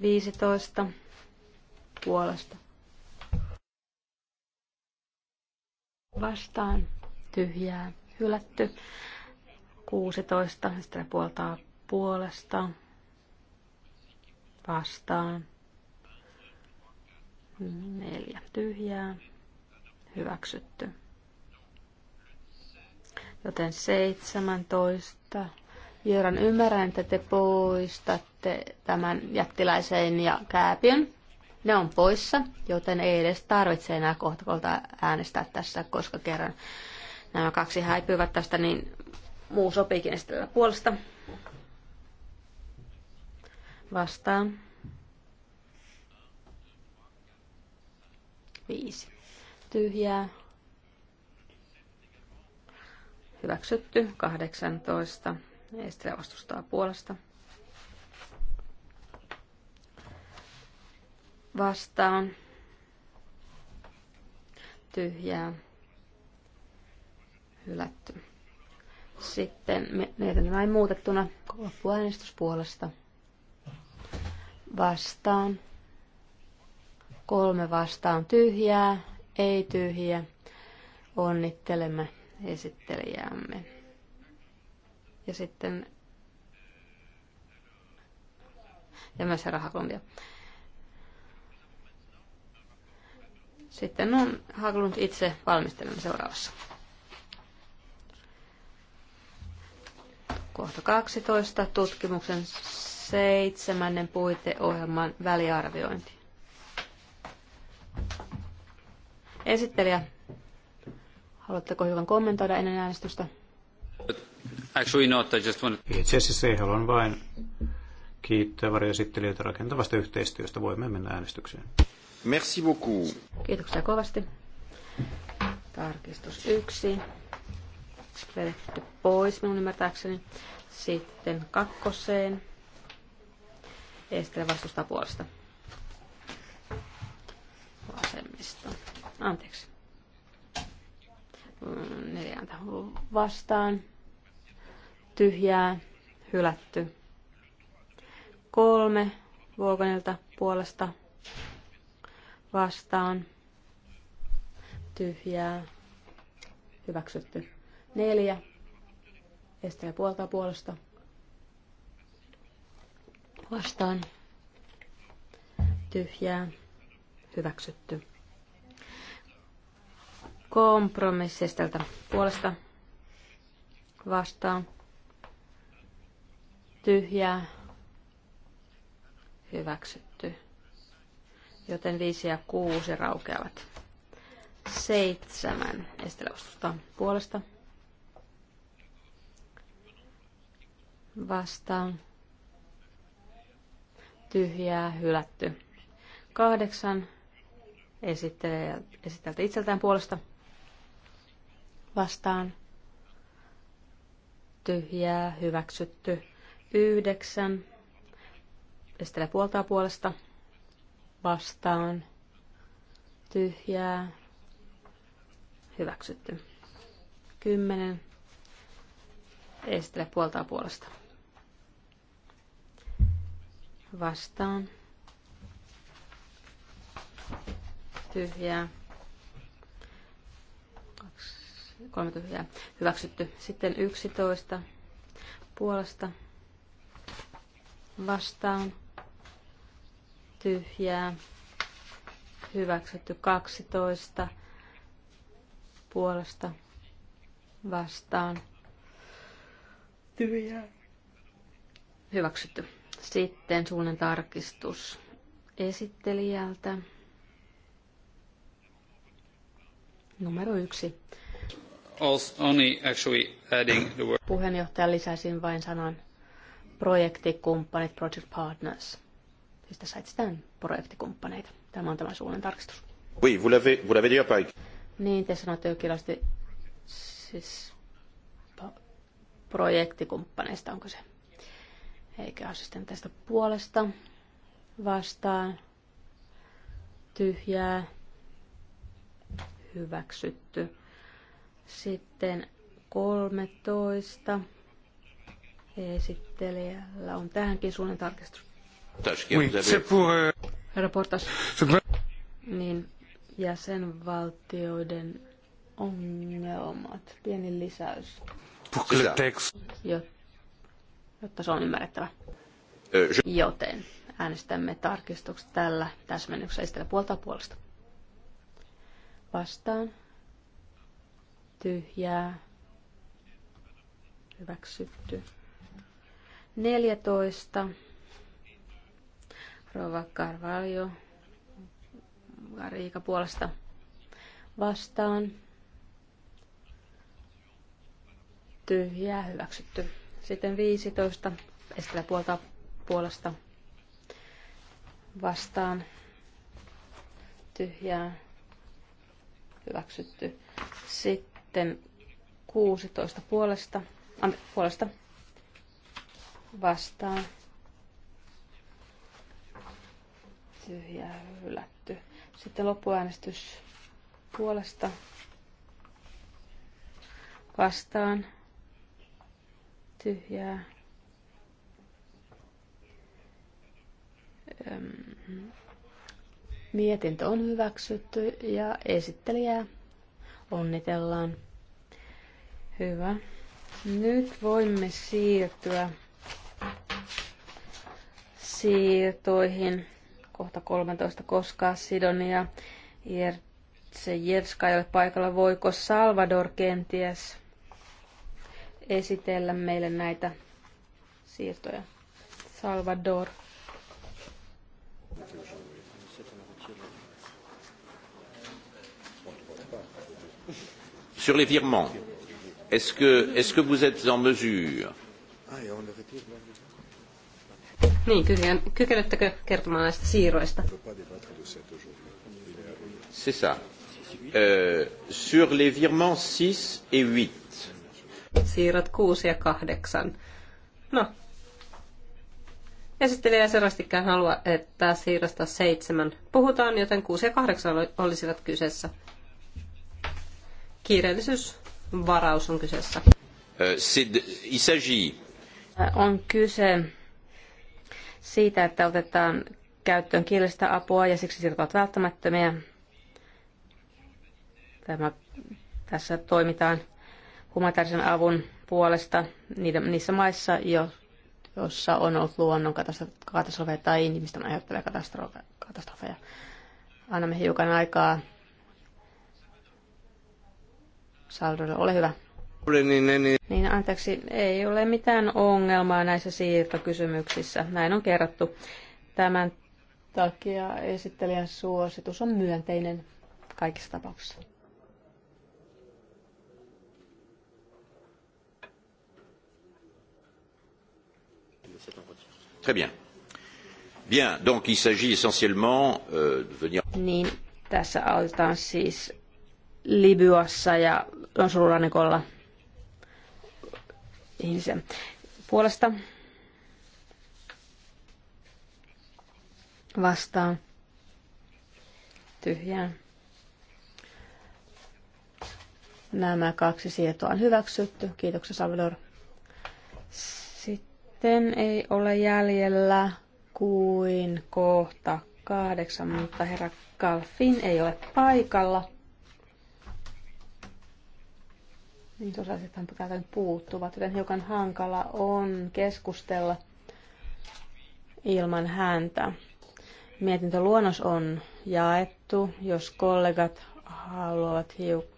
15 puolesta vastaan tyhjää hylätty. 16 sitä puoltaa puolesta vastaan. Neljä tyhjää hyväksytty. Joten 17. Jöran, ymmärrän, että te poistatte tämän jättiläisen ja kääpion. Ne on poissa, joten ei edes tarvitse enää kohtakolta äänestää tässä, koska kerran nämä kaksi häipyvät tästä, niin muu sopiikin esitellä puolesta. Vastaan. Viisi. Tyhjää. Hyväksytty. 18. Estre vastustaa puolesta. vastaan tyhjää hylätty. Sitten meidän näin muutettuna loppuäänestys puolesta vastaan. Kolme vastaan tyhjää, ei tyhjä. Onnittelemme esittelijäämme. Ja sitten ja myös herra Hakundia. Sitten on Haglund itse valmistelemaan seuraavassa. Kohta 12. Tutkimuksen seitsemännen puiteohjelman väliarviointi. Esittelijä, haluatteko hiukan kommentoida ennen äänestystä? Actually not, I just wanted... Itse asiassa ei haluan vain kiittää varjoesittelijöitä rakentavasta yhteistyöstä. Voimme mennä äänestykseen. Merci beaucoup. Kiitoksia kovasti. Tarkistus yksi. Vedetty pois minun ymmärtääkseni. Sitten kakkoseen. Estelä vastustaa puolesta. Vasemmista. Anteeksi. Neljäntä vastaan. Tyhjää. Hylätty. Kolme Vuokanilta puolesta vastaan tyhjää hyväksytty. Neljä estää puolta puolesta vastaan tyhjää hyväksytty. Kompromissistältä puolesta vastaan tyhjää hyväksytty joten 5 ja 6 raukeavat. 7 estelävastusta puolesta. Vastaan. Tyhjää, hylätty. 8 esitteltä itseltään puolesta. Vastaan. Tyhjää, hyväksytty. 9 esittelee puoltaa puolesta vastaan tyhjää hyväksytty. Kymmenen esitellä puoltaa puolesta. Vastaan tyhjää. Kaksi, kolme tyhjää. Hyväksytty. Sitten yksitoista, puolesta vastaan tyhjää, hyväksytty 12 puolesta vastaan, tyhjää, hyväksytty. Sitten suunnan tarkistus esittelijältä. Numero yksi. Only actually adding the word. Puheenjohtaja lisäsin vain sanan projektikumppanit, project partners mistä saitsitään projektikumppaneita. Tämä on tämä suullinen tarkistus. Oui, vous l'avez, vous l'avez dit à Niin, te sanoitte jo kirjallisesti siis projektikumppaneista, onko se? Eikä ole sitten tästä puolesta vastaan tyhjää hyväksytty. Sitten 13 esittelijällä on tähänkin suunnan tarkistus Euh, Herra Portas. Niin, jäsenvaltioiden ongelmat. Pieni lisäys. Jotta se on ymmärrettävä. Joten äänestämme tarkistukset tällä täsmennyksellä esitellä puolta puolesta. Vastaan. Tyhjää. Hyväksytty. 14 Rova Carvalho, Riika puolesta vastaan. Tyhjää hyväksytty. Sitten 15, Estelä puolta puolesta vastaan. Tyhjää hyväksytty. Sitten 16 puolesta, puolesta vastaan tyhjää hylätty. Sitten loppuäänestys puolesta vastaan tyhjää. Mietintö on hyväksytty ja esittelijää onnitellaan. Hyvä. Nyt voimme siirtyä siirtoihin kohta 13, koskaa Sidonia se Jerska ei ole paikalla. Voiko Salvador kenties esitellä meille näitä siirtoja? Salvador. Sur les virements, est-ce que, est -ce que vous êtes en mesure niin, kykenettekö kertomaan näistä siirroista? C'est ça. Euh, sur les virements 6 et 8. Siirrot 6 ja 8. No. Esittelijä selvästikään halua, että siirrosta 7 puhutaan, joten 6 ja 8 olisivat kyseessä. Kiireellisyysvaraus on kyseessä. Euh, il s'agit. Äh, on kyse siitä, että otetaan käyttöön kielistä apua ja siksi siirto ovat välttämättömiä. Tämä, tässä toimitaan humanitaarisen avun puolesta niiden, niissä maissa, jo, joissa on ollut luonnon katastrofeja tai ihmisten aiheuttavia katastrofeja. Annamme hiukan aikaa. Saldo, ole hyvä. Niin anteeksi, ei ole mitään ongelmaa näissä siirtokysymyksissä. Näin on kerrottu. Tämän takia esittelijän suositus on myönteinen kaikissa tapauksissa. Très bien. Bien, donc il s'agit essentiellement euh, de venir... Niin, tässä autetaan siis Libyassa ja Lonsurannikolla ihmisen puolesta vastaan tyhjään. Nämä kaksi sietoa on hyväksytty. Kiitoksia Salvador. Sitten ei ole jäljellä kuin kohta kahdeksan, mutta herra Kalfin ei ole paikalla. Tosiasiathan täältä nyt puuttuvat, joten hiukan hankala on keskustella ilman häntä. Mietintöluonnos on jaettu. Jos kollegat haluavat hiukan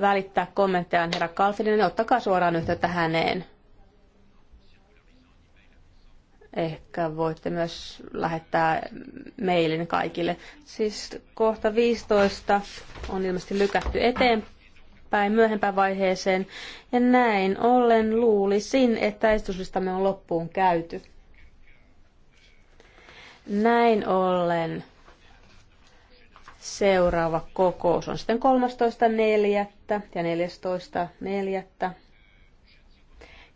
välittää kommenttejaan herra Kalfinen, niin ottakaa suoraan yhteyttä häneen. Ehkä voitte myös lähettää mailin kaikille. Siis kohta 15 on ilmeisesti lykätty eteenpäin päin myöhempään vaiheeseen. Ja näin ollen luulisin, että estuslistamme on loppuun käyty. Näin ollen seuraava kokous on sitten 13.4. ja 14.4.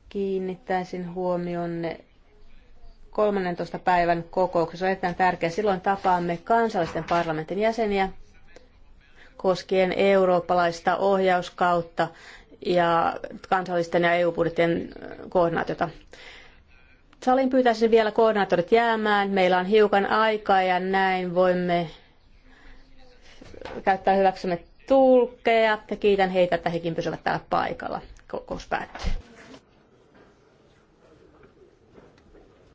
Kiinnittäisin huomionne 13. päivän kokouksessa. on erittäin tärkeä. Silloin tapaamme kansallisten parlamentin jäseniä koskien eurooppalaista ohjauskautta ja kansallisten ja EU-budjettien koordinaatiota. Salin pyytäisin vielä koordinaattorit jäämään. Meillä on hiukan aikaa ja näin voimme käyttää hyväksymme tulkkeja ja kiitän heitä, että hekin pysyvät täällä paikalla. Kokous päättyy.